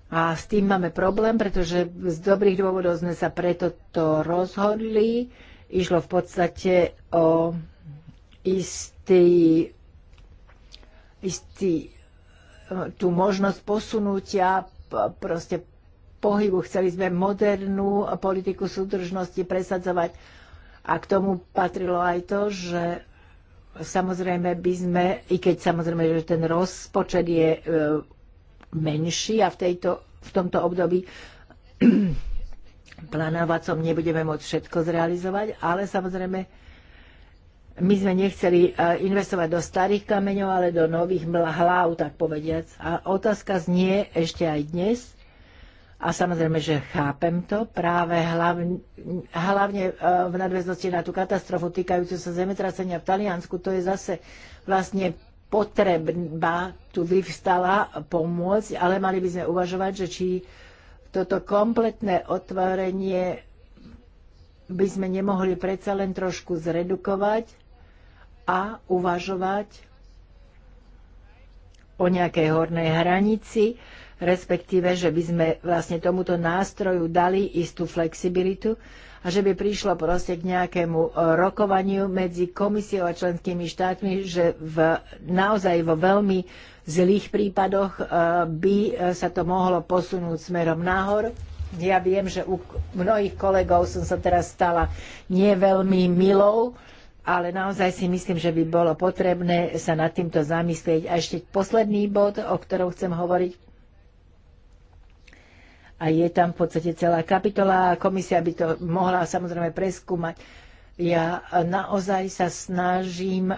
A s tým máme problém, pretože z dobrých dôvodov sme sa preto to rozhodli Išlo v podstate o istý, istý eh, tú možnosť posunutia proste pohybu. Chceli sme modernú politiku súdržnosti presadzovať a k tomu patrilo aj to, že samozrejme by sme, i keď samozrejme, že ten rozpočet je eh, menší a v, tejto, v tomto období plánovacom nebudeme môcť všetko zrealizovať, ale samozrejme my sme nechceli e, investovať do starých kameňov, ale do nových hlav, tak povediac. A otázka znie ešte aj dnes, a samozrejme, že chápem to, práve hlavne, hlavne v nadväznosti na tú katastrofu týkajúcu sa zemetrasenia v Taliansku, to je zase vlastne potreba tu vyvstala pomôcť, ale mali by sme uvažovať, že či toto kompletné otvárenie by sme nemohli predsa len trošku zredukovať a uvažovať o nejakej hornej hranici, respektíve, že by sme vlastne tomuto nástroju dali istú flexibilitu a že by prišlo proste k nejakému e, rokovaniu medzi komisiou a členskými štátmi, že v, naozaj vo veľmi zlých prípadoch e, by e, sa to mohlo posunúť smerom nahor. Ja viem, že u mnohých kolegov som sa teraz stala nie veľmi milou, ale naozaj si myslím, že by bolo potrebné sa nad týmto zamyslieť. A ešte posledný bod, o ktorom chcem hovoriť. A je tam v podstate celá kapitola. Komisia by to mohla samozrejme preskúmať ja naozaj sa snažím eh,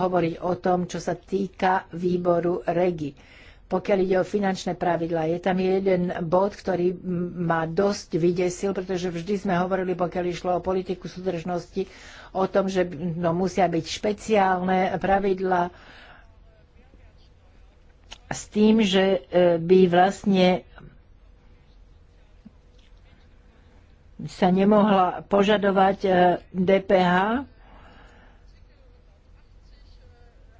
hovoriť o tom, čo sa týka výboru REGI. Pokiaľ ide o finančné pravidla, je tam jeden bod, ktorý ma dosť vydesil, pretože vždy sme hovorili, pokiaľ išlo o politiku súdržnosti, o tom, že no, musia byť špeciálne pravidla. s tým, že eh, by vlastne sa nemohla požadovať e, DPH.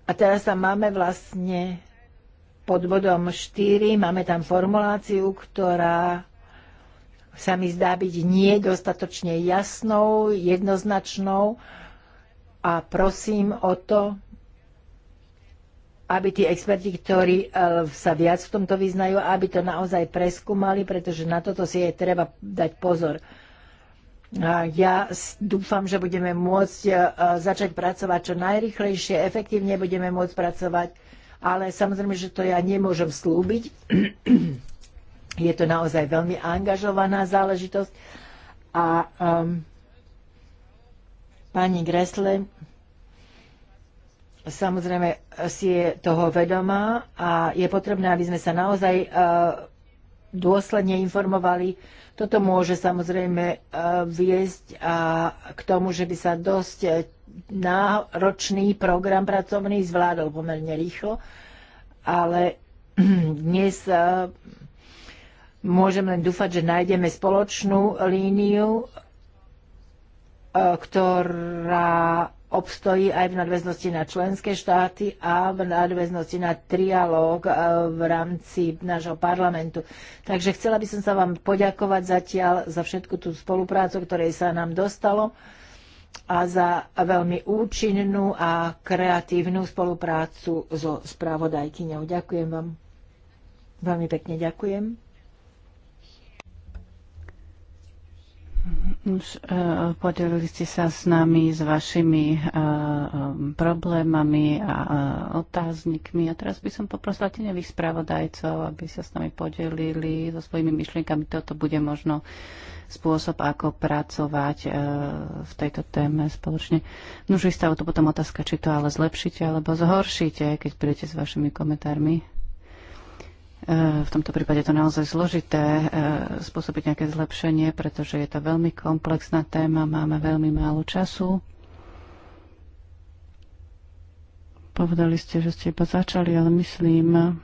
A teraz tam máme vlastne pod bodom 4, máme tam formuláciu, ktorá sa mi zdá byť nedostatočne jasnou, jednoznačnou a prosím o to, aby tí experti, ktorí e, sa viac v tomto vyznajú, aby to naozaj preskúmali, pretože na toto si je treba dať pozor. Ja dúfam, že budeme môcť e, e, začať pracovať čo najrychlejšie, efektívne budeme môcť pracovať, ale samozrejme, že to ja nemôžem slúbiť. (clears throat) Je to naozaj veľmi angažovaná záležitosť. A um, pani Gressle samozrejme si je toho vedomá a je potrebné, aby sme sa naozaj uh, dôsledne informovali toto môže samozrejme e, viesť e, k tomu, že by sa dosť e, náročný program pracovný zvládol pomerne rýchlo, ale (clears throat) dnes môžem len dúfať, že nájdeme spoločnú líniu, ktorá obstojí aj v nadväznosti na členské štáty a v nadväznosti na trialóg e, v rámci nášho parlamentu. Takže chcela by som sa vám poďakovať zatiaľ za všetku tú spoluprácu, ktorej sa nám dostalo a za veľmi účinnú a kreatívnu spoluprácu so spravodajkyňou. Ďakujem vám. Veľmi pekne ďakujem. Už e, podelili ste sa s nami s vašimi e, e, problémami a otáznikmi. A teraz by som poprosila tenevých spravodajcov, aby sa s nami podelili so svojimi myšlienkami. Toto bude možno spôsob, ako pracovať v tejto téme spoločne. No už to potom otázka, či to ale zlepšíte alebo zhoršíte, keď prídete s vašimi komentármi. E, v tomto prípade je to naozaj zložité e, spôsobiť nejaké zlepšenie, pretože je to veľmi komplexná téma, máme veľmi málo času. Povedali ste, že ste iba začali, ale myslím,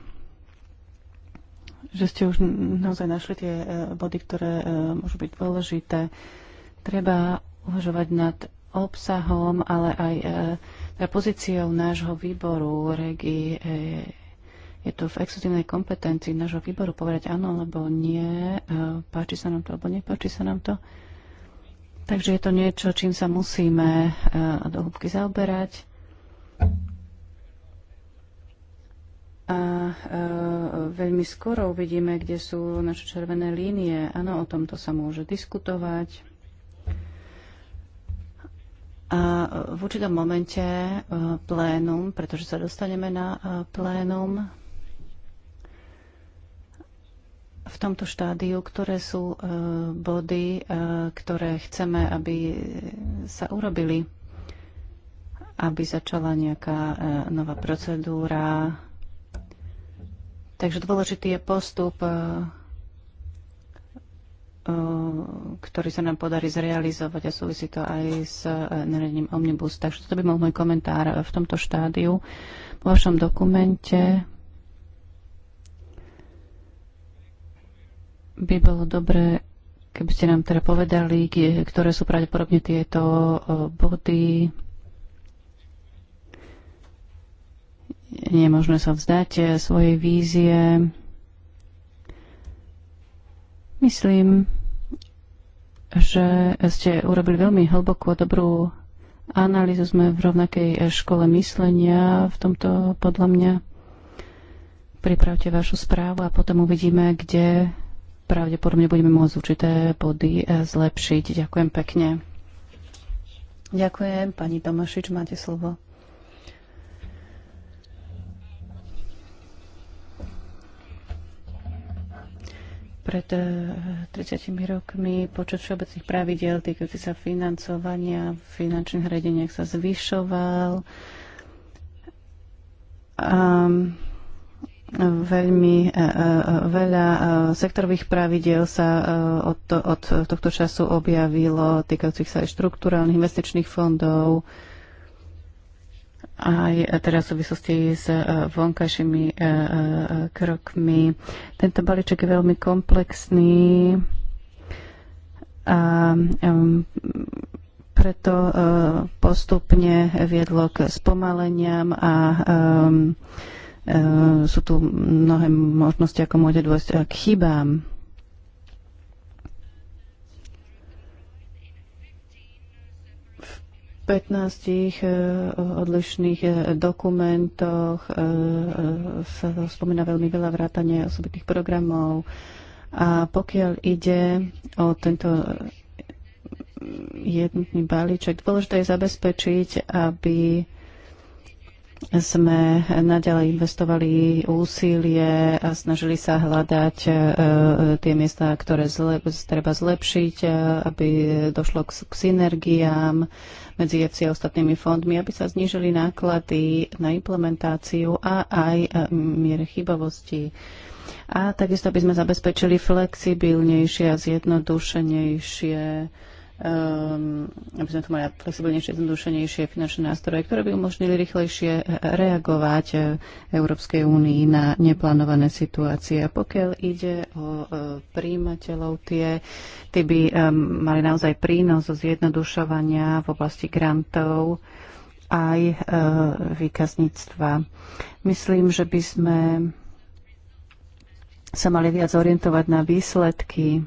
že ste už naozaj našli tie e, body, ktoré môžu byť dôležité. Treba uvažovať nad obsahom, ale aj teda pozíciou nášho výboru regii je to v exkluzívnej kompetencii nášho výboru povedať áno alebo nie, e, páči sa nám to alebo nepáči sa nám to. Takže je to niečo, čím sa musíme e, do hĺbky zaoberať. A e, veľmi skoro uvidíme, kde sú naše červené línie. Áno, o tomto sa môže diskutovať. A v určitom momente plénum, pretože sa dostaneme na plénum, v tomto štádiu, ktoré sú e, body, e, ktoré chceme, aby sa urobili, aby začala nejaká e, nová procedúra. Takže dôležitý je postup, ktorý sa nám podarí zrealizovať a súvisí to aj s nariadením Omnibus. Takže to by bol môj komentár v tomto štádiu. V vašom dokumente by bolo dobré, keby ste nám teda povedali, ktoré sú pravdepodobne tieto body. Nie je možné sa vzdať e, svojej vízie. Myslím, že ste urobili veľmi hlbokú a dobrú analýzu. Sme v rovnakej e, škole myslenia v tomto, podľa mňa. Pripravte vašu správu a potom uvidíme, kde pravdepodobne budeme môcť určité body e, zlepšiť. Ďakujem pekne. Ďakujem. Pani Tomašič, máte slovo. Pred 30 e, rokmi počet všeobecných pravidel týkajúci sa financovania v finančných hradeniach sa zvyšoval. Um, Veľmi e, e, e, veľa sektorových pravidel sa od, to, od tohto času objavilo, týkajúcich sa aj štruktúrálnych investičných fondov, aj teraz v súvislosti s vonkajšími krokmi. Tento balíček je veľmi komplexný a preto postupne viedlo k spomaleniam a Eh, sú tu mnohé možnosti, ako môže dôjsť eh, k chybám. V 15 eh, odlišných dokumentoch sa spomína veľmi veľa vrátanie osobitných programov. A pokiaľ ide o tento jednotný balíček, dôležité je zabezpečiť, aby sme naďalej investovali úsilie a snažili sa hľadať e, tie miesta, ktoré zlep, treba zlepšiť, e, aby došlo k, k synergiám medzi EFSI a ostatnými fondmi, aby sa znížili náklady na implementáciu a aj e, mier chybovosti. A takisto by sme zabezpečili flexibilnejšie a zjednodušenejšie um, aby sme tu mali flexibilnejšie, zjednodušenejšie finančné nástroje, ktoré by umožnili rýchlejšie e, reagovať e, Európskej únii na neplánované situácie. A pokiaľ ide o uh, príjimateľov, tie, tie by um, mali naozaj prínos zo zjednodušovania v oblasti grantov aj uh, výkazníctva. Myslím, že by sme sa mali viac orientovať na výsledky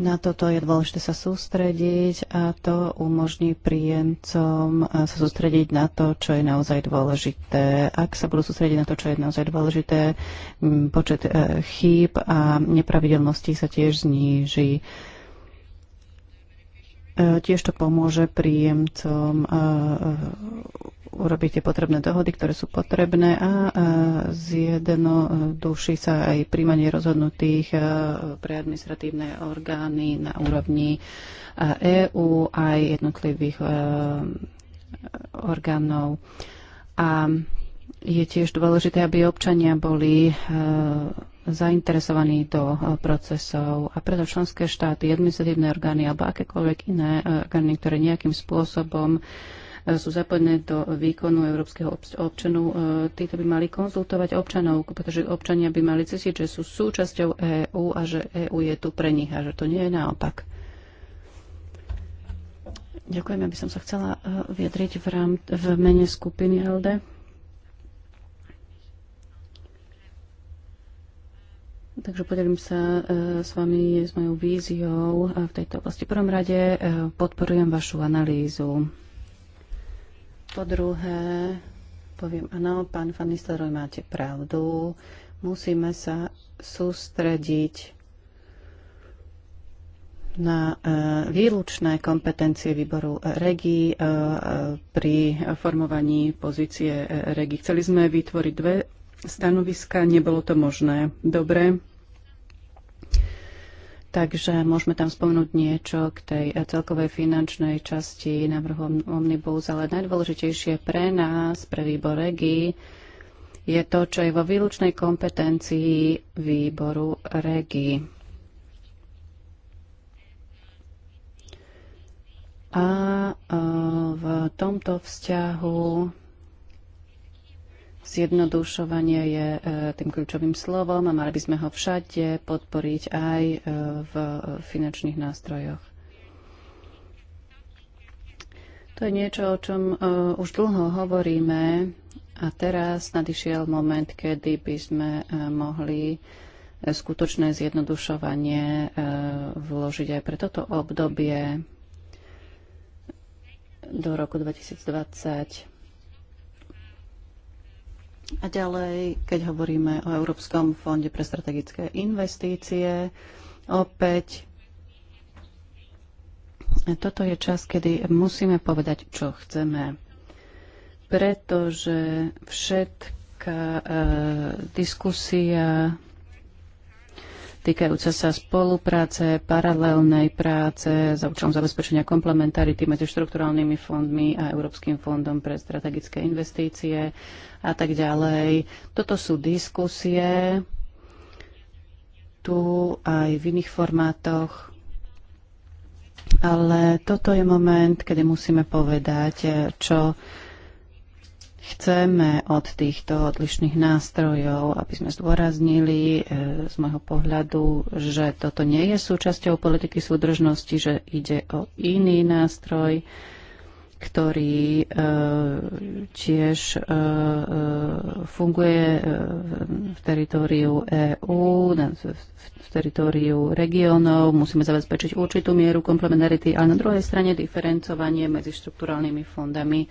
Na toto je dôležité sa sústrediť a to umožní príjemcom eh, sa sústrediť na to, čo je naozaj dôležité. Ak sa budú sústrediť na to, čo je naozaj dôležité, mm, počet eh, chýb a nepravidelností sa tiež zníži. Eh, tiež to pomôže príjemcom urobíte potrebné dohody, ktoré sú potrebné a z jedno e, duši sa aj príjmanie rozhodnutých e, pre administratívne orgány na úrovni EÚ e aj jednotlivých orgánov. A je tiež dôležité, aby občania boli zainteresovaní do procesov a preto členské štáty, administratívne orgány alebo akékoľvek iné orgány, ktoré nejakým spôsobom uh, E, sú zapojené do výkonu európskeho občanu. E, títo by mali konzultovať občanov, pretože občania by mali cítiť, že sú súčasťou EÚ a že EÚ je tu pre nich a že to nie je naopak. Ďakujem, aby som sa chcela e, vyjadriť v, rám, v mene skupiny LD. Takže podelím sa s vami s mojou víziou v tejto oblasti. V prvom rade podporujem vašu analýzu po druhé, poviem áno, pán Van máte pravdu. Musíme sa sústrediť na e, výlučné kompetencie výboru REGI e, e, pri formovaní pozície regí. Chceli sme vytvoriť dve stanoviska, nebolo to možné. Dobre, Takže môžeme tam spomenúť niečo k tej celkovej finančnej časti návrhu Omnibus, ale najdôležitejšie pre nás, pre výbor REGI, je to, čo je vo výlučnej kompetencii výboru REGI. A e, v tomto vzťahu Zjednodušovanie je e, tým kľúčovým slovom a mali by sme ho všade podporiť aj e, v finančných nástrojoch. To je niečo, o čom e, už dlho hovoríme a teraz nadišiel moment, kedy by sme mohli skutočné zjednodušovanie vložiť aj pre toto obdobie do roku 2020. A ďalej, keď hovoríme o Európskom fonde pre strategické investície, opäť toto je čas, kedy musíme povedať, čo chceme. Pretože všetká e, diskusia týkajúce sa spolupráce, paralelnej práce za účelom zabezpečenia komplementarity medzi štrukturálnymi fondmi a Európskym fondom pre strategické investície a tak ďalej. Toto sú diskusie tu aj v iných formátoch. Ale toto je moment, kedy musíme povedať, čo chceme od týchto odlišných nástrojov, aby sme zdôraznili e, z môjho pohľadu, že toto nie je súčasťou politiky súdržnosti, že ide o iný nástroj, ktorý e, tiež e, e funguje e, v teritóriu EÚ, v teritóriu regiónov. Musíme zabezpečiť určitú mieru komplementarity, ale na druhej strane diferencovanie medzi štruktúralnými fondami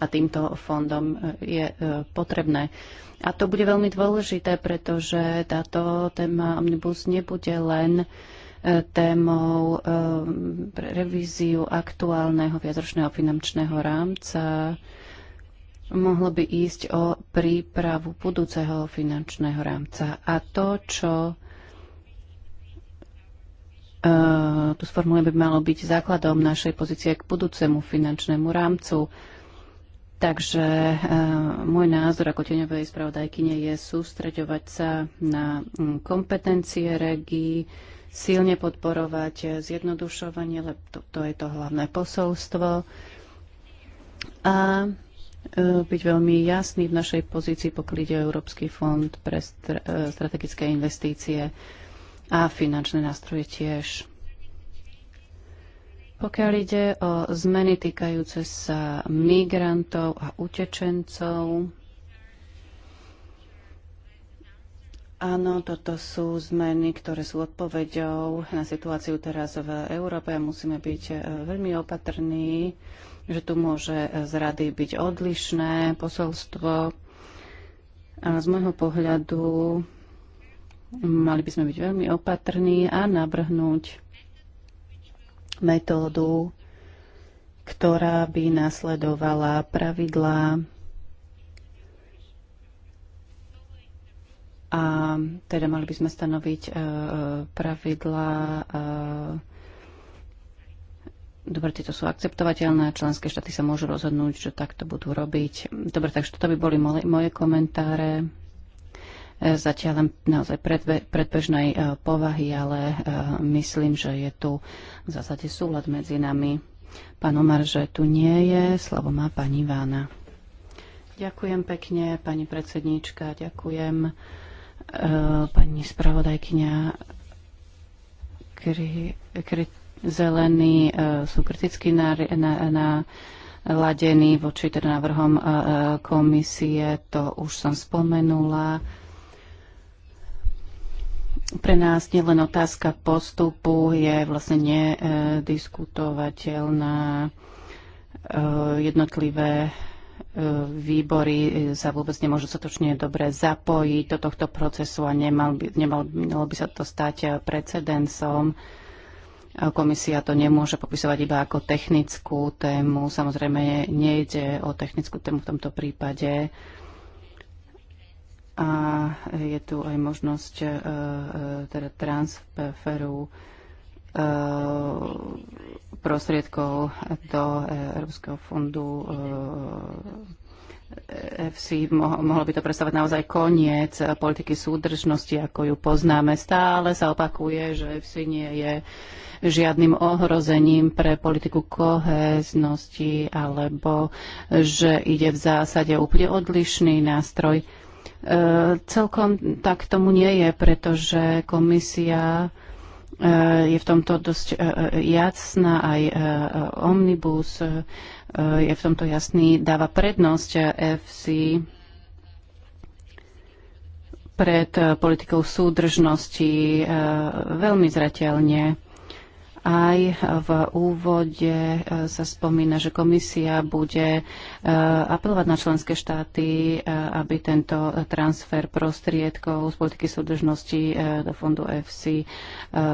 a týmto fondom e, je e, potrebné. A to bude veľmi dôležité, pretože táto téma Omnibus nebude len e, témou pre revíziu aktuálneho viacročného finančného rámca. Mohlo by ísť o prípravu budúceho finančného rámca. A to, čo tu sformulujem, by malo byť základom našej pozície k budúcemu finančnému rámcu. Takže eh, môj názor ako teňovej spravodajkyne je sústreďovať sa na mm, kompetencie regí, silne podporovať zjednodušovanie, lebo to, to je to hlavné posolstvo a eh, byť veľmi jasný v našej pozícii, pokryť Európsky fond pre eh, strategické investície a finančné nástroje tiež. Pokiaľ ide o zmeny týkajúce sa migrantov a utečencov, Áno, toto sú zmeny, ktoré sú odpoveďou na situáciu teraz v Európe a musíme byť e, veľmi opatrní, že tu môže e, z rady byť odlišné posolstvo. Ale z môjho pohľadu mali by sme byť veľmi opatrní a nabrhnúť metódu, ktorá by nasledovala pravidlá a teda mali by sme stanoviť e, e, pravidlá. E, dobre, tieto sú akceptovateľné, členské štáty sa môžu rozhodnúť, že takto budú robiť. Dobre, takže toto by boli moje komentáre. E, zatiaľ len naozaj predbe, predbežnej e, povahy, ale e, myslím, že je tu v zásade súlad medzi nami. Pán Omar, že tu nie je, slovo má pani Vána. Ďakujem pekne, pani predsedníčka, ďakujem pani spravodajkynia Kri, kri, zelení sú kriticky na, na, na voči teda návrhom komisie, to už som spomenula pre nás nielen otázka postupu je vlastne nediskutovateľná. Eh, jednotlivé eh, výbory eh, sa vôbec nemôžu sotočne dobre zapojiť do tohto procesu a nemal by, nemal, nemalo by sa to stať precedensom. Komisia to nemôže popisovať iba ako technickú tému. Samozrejme nejde o technickú tému v tomto prípade a je tu aj možnosť e, e, teda transferu e, prostriedkov do Európskeho fondu FC. Mohlo by to predstavať naozaj koniec politiky súdržnosti, ako ju poznáme. Stále sa opakuje, že FC nie je žiadnym ohrozením pre politiku koheznosti, alebo že ide v zásade úplne odlišný nástroj E, celkom tak tomu nie je, pretože komisia e, je v tomto dosť e, jasná, aj omnibus je v tomto jasný, dáva prednosť FC pred politikou súdržnosti veľmi zrateľne. Aj v úvode eh, sa spomína, že komisia bude eh, apelovať na členské štáty, eh, aby tento transfer prostriedkov z politiky súdržnosti do fondu FC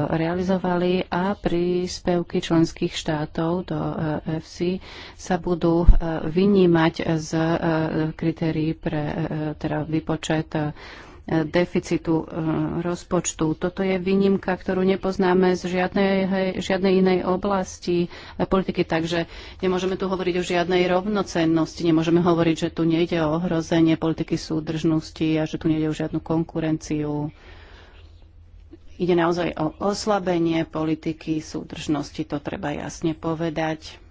realizovali a príspevky členských štátov do EFSI sa budú vynímať z kritérií pre teda výpočet deficitu e, rozpočtu. Toto je výnimka, ktorú nepoznáme z žiadnej, žiadnej inej oblasti politiky, takže nemôžeme tu hovoriť o žiadnej rovnocennosti, nemôžeme hovoriť, že tu nejde o ohrozenie politiky súdržnosti a že tu nejde o žiadnu konkurenciu. Ide naozaj o oslabenie politiky súdržnosti, to treba jasne povedať.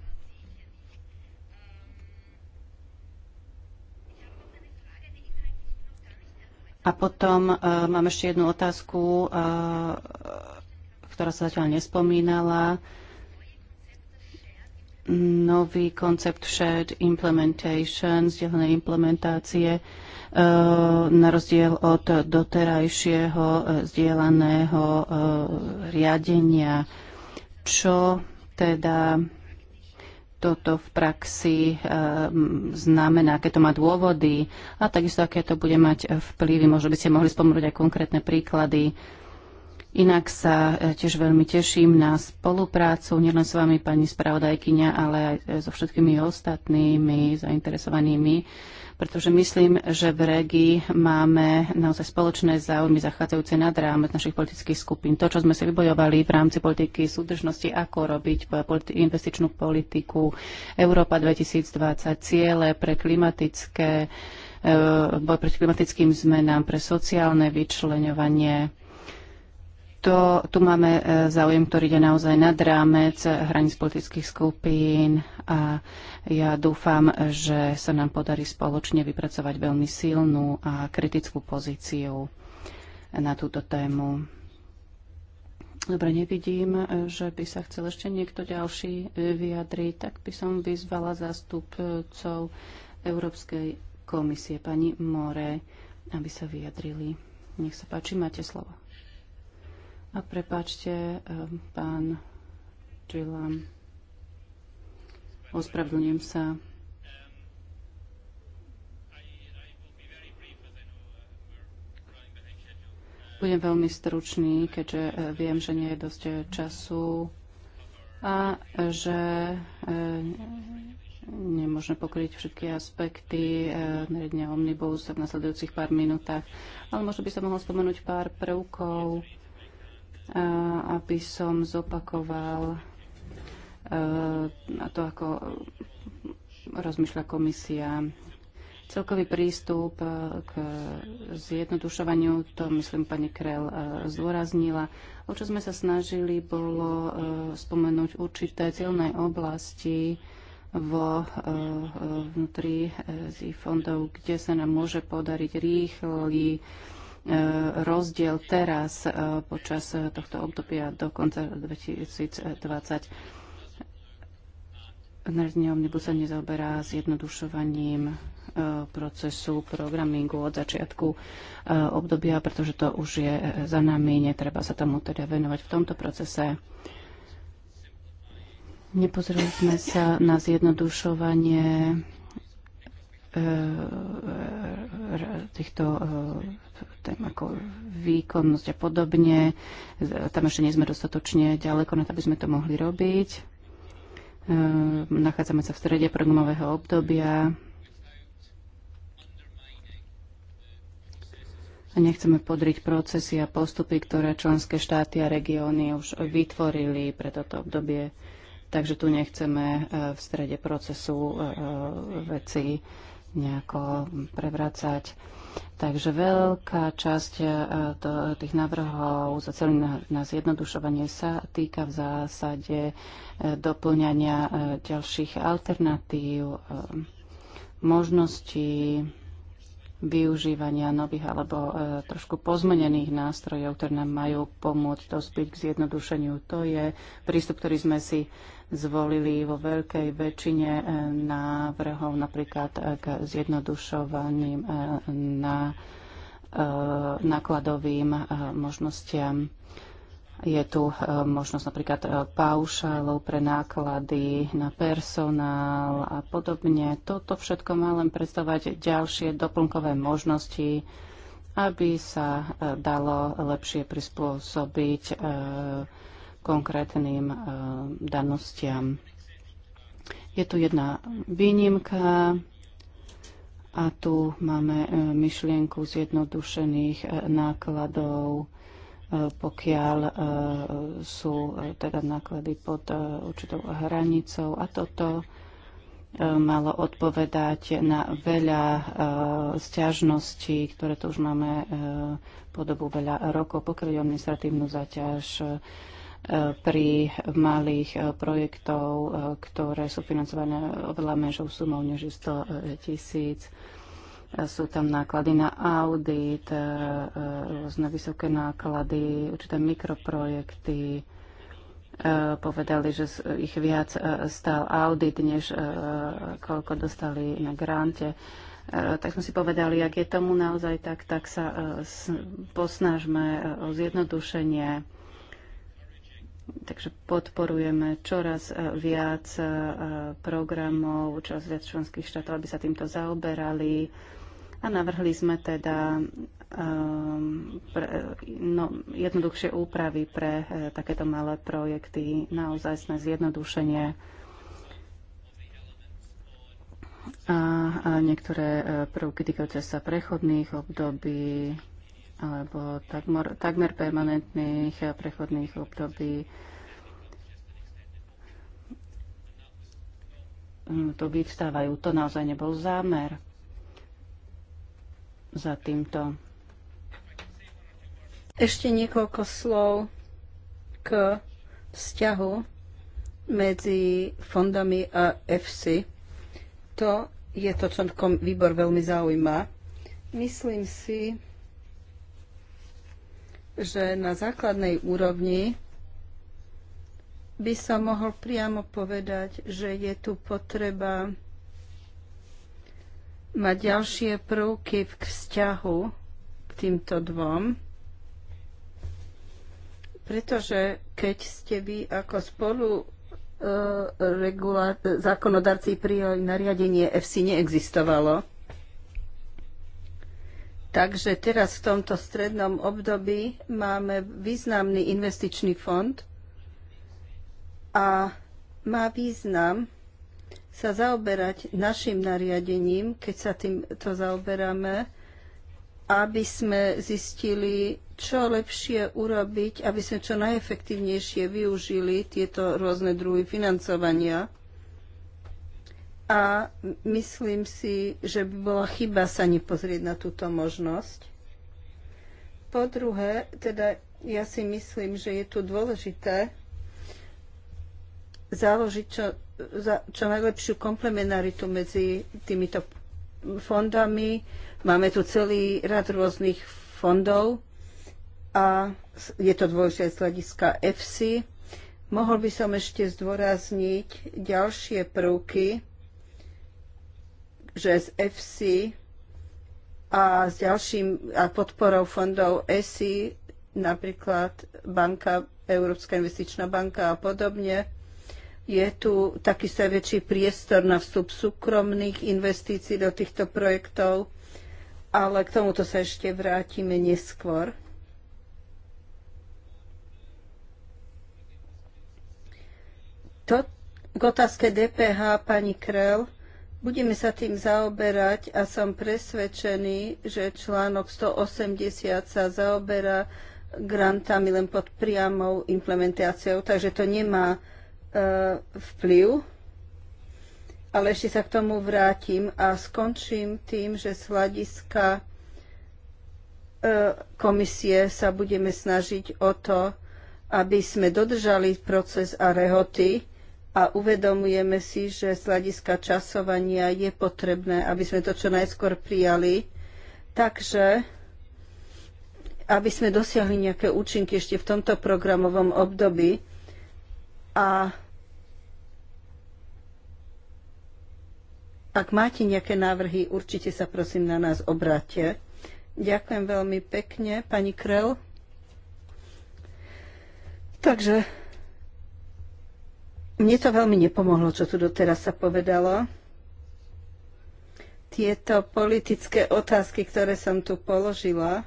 A potom uh, mám ešte jednu otázku, uh, ktorá sa zatiaľ nespomínala. Nový koncept shared implementation, zdieľanej implementácie, uh, na rozdiel od doterajšieho zdieľaného uh, riadenia. Čo teda toto v praxi e, znamená, aké to má dôvody a takisto, aké to bude mať vplyvy. Možno by ste mohli spomenúť aj konkrétne príklady. Inak sa eh, tiež veľmi teším na spoluprácu nielen s vami, pani spravodajkyňa, ale aj eh, so všetkými ostatnými zainteresovanými pretože myslím, že v regii máme naozaj spoločné záujmy zachádzajúce nad rámec našich politických skupín. To, čo sme si vybojovali v rámci politiky súdržnosti, ako robiť investičnú politiku Európa 2020, ciele pre klimatické e, boj proti klimatickým zmenám, pre sociálne vyčleňovanie, to, tu máme e, záujem, ktorý ide naozaj nad rámec hraníc politických skupín a ja dúfam, že sa nám podarí spoločne vypracovať veľmi silnú a kritickú pozíciu na túto tému. Dobre, nevidím, že by sa chcel ešte niekto ďalší e, vyjadriť, tak by som vyzvala zástupcov Európskej komisie, pani More, aby sa vyjadrili. Nech sa páči, máte slovo. A prepáčte, ehm, pán Drillam. Ospravedlňujem sa. Budem veľmi stručný, keďže e, viem, že nie je dosť času a že e, nemôžeme pokryť všetky aspekty nariadenia e, Omnibus v nasledujúcich pár minútach. Ale možno by sa mohol spomenúť pár prvkov, aby som zopakoval e, to, ako rozmýšľa komisia. Celkový prístup e, k zjednodušovaniu, to myslím pani Krel e, zdôraznila. O čo sme sa snažili, bolo spomenúť určité cieľné oblasti vo vnútri fondov, kde sa nám môže podariť rýchly E, rozdiel teraz e, počas e, tohto obdobia do konca 2020. Národný omnibus sa nezaoberá zjednodušovaním procesu programingu od začiatku obdobia, pretože to už je za nami, netreba sa tomu teda venovať v tomto procese. Nepozreli sme sa na zjednodušovanie E, e, týchto e, tém ako výkonnosť a podobne. Tam ešte nie sme dostatočne ďaleko na to, aby sme to mohli robiť. Nachádzame sa v strede programového obdobia. A nechceme podriť procesy a postupy, ktoré členské štáty a regióny už vytvorili pre toto obdobie. Takže tu nechceme v strede procesu veci nejako prevracať. Takže veľká časť e, tých návrhov celé na zjednodušovanie sa týka v zásade e, doplňania e, ďalších alternatív, možností využívania nových alebo e, trošku pozmenených nástrojov, ktoré nám majú pomôcť dospieť k zjednodušeniu. To je prístup, ktorý sme si zvolili vo veľkej väčšine e, návrhov, napríklad e, k zjednodušovaním e, na e, nákladovým e, možnostiam. Je tu e, možnosť napríklad e, paušálov pre náklady na personál a podobne. Toto všetko má len predstavovať ďalšie doplnkové možnosti, aby sa e, dalo lepšie prispôsobiť konkrétnym danostiam. Je tu jedna výnimka a tu máme myšlienku zjednodušených nákladov pokiaľ e, sú e, teda náklady pod e, určitou hranicou. A toto malo odpovedať na veľa stiažností, ktoré tu už máme po dobu veľa rokov, pokiaľ administratívnu zaťaž pri malých projektov, ktoré sú financované oveľa menšou sumou než 100 tisíc sú tam náklady na audit, e, e, rôzne vysoké náklady, určité mikroprojekty. E, povedali, že ich viac stál audit, než koľko dostali na grante tak sme si povedali, ak je tomu naozaj tak, tak sa posnážme o zjednodušenie. Takže podporujeme čoraz viac programov, čoraz viac členských štátov, aby sa týmto zaoberali a navrhli sme teda ehm, pre, no, jednoduchšie úpravy pre e, takéto malé projekty, naozaj sme zjednodušenie a, a niektoré e, prvky týkajúce sa prechodných období alebo takmer, takmer permanentných e, prechodných období. Mm, to vyvstávajú. To naozaj nebol zámer za týmto. Ešte niekoľko slov k vzťahu medzi fondami a EFSI. To je to, čo výbor veľmi zaujíma. Myslím si, že na základnej úrovni by som mohol priamo povedať, že je tu potreba má ďalšie prvky v vzťahu k týmto dvom, pretože keď ste vy ako spolu e, regula- zákonodarci prijali nariadenie FC neexistovalo. Takže teraz v tomto strednom období máme významný investičný fond a má význam, sa zaoberať našim nariadením, keď sa týmto zaoberáme, aby sme zistili, čo lepšie urobiť, aby sme čo najefektívnejšie využili tieto rôzne druhy financovania. A myslím si, že by bola chyba sa nepozrieť na túto možnosť. Po druhé, teda ja si myslím, že je tu dôležité, založiť čo, za, čo najlepšiu komplementaritu medzi týmito fondami. Máme tu celý rad rôznych fondov a je to dôležité z hľadiska EFSI. Mohol by som ešte zdôrazniť ďalšie prvky, že z EFSI a s ďalším a podporou fondov ESI, napríklad banka, Európska investičná banka a podobne, je tu takisto väčší priestor na vstup súkromných investícií do týchto projektov, ale k tomuto sa ešte vrátime neskôr. To, k otázke DPH, pani Krell, budeme sa tým zaoberať a som presvedčený, že článok 180 sa zaoberá grantami len pod priamou implementáciou, takže to nemá E, vplyv, ale ešte sa k tomu vrátim a skončím tým, že z hľadiska e, komisie sa budeme snažiť o to, aby sme dodržali proces a rehoty a uvedomujeme si, že z hľadiska časovania je potrebné, aby sme to čo najskôr prijali. Takže aby sme dosiahli nejaké účinky ešte v tomto programovom období, a ak máte nejaké návrhy, určite sa prosím na nás obráte. Ďakujem veľmi pekne, pani Krel. Takže mne to veľmi nepomohlo, čo tu doteraz sa povedalo. Tieto politické otázky, ktoré som tu položila,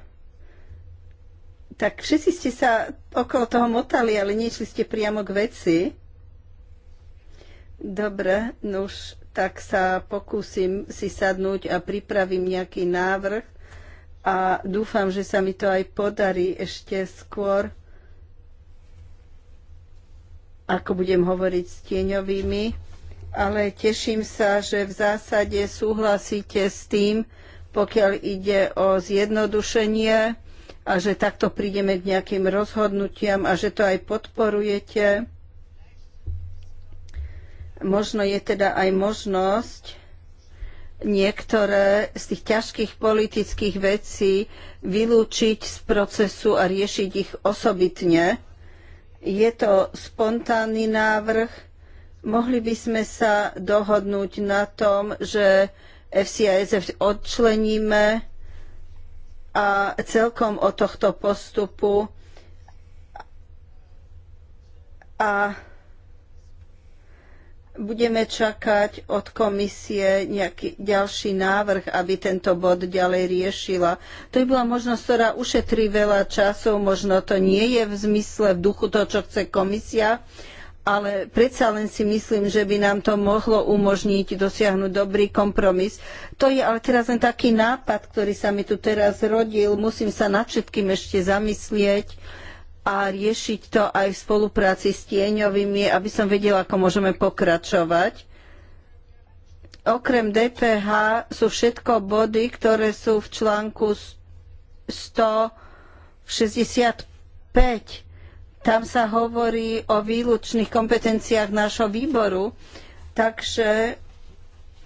tak všetci ste sa okolo toho motali, ale niečli ste priamo k veci. Dobre, no už tak sa pokúsim si sadnúť a pripravím nejaký návrh a dúfam, že sa mi to aj podarí ešte skôr, ako budem hovoriť s tieňovými. Ale teším sa, že v zásade súhlasíte s tým, pokiaľ ide o zjednodušenie a že takto prídeme k nejakým rozhodnutiam a že to aj podporujete. Možno je teda aj možnosť niektoré z tých ťažkých politických vecí vylúčiť z procesu a riešiť ich osobitne. Je to spontánny návrh. Mohli by sme sa dohodnúť na tom, že FCISF odčleníme a celkom od tohto postupu a budeme čakať od komisie nejaký ďalší návrh, aby tento bod ďalej riešila. To je bola možnosť, ktorá ušetrí veľa časov, možno to nie je v zmysle, v duchu toho, čo chce komisia, ale predsa len si myslím, že by nám to mohlo umožniť dosiahnuť dobrý kompromis. To je ale teraz len taký nápad, ktorý sa mi tu teraz rodil. Musím sa nad všetkým ešte zamyslieť a riešiť to aj v spolupráci s tieňovými, aby som vedela, ako môžeme pokračovať. Okrem DPH sú všetko body, ktoré sú v článku 165 tam sa hovorí o výlučných kompetenciách nášho výboru, takže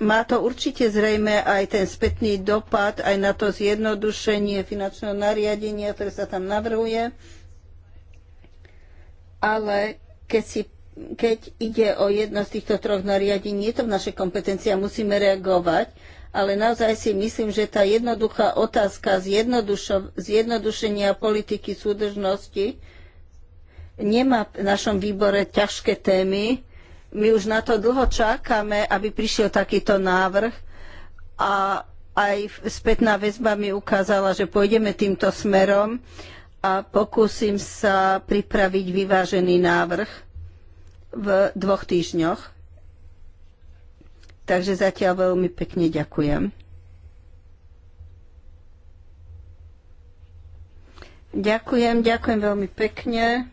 má to určite zrejme aj ten spätný dopad, aj na to zjednodušenie finančného nariadenia, ktoré sa tam navrhuje. Ale keď, si, keď ide o jedno z týchto troch nariadení, je to v našej kompetencii a musíme reagovať. Ale naozaj si myslím, že tá jednoduchá otázka zjednodušenia politiky súdržnosti, nemá v našom výbore ťažké témy. My už na to dlho čakáme, aby prišiel takýto návrh a aj spätná väzba mi ukázala, že pôjdeme týmto smerom a pokúsim sa pripraviť vyvážený návrh v dvoch týždňoch. Takže zatiaľ veľmi pekne ďakujem. Ďakujem, ďakujem veľmi pekne.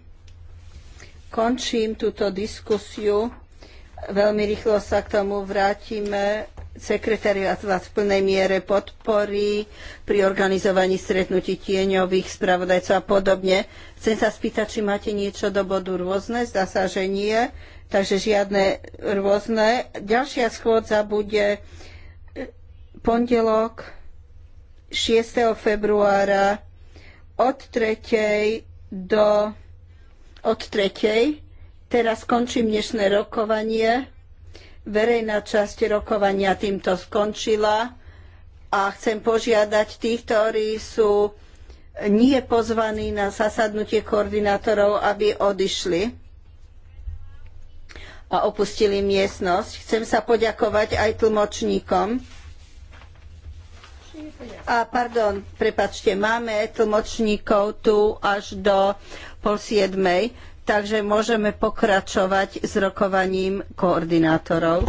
Končím túto diskusiu. Veľmi rýchlo sa k tomu vrátime. Sekretariat vás v plnej miere podporí pri organizovaní stretnutí tieňových spravodajcov a podobne. Chcem sa spýtať, či máte niečo do bodu rôzne. Zdá sa, že nie. Takže žiadne rôzne. Ďalšia schôdza bude e, pondelok 6. februára od 3. do od tretej. Teraz skončím dnešné rokovanie. Verejná časť rokovania týmto skončila a chcem požiadať tých, ktorí sú nie pozvaní na zasadnutie koordinátorov, aby odišli a opustili miestnosť. Chcem sa poďakovať aj tlmočníkom. A pardon, prepačte, máme tlmočníkov tu až do pol siedmej, takže môžeme pokračovať s rokovaním koordinátorov.